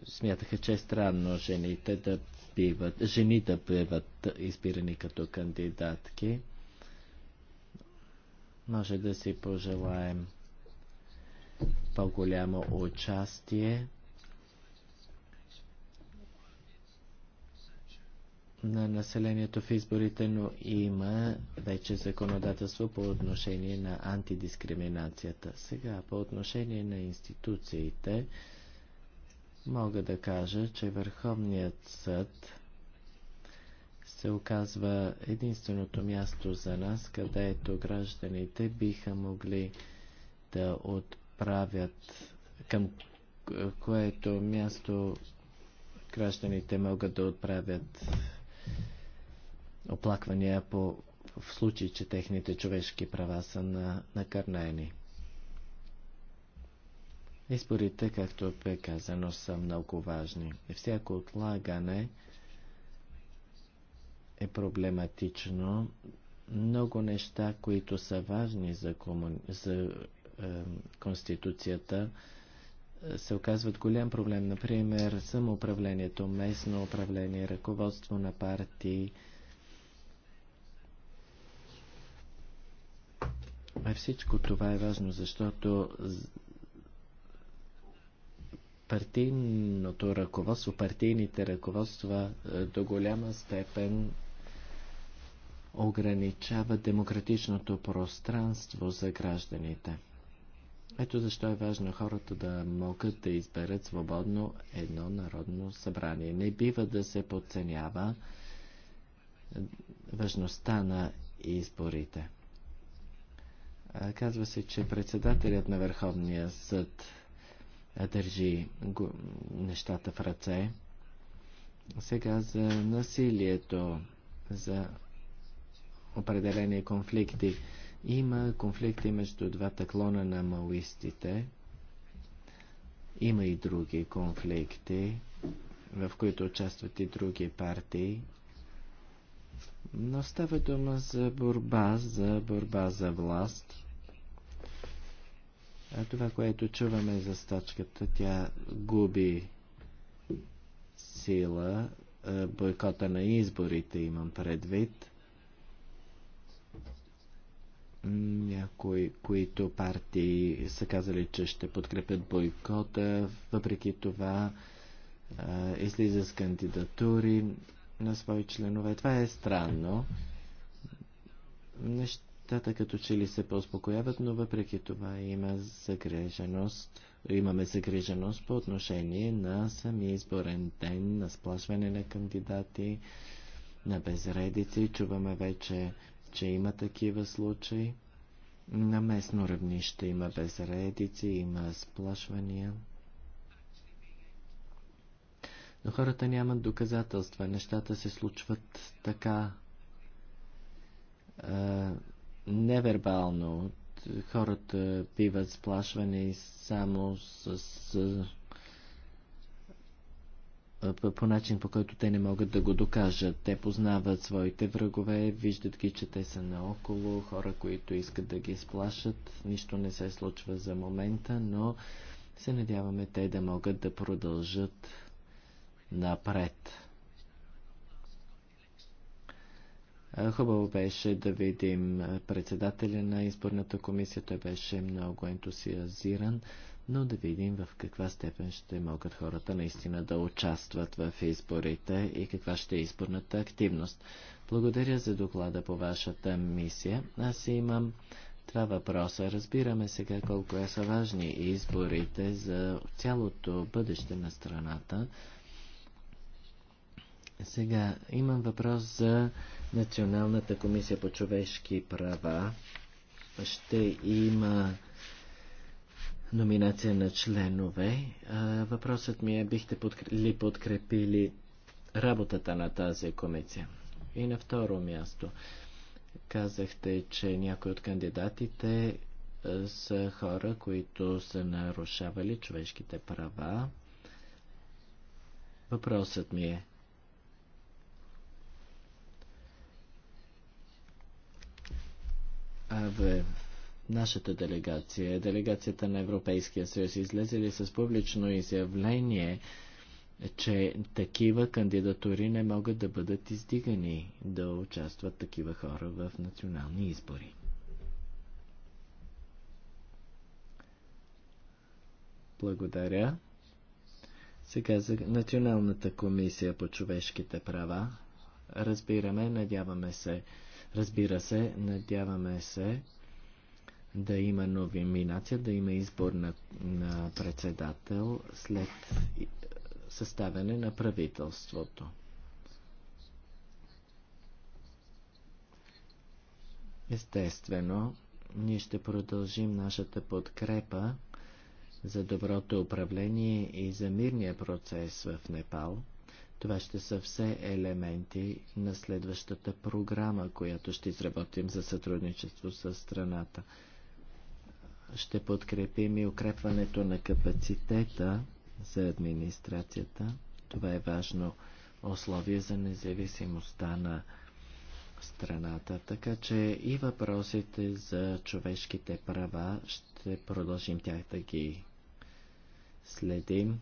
смятаха, че е странно жените да биват, жени да биват избирани като кандидатки. Може да си пожелаем по-голямо участие. на населението в изборите, но има вече законодателство по отношение на антидискриминацията. Сега, по отношение на институциите, мога да кажа, че Върховният съд се оказва единственото място за нас, където гражданите биха могли да отправят към което място гражданите могат да отправят оплаквания по, в случай, че техните човешки права са на, накърнени. Изборите, както е казано, са много важни. Всяко отлагане е проблематично. Много неща, които са важни за, кому... за е, Конституцията, се оказват голям проблем. Например, самоуправлението, местно управление, ръководство на партии. А всичко това е важно, защото партийното ръководство, партийните ръководства е, до голяма степен ограничава демократичното пространство за гражданите. Ето защо е важно хората да могат да изберат свободно едно народно събрание. Не бива да се подценява е, важността на изборите. Казва се, че председателят на Върховния съд държи нещата в ръце. Сега за насилието, за определени конфликти. Има конфликти между двата клона на маоистите. Има и други конфликти, в които участват и други партии. Но става дума за борба, за борба за власт. Това, което чуваме за стачката, тя губи сила. Бойкота на изборите имам предвид. Някои, които партии са казали, че ще подкрепят бойкота, въпреки това излиза с кандидатури на свои членове. Това е странно. Нещ... Нещата като че ли се по-успокояват, но въпреки това има загреженост, имаме загриженост по отношение на сами изборен ден, на сплашване на кандидати, на безредици. Чуваме вече, че има такива случаи. На местно равнище има безредици, има сплашвания. Но хората нямат доказателства. Нещата се случват така невербално. Хората биват сплашвани само с, с по начин, по който те не могат да го докажат. Те познават своите врагове, виждат ги, че те са наоколо, хора, които искат да ги сплашат. Нищо не се случва за момента, но се надяваме те да могат да продължат напред. Хубаво беше да видим председателя на изборната комисия. Той беше много ентусиазиран, но да видим в каква степен ще могат хората наистина да участват в изборите и каква ще е изборната активност. Благодаря за доклада по вашата мисия. Аз имам два въпроса. Разбираме сега колко е са важни изборите за цялото бъдеще на страната. Сега имам въпрос за Националната комисия по човешки права ще има номинация на членове. Въпросът ми е, бихте ли подкрепили работата на тази комисия? И на второ място, казахте, че някои от кандидатите са хора, които са нарушавали човешките права. Въпросът ми е, в нашата делегация, делегацията на Европейския съюз, излезели с публично изявление, че такива кандидатури не могат да бъдат издигани да участват такива хора в национални избори. Благодаря. Сега за Националната комисия по човешките права. Разбираме, надяваме се, Разбира се, надяваме се да има нови минация, да има избор на, на председател след съставяне на правителството. Естествено, ние ще продължим нашата подкрепа за доброто управление и за мирния процес в Непал. Това ще са все елементи на следващата програма, която ще изработим за сътрудничество с страната. Ще подкрепим и укрепването на капацитета за администрацията. Това е важно условие за независимостта на страната. Така че и въпросите за човешките права ще продължим тях да ги следим.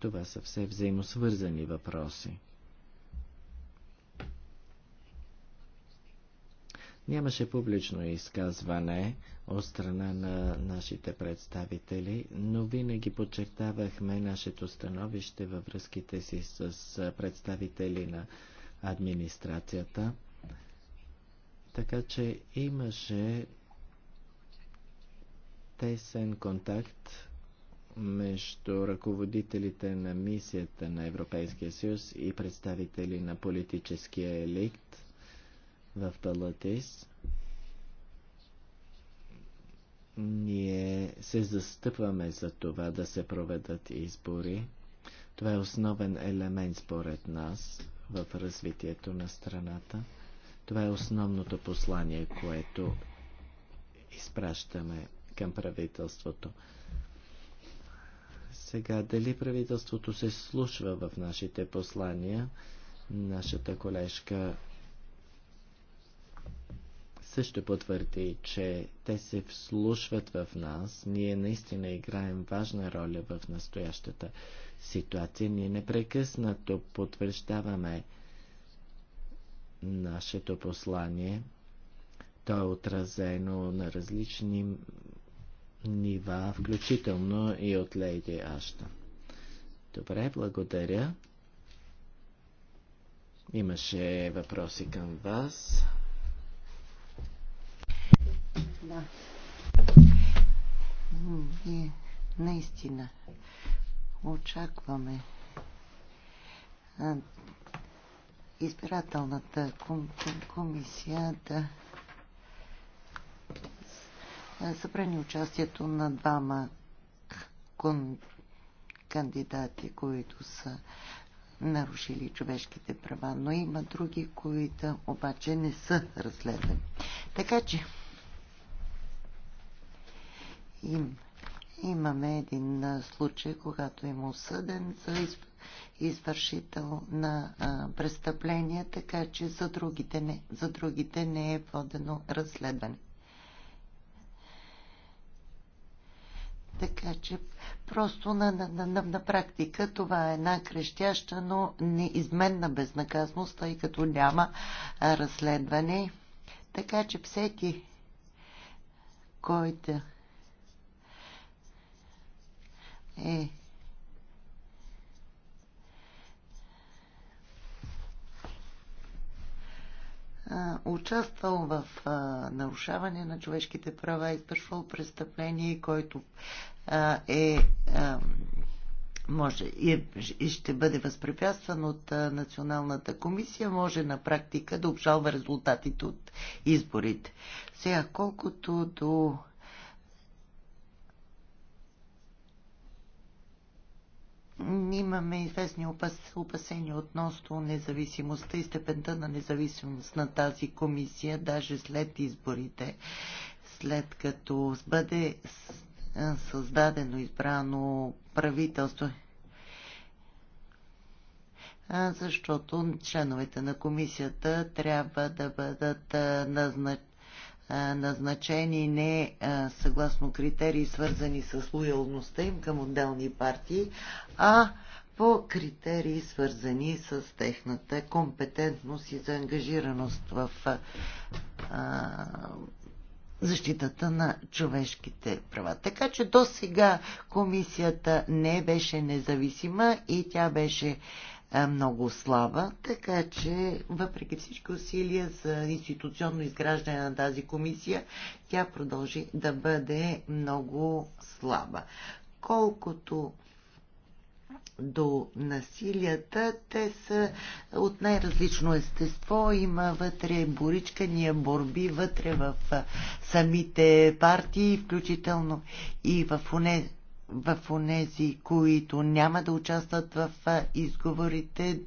Това са все взаимосвързани въпроси. Нямаше публично изказване от страна на нашите представители, но винаги подчертавахме нашето становище във връзките си с представители на администрацията. Така че имаше тесен контакт между ръководителите на мисията на Европейския съюз и представители на политическия елит в Палатис. Ние се застъпваме за това да се проведат избори. Това е основен елемент според нас в развитието на страната. Това е основното послание, което изпращаме към правителството. Сега, дали правителството се слушва в нашите послания? Нашата колежка също потвърди, че те се вслушват в нас. Ние наистина играем важна роля в настоящата ситуация. Ние непрекъснато потвърждаваме нашето послание. То е отразено на различни нива, включително и от Лейди Ашта. Добре, благодаря. Имаше въпроси към вас. Да. Ние наистина очакваме избирателната комисия да е, събрани участието на двама кандидати, които са нарушили човешките права, но има други, които обаче не са разследвани. Така че им, имаме един случай, когато има осъден за извършител на а, престъпления, така че за другите, не, за другите не е водено разследване. Така че просто на, на, на, на практика това е една крещяща, но неизменна безнаказаност, тъй като няма разследване. Така че всеки, който е участвал в нарушаване на човешките права, извършвал престъпление, който е може и ще бъде възпрепятстван от Националната комисия, може на практика да обжалва резултатите от изборите. Сега, колкото до имаме известни опас, опасения относно независимостта и степента на независимост на тази комисия, даже след изборите, след като бъде създадено, избрано правителство. Защото членовете на комисията трябва да бъдат назначени назначени не съгласно критерии, свързани с лоялността им към отделни партии, а по критерии, свързани с техната компетентност и заангажираност в защитата на човешките права. Така че до сега комисията не беше независима и тя беше е, много слаба, така че въпреки всички усилия за институционно изграждане на тази комисия, тя продължи да бъде много слаба. Колкото до насилията, те са от най-различно естество. Има вътре боричкания, борби вътре в самите партии, включително и в в онези, които няма да участват в изговорите,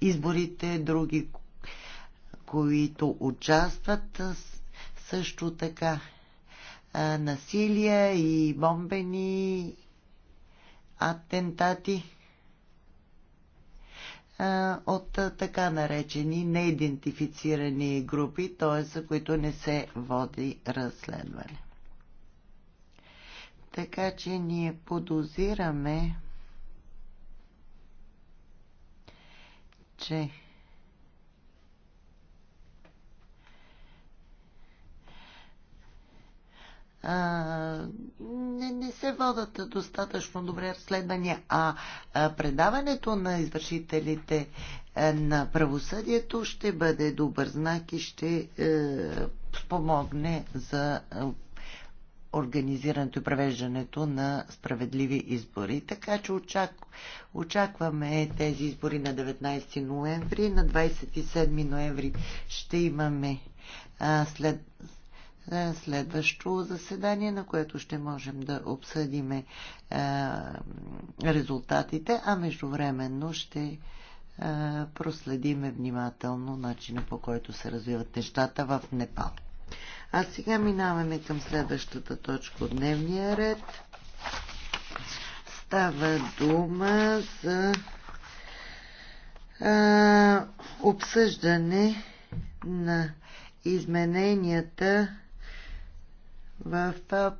изборите, други, които участват също така. Насилие и бомбени атентати от така наречени неидентифицирани групи, т.е. за които не се води разследване. Така че ние подозираме, че а, не, не се водат достатъчно добре разследвания, а, а предаването на извършителите а, на правосъдието ще бъде добър знак и ще а, е, спомогне за организирането и превеждането на справедливи избори. Така че очакваме тези избори на 19 ноември. На 27 ноември ще имаме след, следващо заседание, на което ще можем да обсъдиме резултатите, а междувременно ще проследиме внимателно начина по който се развиват нещата в Непал. А сега минаваме към следващата точка от дневния ред. Става дума за а, обсъждане на измененията в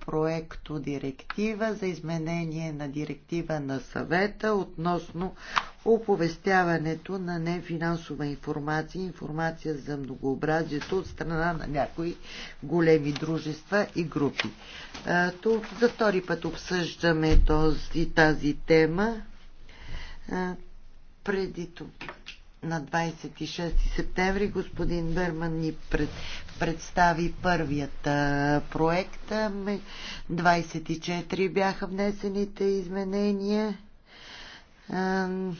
проекто директива за изменение на директива на съвета относно оповестяването на нефинансова информация, информация за многообразието от страна на някои големи дружества и групи. Тук за втори път обсъждаме този, тази тема. Преди тук на 26 септември господин Берман ни пред, представи първият а, проект. 24 бяха внесените изменения на,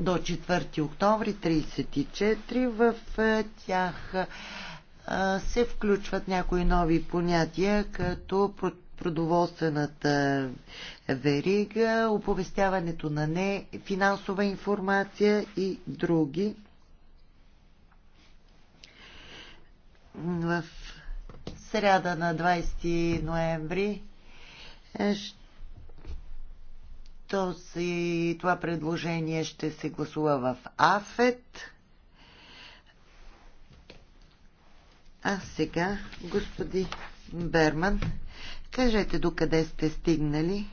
до 4 октомври 34. В тях се включват някои нови понятия, като продоволствената верига, оповестяването на не финансова информация и други. В сряда на 20 ноември ще този, това предложение ще се гласува в АФЕТ. А сега, господи Берман, кажете до къде сте стигнали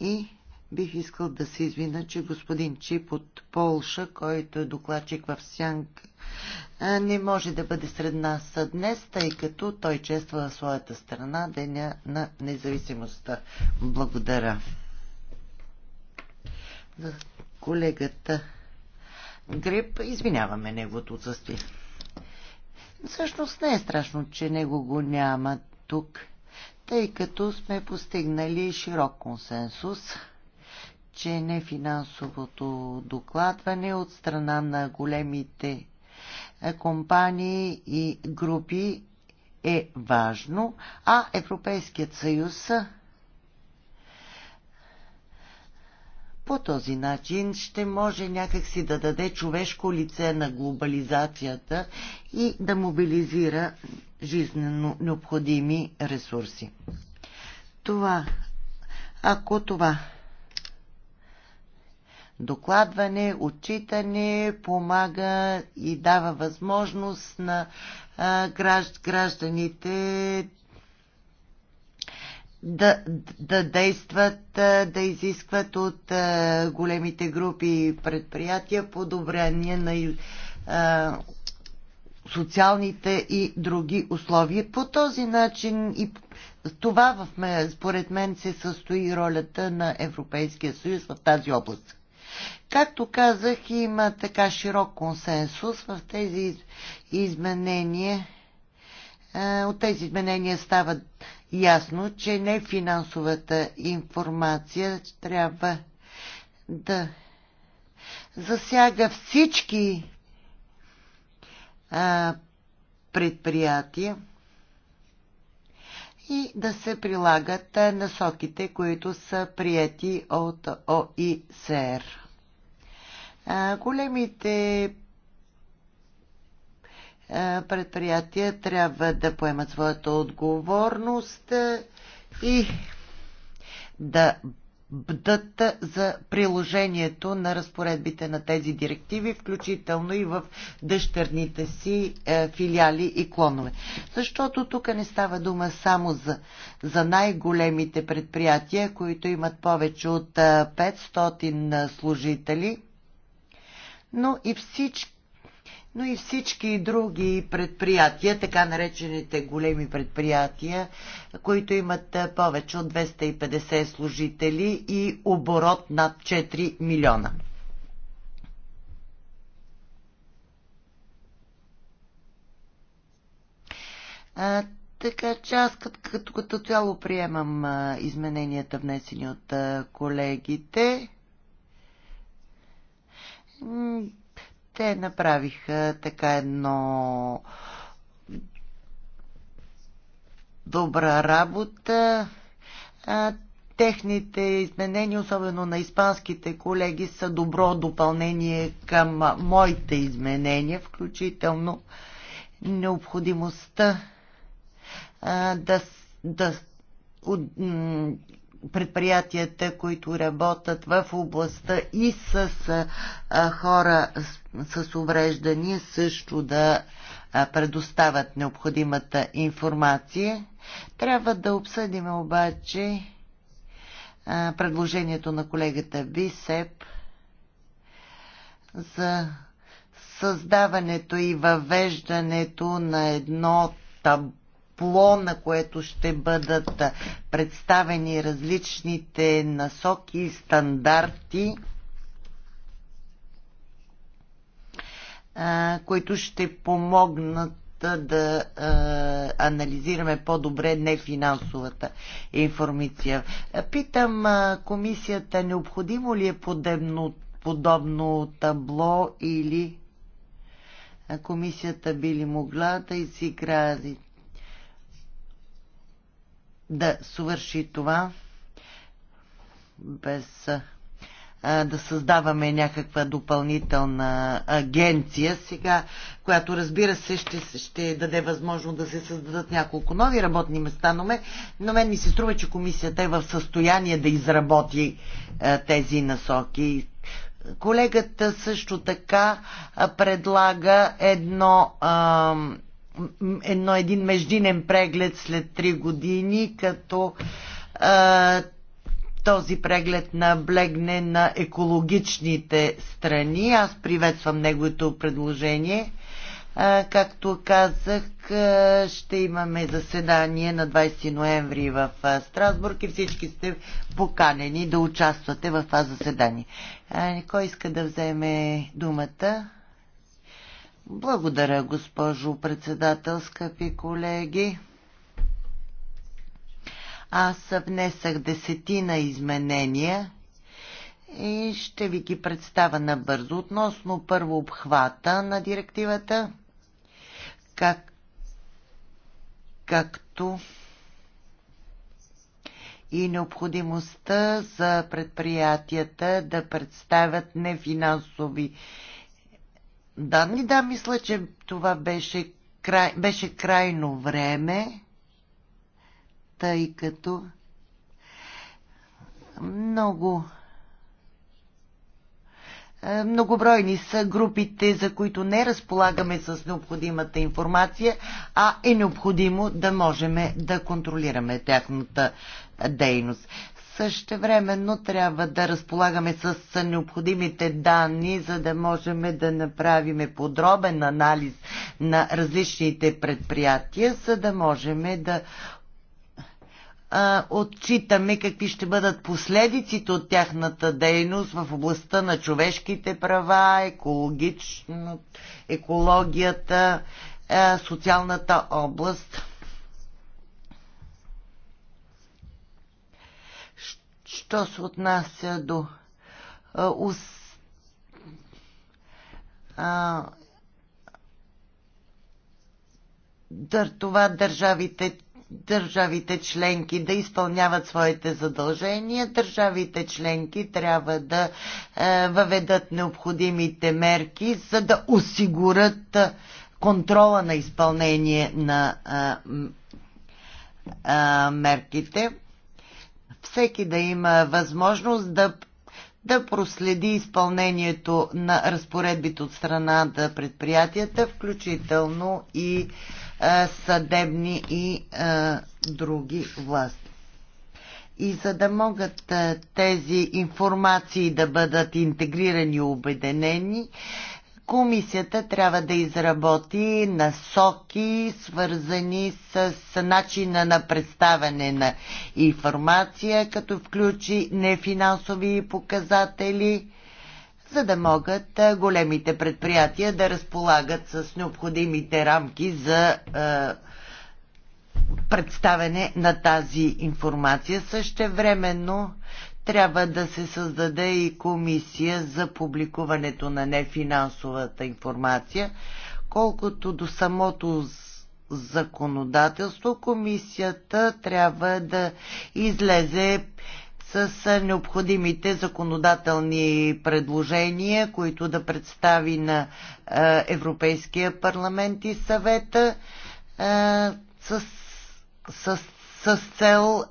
и бих искал да се извина, че господин Чип от Полша, който е докладчик в Сянг, не може да бъде сред нас днес, тъй като той чества в своята страна Деня на независимостта. Благодаря за колегата Греб. Извиняваме неговото отсъствие. Всъщност не е страшно, че него го няма тук, тъй като сме постигнали широк консенсус, че нефинансовото докладване от страна на големите е, компании и групи е важно, а Европейският съюз По този начин ще може някакси да даде човешко лице на глобализацията и да мобилизира жизненно необходими ресурси. Това, ако това докладване, отчитане помага и дава възможност на гражданите да, да действат, да изискват от големите групи предприятия подобрение на социалните и други условия. По този начин и това в ме, според мен се състои ролята на Европейския съюз в тази област. Както казах, има така широк консенсус в тези изменения. От тези изменения стават ясно, че не финансовата информация трябва да засяга всички а, предприятия и да се прилагат насоките, които са прияти от ОИСР. А, големите е, предприятия трябва да поемат своята отговорност е, и да бдат за приложението на разпоредбите на тези директиви, включително и в дъщерните си е, филиали и клонове. Защото тук не става дума само за, за най-големите предприятия, които имат повече от 500 служители, но и всички но и всички други предприятия, така наречените големи предприятия, които имат повече от 250 служители и оборот над 4 милиона. А, така че аз като, като, като цяло приемам а, измененията внесени от а, колегите те направиха така едно добра работа. А, техните изменения, особено на испанските колеги, са добро допълнение към моите изменения, включително необходимостта а, да, да от, предприятията, които работят в областта и с хора с увреждания също да предоставят необходимата информация. Трябва да обсъдим обаче предложението на колегата Висеп за създаването и въвеждането на едно таб табло, на което ще бъдат представени различните насоки и стандарти, които ще помогнат да анализираме по-добре нефинансовата информация. Питам комисията, необходимо ли е подобно, подобно табло или комисията би ли могла да изиграе да свърши това без да създаваме някаква допълнителна агенция сега, която разбира се ще, ще даде възможност да се създадат няколко нови работни места, но мен, но мен ми се струва, че комисията е в състояние да изработи а, тези насоки. Колегата също така предлага едно а, едно, един междинен преглед след 3 години, като а, този преглед наблегне на екологичните страни. Аз приветствам неговото предложение. А, както казах, а, ще имаме заседание на 20 ноември в а, Страсбург и всички сте поканени да участвате в това заседание. А, кой иска да вземе думата? Благодаря, госпожо председател, скъпи колеги. Аз внесах десетина изменения и ще ви ги представя набързо. Относно първо обхвата на директивата, как, както и необходимостта за предприятията да представят нефинансови финансови да, ни Да, мисля, че това беше, край, беше крайно време, тъй като много е, Многобройни са групите, за които не разполагаме с необходимата информация, а е необходимо да можем да контролираме тяхната дейност. Същевременно трябва да разполагаме с необходимите данни, за да можем да направим подробен анализ на различните предприятия, за да можем да отчитаме какви ще бъдат последиците от тяхната дейност в областта на човешките права, екологично, екологията, социалната област. Що се отнася до а, ус, а, дър, това държавите държавите членки да изпълняват своите задължения, държавите членки трябва да а, въведат необходимите мерки, за да осигурят контрола на изпълнение на а, а, мерките всеки да има възможност да, да проследи изпълнението на разпоредбите от страна на предприятията, включително и а, съдебни и а, други власти. И за да могат а, тези информации да бъдат интегрирани и обединени, а, Комисията трябва да изработи насоки, свързани с начина на представяне на информация, като включи нефинансови показатели, за да могат големите предприятия да разполагат с необходимите рамки за представяне на тази информация. времено трябва да се създаде и комисия за публикуването на нефинансовата информация. Колкото до самото законодателство, комисията трябва да излезе с необходимите законодателни предложения, които да представи на е, Европейския парламент и съвета е, с с с цел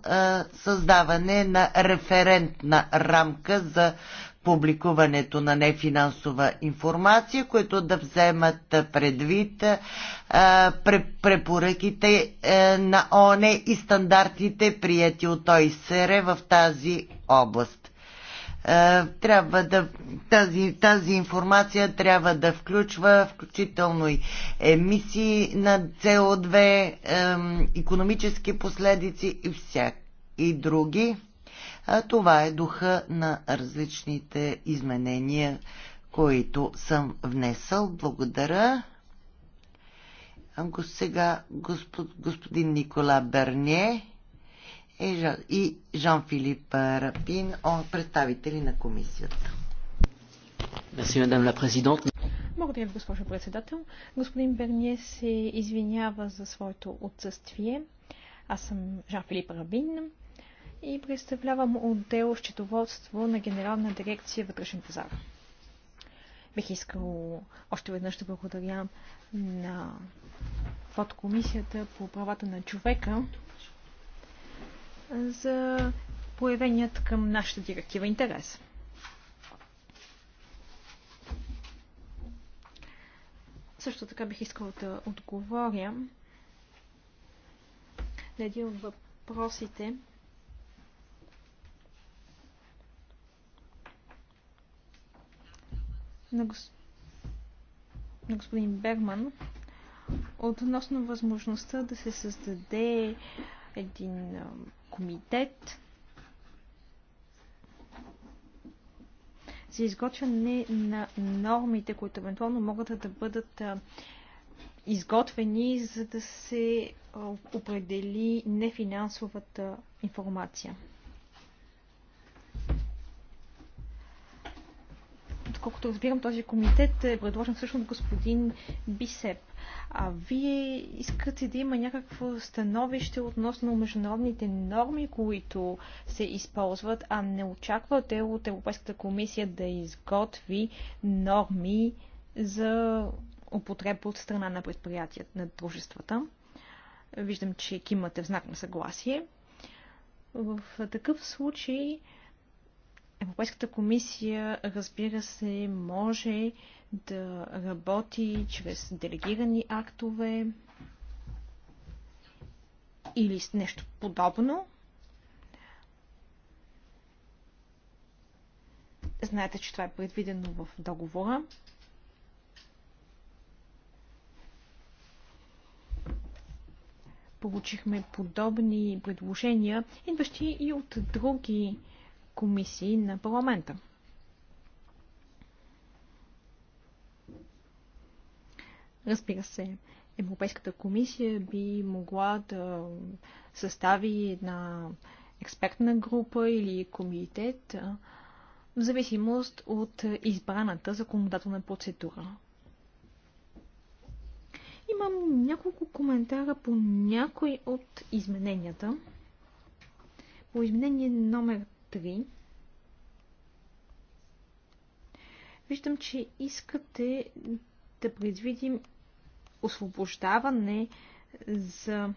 създаване на референтна рамка за публикуването на нефинансова информация, които да вземат предвид препоръките е, на ОНЕ и стандартите, прияти от ОИСР в тази област. Е, трябва да, тази, тази информация трябва да включва включително и емисии на CO2, економически последици и всяк и други. А това е духа на различните изменения, които съм внесъл. Благодаря. Сега господ, господин Никола Берне е и Жан-Филип Рапин, представители на комисията. Благодаря ви, госпожо председател. Господин Берние се извинява за своето отсъствие. Аз съм Жан-Филип Рабин и представлявам отдел счетоводство на Генерална дирекция вътрешен пазар. Бих искал още веднъж да благодаря на подкомисията по правата на човека за появеният към нашата директива интерес. Също така бих искала да отговоря на един от въпросите, на, гос... на господин Берман относно възможността да се създаде един комитет за изготвяне на нормите, които евентуално могат да бъдат изготвени, за да се определи нефинансовата информация. Доколкото разбирам, този комитет е предложен всъщност господин Бисеп. А вие искате да има някакво становище относно международните норми, които се използват, а не очаквате от Европейската комисия да изготви норми за употреба от страна на предприятията, на дружествата. Виждам, че кимате в знак на съгласие. В такъв случай Европейската комисия, разбира се, може да работи чрез делегирани актове или с нещо подобно. Знаете, че това е предвидено в договора. Получихме подобни предложения, идващи и от други комисии на парламента. Разбира се, Европейската комисия би могла да състави една експертна група или комитет в зависимост от избраната законодателна процедура. Имам няколко коментара по някои от измененията. По изменение номер 3 виждам, че искате да предвидим освобождаване за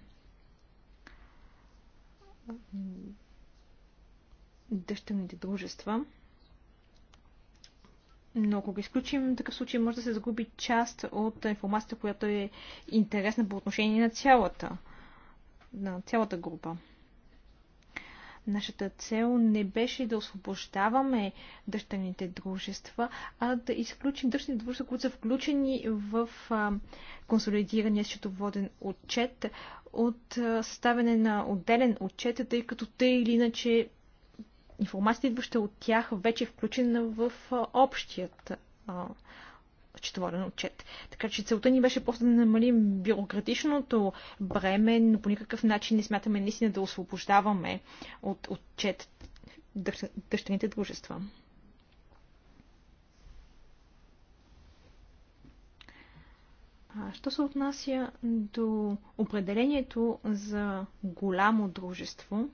дъщерните дружества. Но ако го изключим, в такъв случай може да се загуби част от информацията, която е интересна по отношение на цялата, на цялата група. Нашата цел не беше да освобождаваме дъщерните дружества, а да изключим дъщерните дружества, които са включени в консолидирания счетоводен отчет от съставяне на отделен отчет, тъй като те или иначе информацията, идваща от тях, вече е включена в общият счетоводен отчет. Така че целта ни беше просто да намалим бюрократичното бреме, но по никакъв начин не смятаме наистина да освобождаваме от отчет дъщерните дружества. що се отнася до определението за голямо дружество,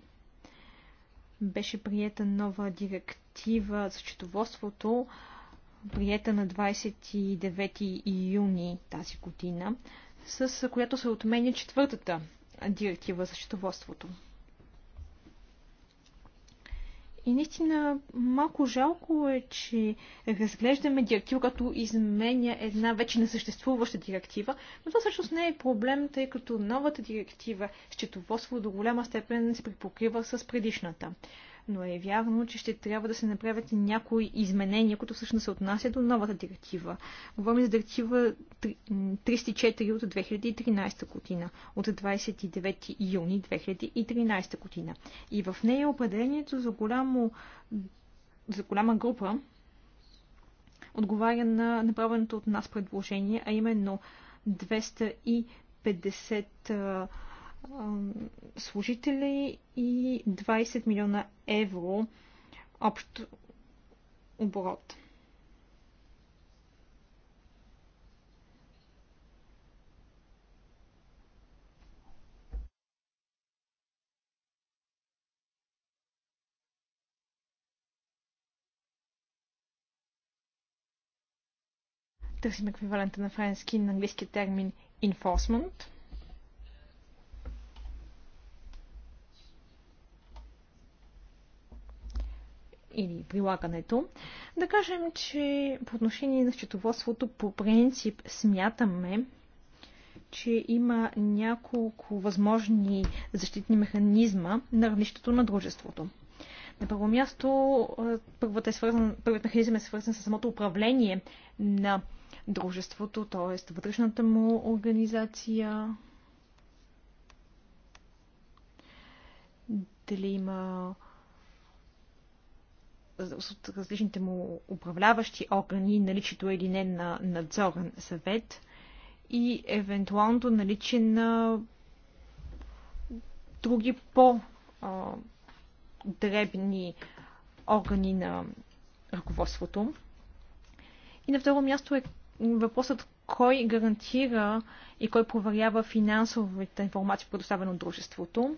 беше приета нова директива за счетоводството, приета на 29 июни тази година, с която се отменя четвъртата директива за счетоводството. И наистина малко жалко е, че разглеждаме директива, като изменя една вече несъществуваща директива, но това всъщност не е проблем, тъй като новата директива счетоводство до голяма степен се припокрива с предишната но е вярно, че ще трябва да се направят и някои изменения, които всъщност се отнасят до новата директива. Говорим за директива 304 от 2013 година, от 29 юни 2013 година. И в нея определението за, голямо, за голяма група отговаря на направеното от нас предложение, а именно 250 служители и 20 милиона евро общ оборот. Търсим еквивалента на френски на английски термин enforcement – или прилагането. Да кажем, че по отношение на счетоводството по принцип смятаме, че има няколко възможни защитни механизма на равнището на дружеството. На първо място, първият, е свързан, първият механизъм е свързан с самото управление на дружеството, т.е. вътрешната му организация, дали има от различните му управляващи органи, наличието е или не на надзорен съвет и евентуалното наличие на други по-дребни органи на ръководството. И на второ място е въпросът кой гарантира и кой проверява финансовата информация, предоставена от дружеството.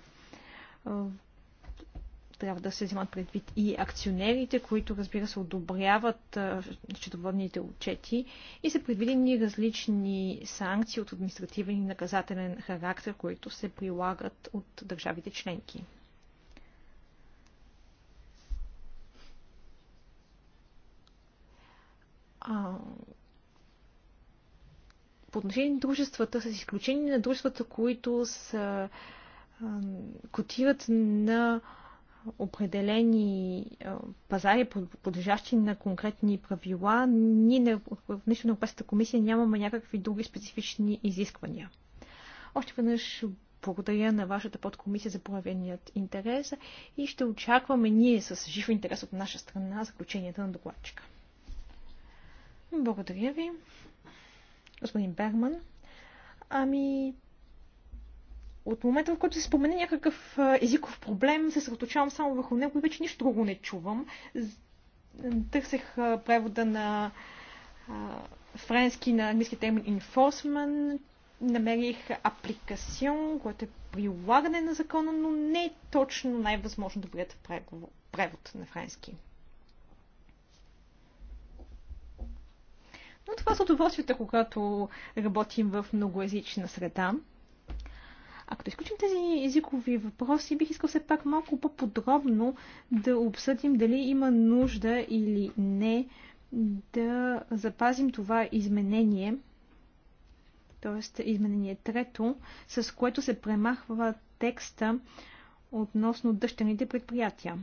Трябва да се вземат предвид и акционерите, които разбира се одобряват счетоводните отчети и са предвидени различни санкции от административен и наказателен характер, които се прилагат от държавите членки. А, по отношение на дружествата, с изключение на дружествата, които са, а, котират на а, определени пазари, подлежащи на конкретни правила, ние в нищо на Европейската комисия нямаме някакви други специфични изисквания. Още веднъж благодаря на вашата подкомисия за проявеният интерес и ще очакваме ние с жив интерес от наша страна заключенията на докладчика. Благодаря ви. Господин Берман. Ами, от момента, в който се спомене някакъв езиков проблем, се съсредоточавам само върху него и вече нищо друго не чувам. Търсех превода на френски на английски термин enforcement, намерих апликацион, което е прилагане на закона, но не е точно най-възможно добрият превод на френски. Но това са удоволствията, когато работим в многоязична среда. Ако изключим тези езикови въпроси, бих искал все пак малко по-подробно да обсъдим дали има нужда или не да запазим това изменение, т.е. изменение трето, с което се премахва текста относно дъщерните предприятия.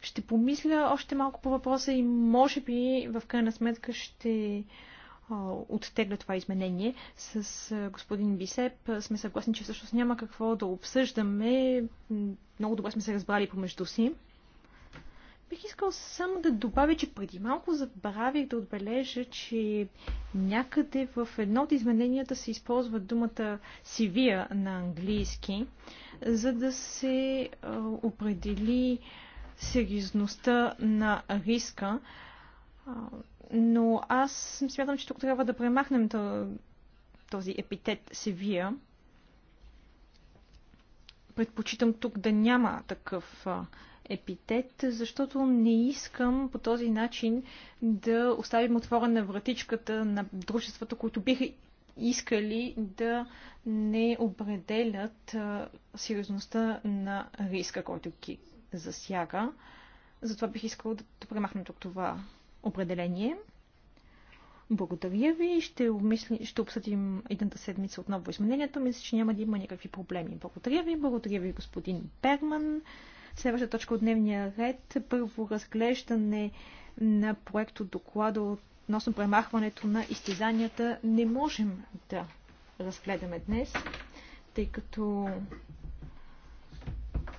Ще помисля още малко по въпроса и може би в крайна сметка ще оттегля това изменение. С господин Бисеп сме съгласни, че всъщност няма какво да обсъждаме. Много добре сме се разбрали помежду си. Бих искал само да добавя, че преди малко забравих да отбележа, че някъде в едно от измененията се използва думата сивия на английски, за да се определи сериозността на риска но аз смятам, че тук трябва да премахнем този епитет Севия. Предпочитам тук да няма такъв епитет, защото не искам по този начин да оставим отворена вратичката на дружествата, които биха искали да не определят сериозността на риска, който ги засяга. Затова бих искала да премахнем тук това определение. Благодаря ви. Ще, обмисли, ще обсъдим едната седмица отново измененията. Мисля, че няма да има никакви проблеми. Благодаря ви. Благодаря ви, господин Перман. Следваща точка от дневния ред. Първо разглеждане на проекто доклада относно премахването на изтезанията. Не можем да разгледаме днес, тъй като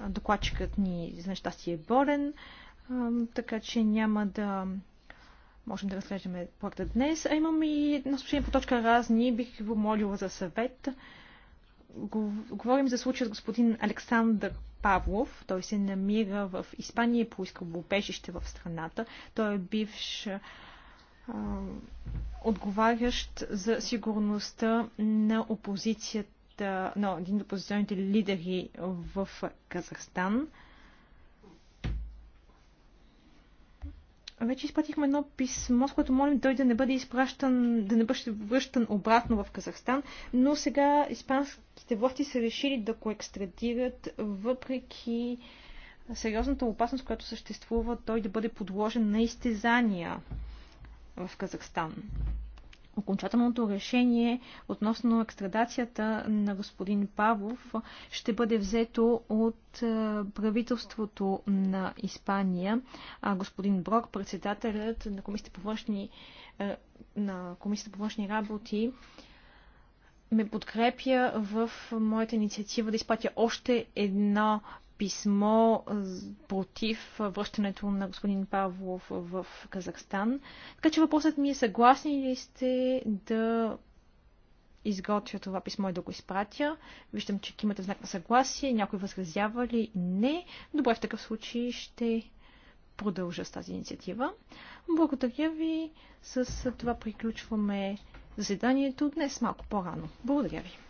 докладчикът ни за нещастие е болен, така че няма да можем да разглеждаме проекта днес. А имам и на слушание по точка разни. Бих ви помолила за съвет. Говорим за случая с господин Александър Павлов. Той се намира в Испания и поискал убежище в страната. Той е бивш а, отговарящ за сигурността на опозицията, на един от опозиционните лидери в Казахстан. вече изпратихме едно писмо, с което молим той да не бъде изпращан, да не бъде връщан обратно в Казахстан, но сега испанските власти са решили да го екстрадират, въпреки сериозната опасност, която съществува той да бъде подложен на изтезания в Казахстан окончателното решение относно екстрадацията на господин Павлов ще бъде взето от е, правителството на Испания, а господин Брок, председателят на Комисията по външни, е, на Комисията по външни работи, ме подкрепя в моята инициатива да изпратя още едно писмо против връщането на господин Павлов в Казахстан. Така че въпросът ми е съгласни ли сте да изготвя това писмо и да го изпратя. Виждам, че имате знак на съгласие. Някой възразява ли? Не. Добре, в такъв случай ще продължа с тази инициатива. Благодаря ви. С това приключваме заседанието днес малко по-рано. Благодаря ви.